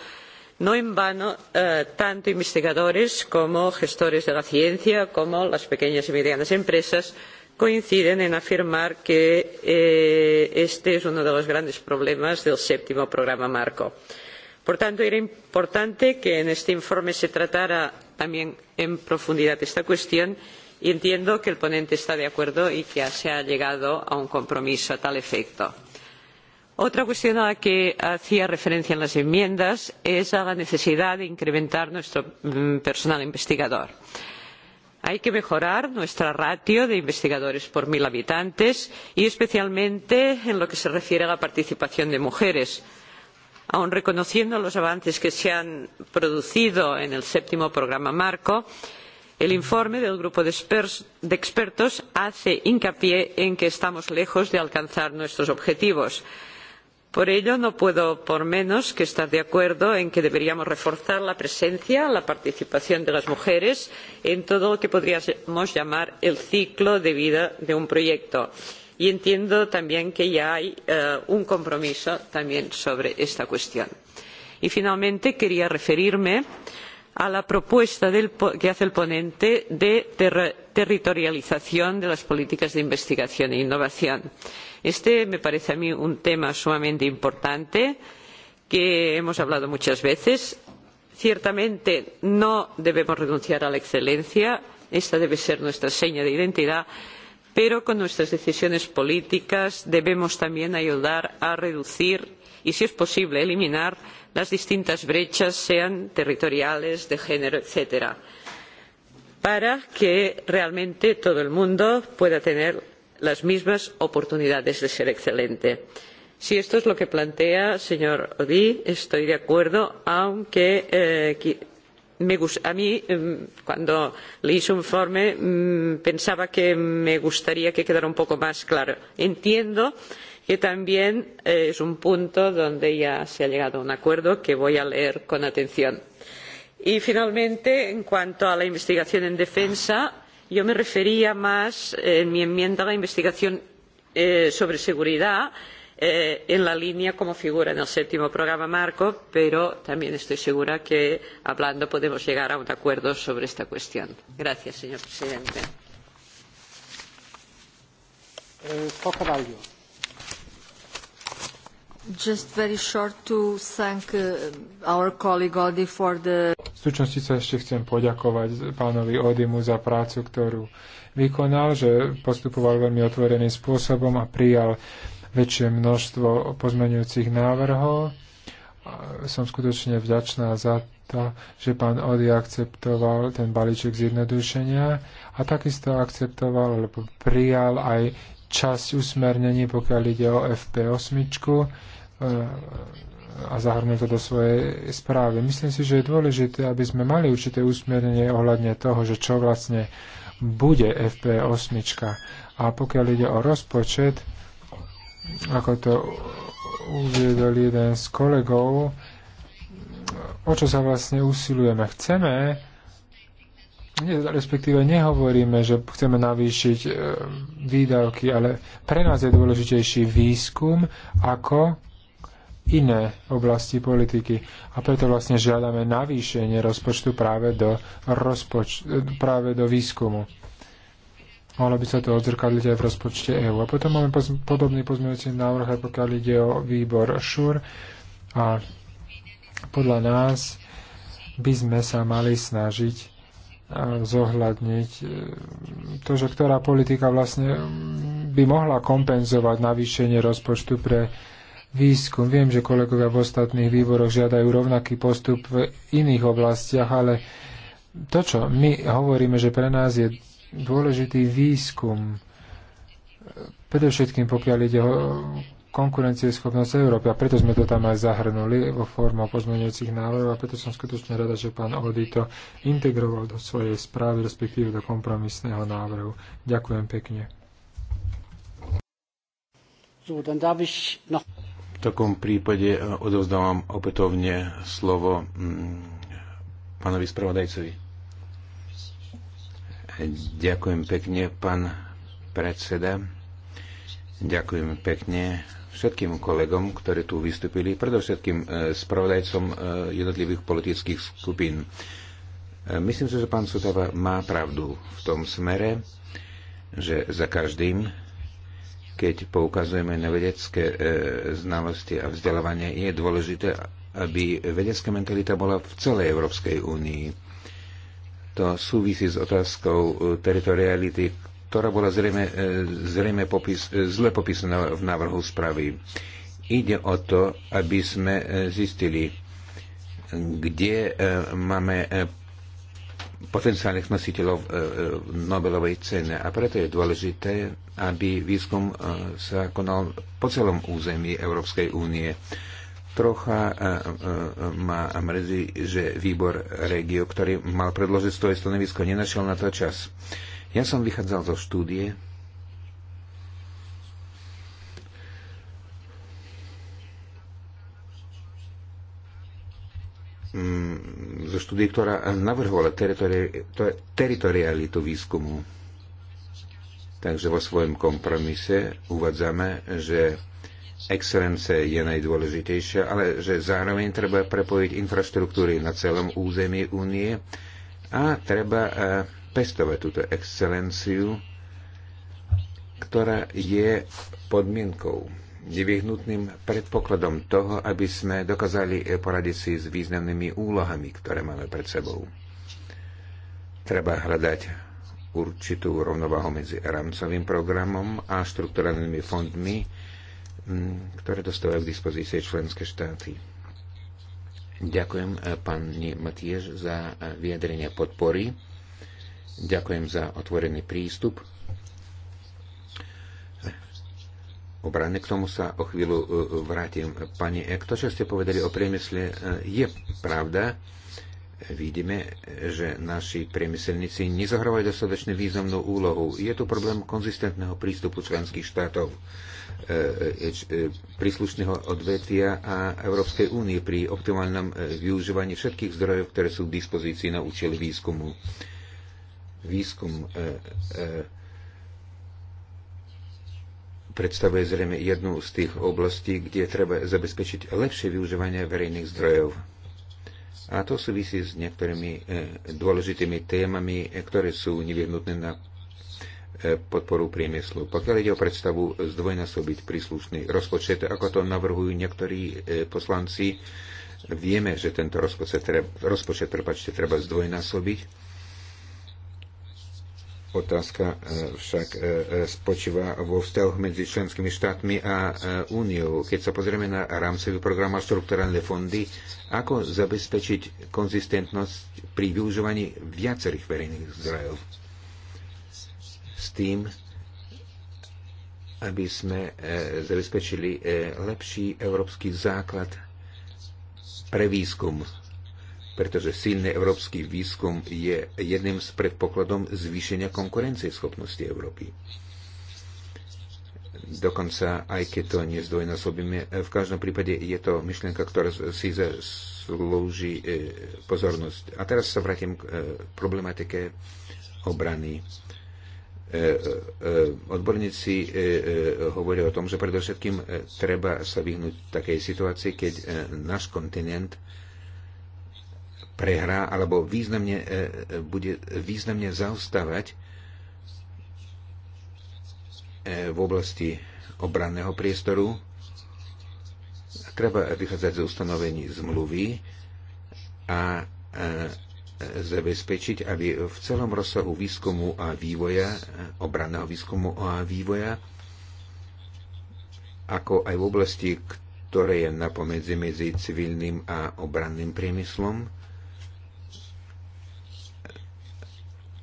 no en vano eh, tanto investigadores como gestores de la ciencia como las pequeñas y medianas empresas coinciden en afirmar que eh, este es uno de los grandes problemas del séptimo programa marco. por tanto era importante que en este informe se tratara también en profundidad esta cuestión y entiendo que el ponente está de acuerdo y que se ha llegado a un compromiso a tal efecto. Otra cuestión a la que hacía referencia en las enmiendas es a la necesidad de incrementar nuestro mm, personal investigador. Hay que mejorar nuestra ratio de investigadores por mil habitantes y especialmente en lo que se refiere a la participación de mujeres aun reconociendo los avances que se han producido en el séptimo programa marco el informe del grupo de expertos hace hincapié en que estamos lejos de alcanzar nuestros objetivos. por ello no puedo por menos que estar de acuerdo en que deberíamos reforzar la presencia la participación de las mujeres en todo lo que podríamos llamar el ciclo de vida de un proyecto y y entiendo también que ya hay eh, un compromiso también sobre esta cuestión. y finalmente quería referirme a la propuesta que hace el ponente de territorialización de las políticas de investigación e innovación. este me parece a mí un tema sumamente importante que hemos hablado muchas veces. ciertamente no debemos renunciar a la excelencia esta debe ser nuestra seña de identidad pero con nuestras decisiones políticas debemos también ayudar a reducir y si es posible eliminar las distintas brechas sean territoriales de género etc. para que realmente todo el mundo pueda tener las mismas oportunidades de ser excelente. si esto es lo que plantea señor audy estoy de acuerdo aunque eh, a mí cuando leí su informe pensaba que me gustaría que quedara un poco más claro. entiendo que también eh, es un punto donde ya se ha llegado a un acuerdo que voy a leer con atención. y finalmente en cuanto a la investigación en defensa yo me refería más en mi enmienda a la investigación eh, sobre seguridad y Eh, en la línea como figura en el séptimo programa marco, pero también estoy segura de que hablando podemos llegar a un acuerdo sobre esta cuestión. señor presidente. Eh, uh, v súčasnosti sa ešte chcem poďakovať pánovi Odimu za prácu, ktorú vykonal, že postupoval veľmi otvoreným spôsobom a prijal väčšie množstvo pozmeňujúcich návrhov. Som skutočne vďačná za to, že pán Odi akceptoval ten balíček zjednodušenia a takisto akceptoval alebo prijal aj časť usmernení, pokiaľ ide o FP8 e, a zahrnú to do svojej správy. Myslím si, že je dôležité, aby sme mali určité usmernenie ohľadne toho, že čo vlastne bude FP8. A pokiaľ ide o rozpočet, ako to uviedol jeden z kolegov, o čo sa vlastne usilujeme. Chceme, respektíve nehovoríme, že chceme navýšiť e, výdavky, ale pre nás je dôležitejší výskum ako iné oblasti politiky. A preto vlastne žiadame navýšenie rozpočtu práve do, rozpoč- e, práve do výskumu. Malo by sa to odzrkadliť aj v rozpočte EÚ. A potom máme poz- podobný pozmeňujúci návrh, aj pokiaľ ide o výbor ŠUR. A podľa nás by sme sa mali snažiť e, zohľadniť e, to, že ktorá politika vlastne by mohla kompenzovať navýšenie rozpočtu pre výskum. Viem, že kolegovia v ostatných výboroch žiadajú rovnaký postup v iných oblastiach, ale to, čo my hovoríme, že pre nás je dôležitý výskum, predovšetkým pokiaľ ide o konkurencieschopnosť Európy a preto sme to tam aj zahrnuli vo formu pozmeňujúcich návrhov a preto som skutočne rada, že pán Ody to integroval do svojej správy, respektíve do kompromisného návrhu. Ďakujem pekne. V takom prípade eh, odovzdávam opätovne slovo mm, pánovi spravodajcovi. Ďakujem pekne, pán predseda. Ďakujem pekne všetkým kolegom, ktorí tu vystúpili, predovšetkým e, spravodajcom e, jednotlivých politických skupín. E, myslím si, že pán Sutava má pravdu v tom smere, že za každým, keď poukazujeme na vedecké znalosti a vzdelávanie, je dôležité, aby vedecká mentalita bola v celej Európskej únii to súvisí s otázkou e, teritoriality, ktorá bola zrejme, e, zrejme popis, e, zle popísaná v návrhu správy. Ide o to, aby sme zistili, kde máme potenciálnych nositeľov Nobelovej ceny. A preto je dôležité, aby výskum sa konal po celom území Európskej únie trocha e, e, e, ma mrzí, že výbor regio, ktorý mal predložiť svoje stanovisko, nenašiel na to čas. Ja som vychádzal zo štúdie, mm, zo štúdie, ktorá navrhovala teritori- teritorialitu výskumu. Takže vo svojom kompromise uvádzame, že excelence je najdôležitejšia, ale že zároveň treba prepojiť infraštruktúry na celom území únie a treba e, pestovať túto excelenciu, ktorá je podmienkou, nevyhnutným predpokladom toho, aby sme dokázali e, poradiť si s významnými úlohami, ktoré máme pred sebou. Treba hľadať určitú rovnováhu medzi rámcovým programom a štrukturálnymi fondmi, ktoré dostávajú k dispozície členské štáty. Ďakujem eh, pani Matiež za eh, vyjadrenie podpory. Ďakujem za otvorený prístup. Eh, obrane k tomu sa o chvíľu vrátim. Pani Ek, to, čo ste povedali o priemysle, je pravda. Vidíme, že naši priemyselníci nezohrávajú dostatočne významnú úlohu. Je tu problém konzistentného prístupu členských štátov E, e, e, príslušného odvetia a Európskej únie pri optimálnom využívaní všetkých zdrojov, ktoré sú k dispozícii na účel výskumu. Výskum predstavuje zrejme jednu z tých oblastí, kde treba zabezpečiť lepšie využívanie verejných zdrojov. A to súvisí s niektorými dôležitými témami, ktoré sú nevyhnutné na podporu priemyslu. Pokiaľ ide o predstavu zdvojnásobiť príslušný rozpočet, ako to navrhujú niektorí e, poslanci, vieme, že tento rozpočet, rozpočet prepačte, treba zdvojnásobiť. Otázka e, však e, spočíva vo vzťahoch medzi členskými štátmi a úniou. Keď sa pozrieme na rámcový program a štruktúrálne fondy, ako zabezpečiť konzistentnosť pri využívaní viacerých verejných zdrojov? tým, aby sme e, zabezpečili e, lepší európsky základ pre výskum, pretože silný európsky výskum je jedným z predpokladom zvýšenia konkurencieschopnosti Európy. Dokonca, aj keď to nezdvojnásobíme, v každom prípade je to myšlienka, ktorá si zaslúži e, pozornosť. A teraz sa vrátim k problematike obrany E, e, odborníci e, hovoria o tom, že predovšetkým treba sa vyhnúť takej situácii, keď náš kontinent prehrá alebo významne, bude významne zaostávať v oblasti obranného priestoru. Treba vychádzať z ustanovení zmluvy a zabezpečiť, aby v celom rozsahu výskumu a vývoja, obranného výskumu a vývoja, ako aj v oblasti, ktoré je napomedzi medzi civilným a obranným priemyslom,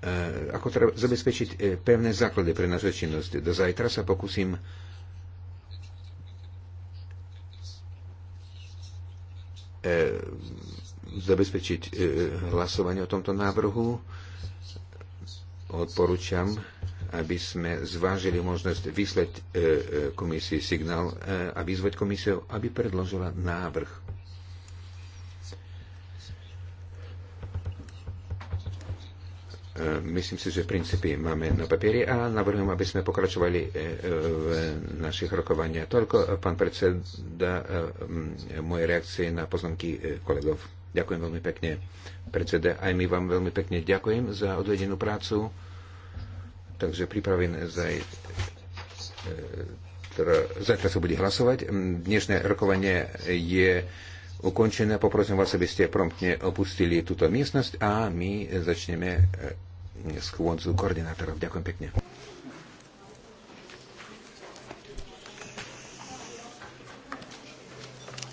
eh, ako treba zabezpečiť eh, pevné základy pre našu činnosť. Do zajtra sa pokúsim e, zabezpečiť e, hlasovanie o tomto návrhu. Odporúčam, aby sme zvážili možnosť vyslať e, e, komisii signál a vyzvať komisiu, aby predložila návrh. Myslím si, že princípy máme na papieri a navrhujem, aby sme pokračovali v našich rokovaniach. Toľko, pán predseda, moje reakcie na poznámky kolegov. Ďakujem veľmi pekne, predseda. Aj my vám veľmi pekne ďakujem za odvedenú prácu. Takže pripravené zaj... E, zajtra sa bude hlasovať. Dnešné rokovanie je ukončené. Poprosím vás, aby ste promptne opustili túto miestnosť a my začneme e, schôdzu koordinátorov. Ďakujem pekne.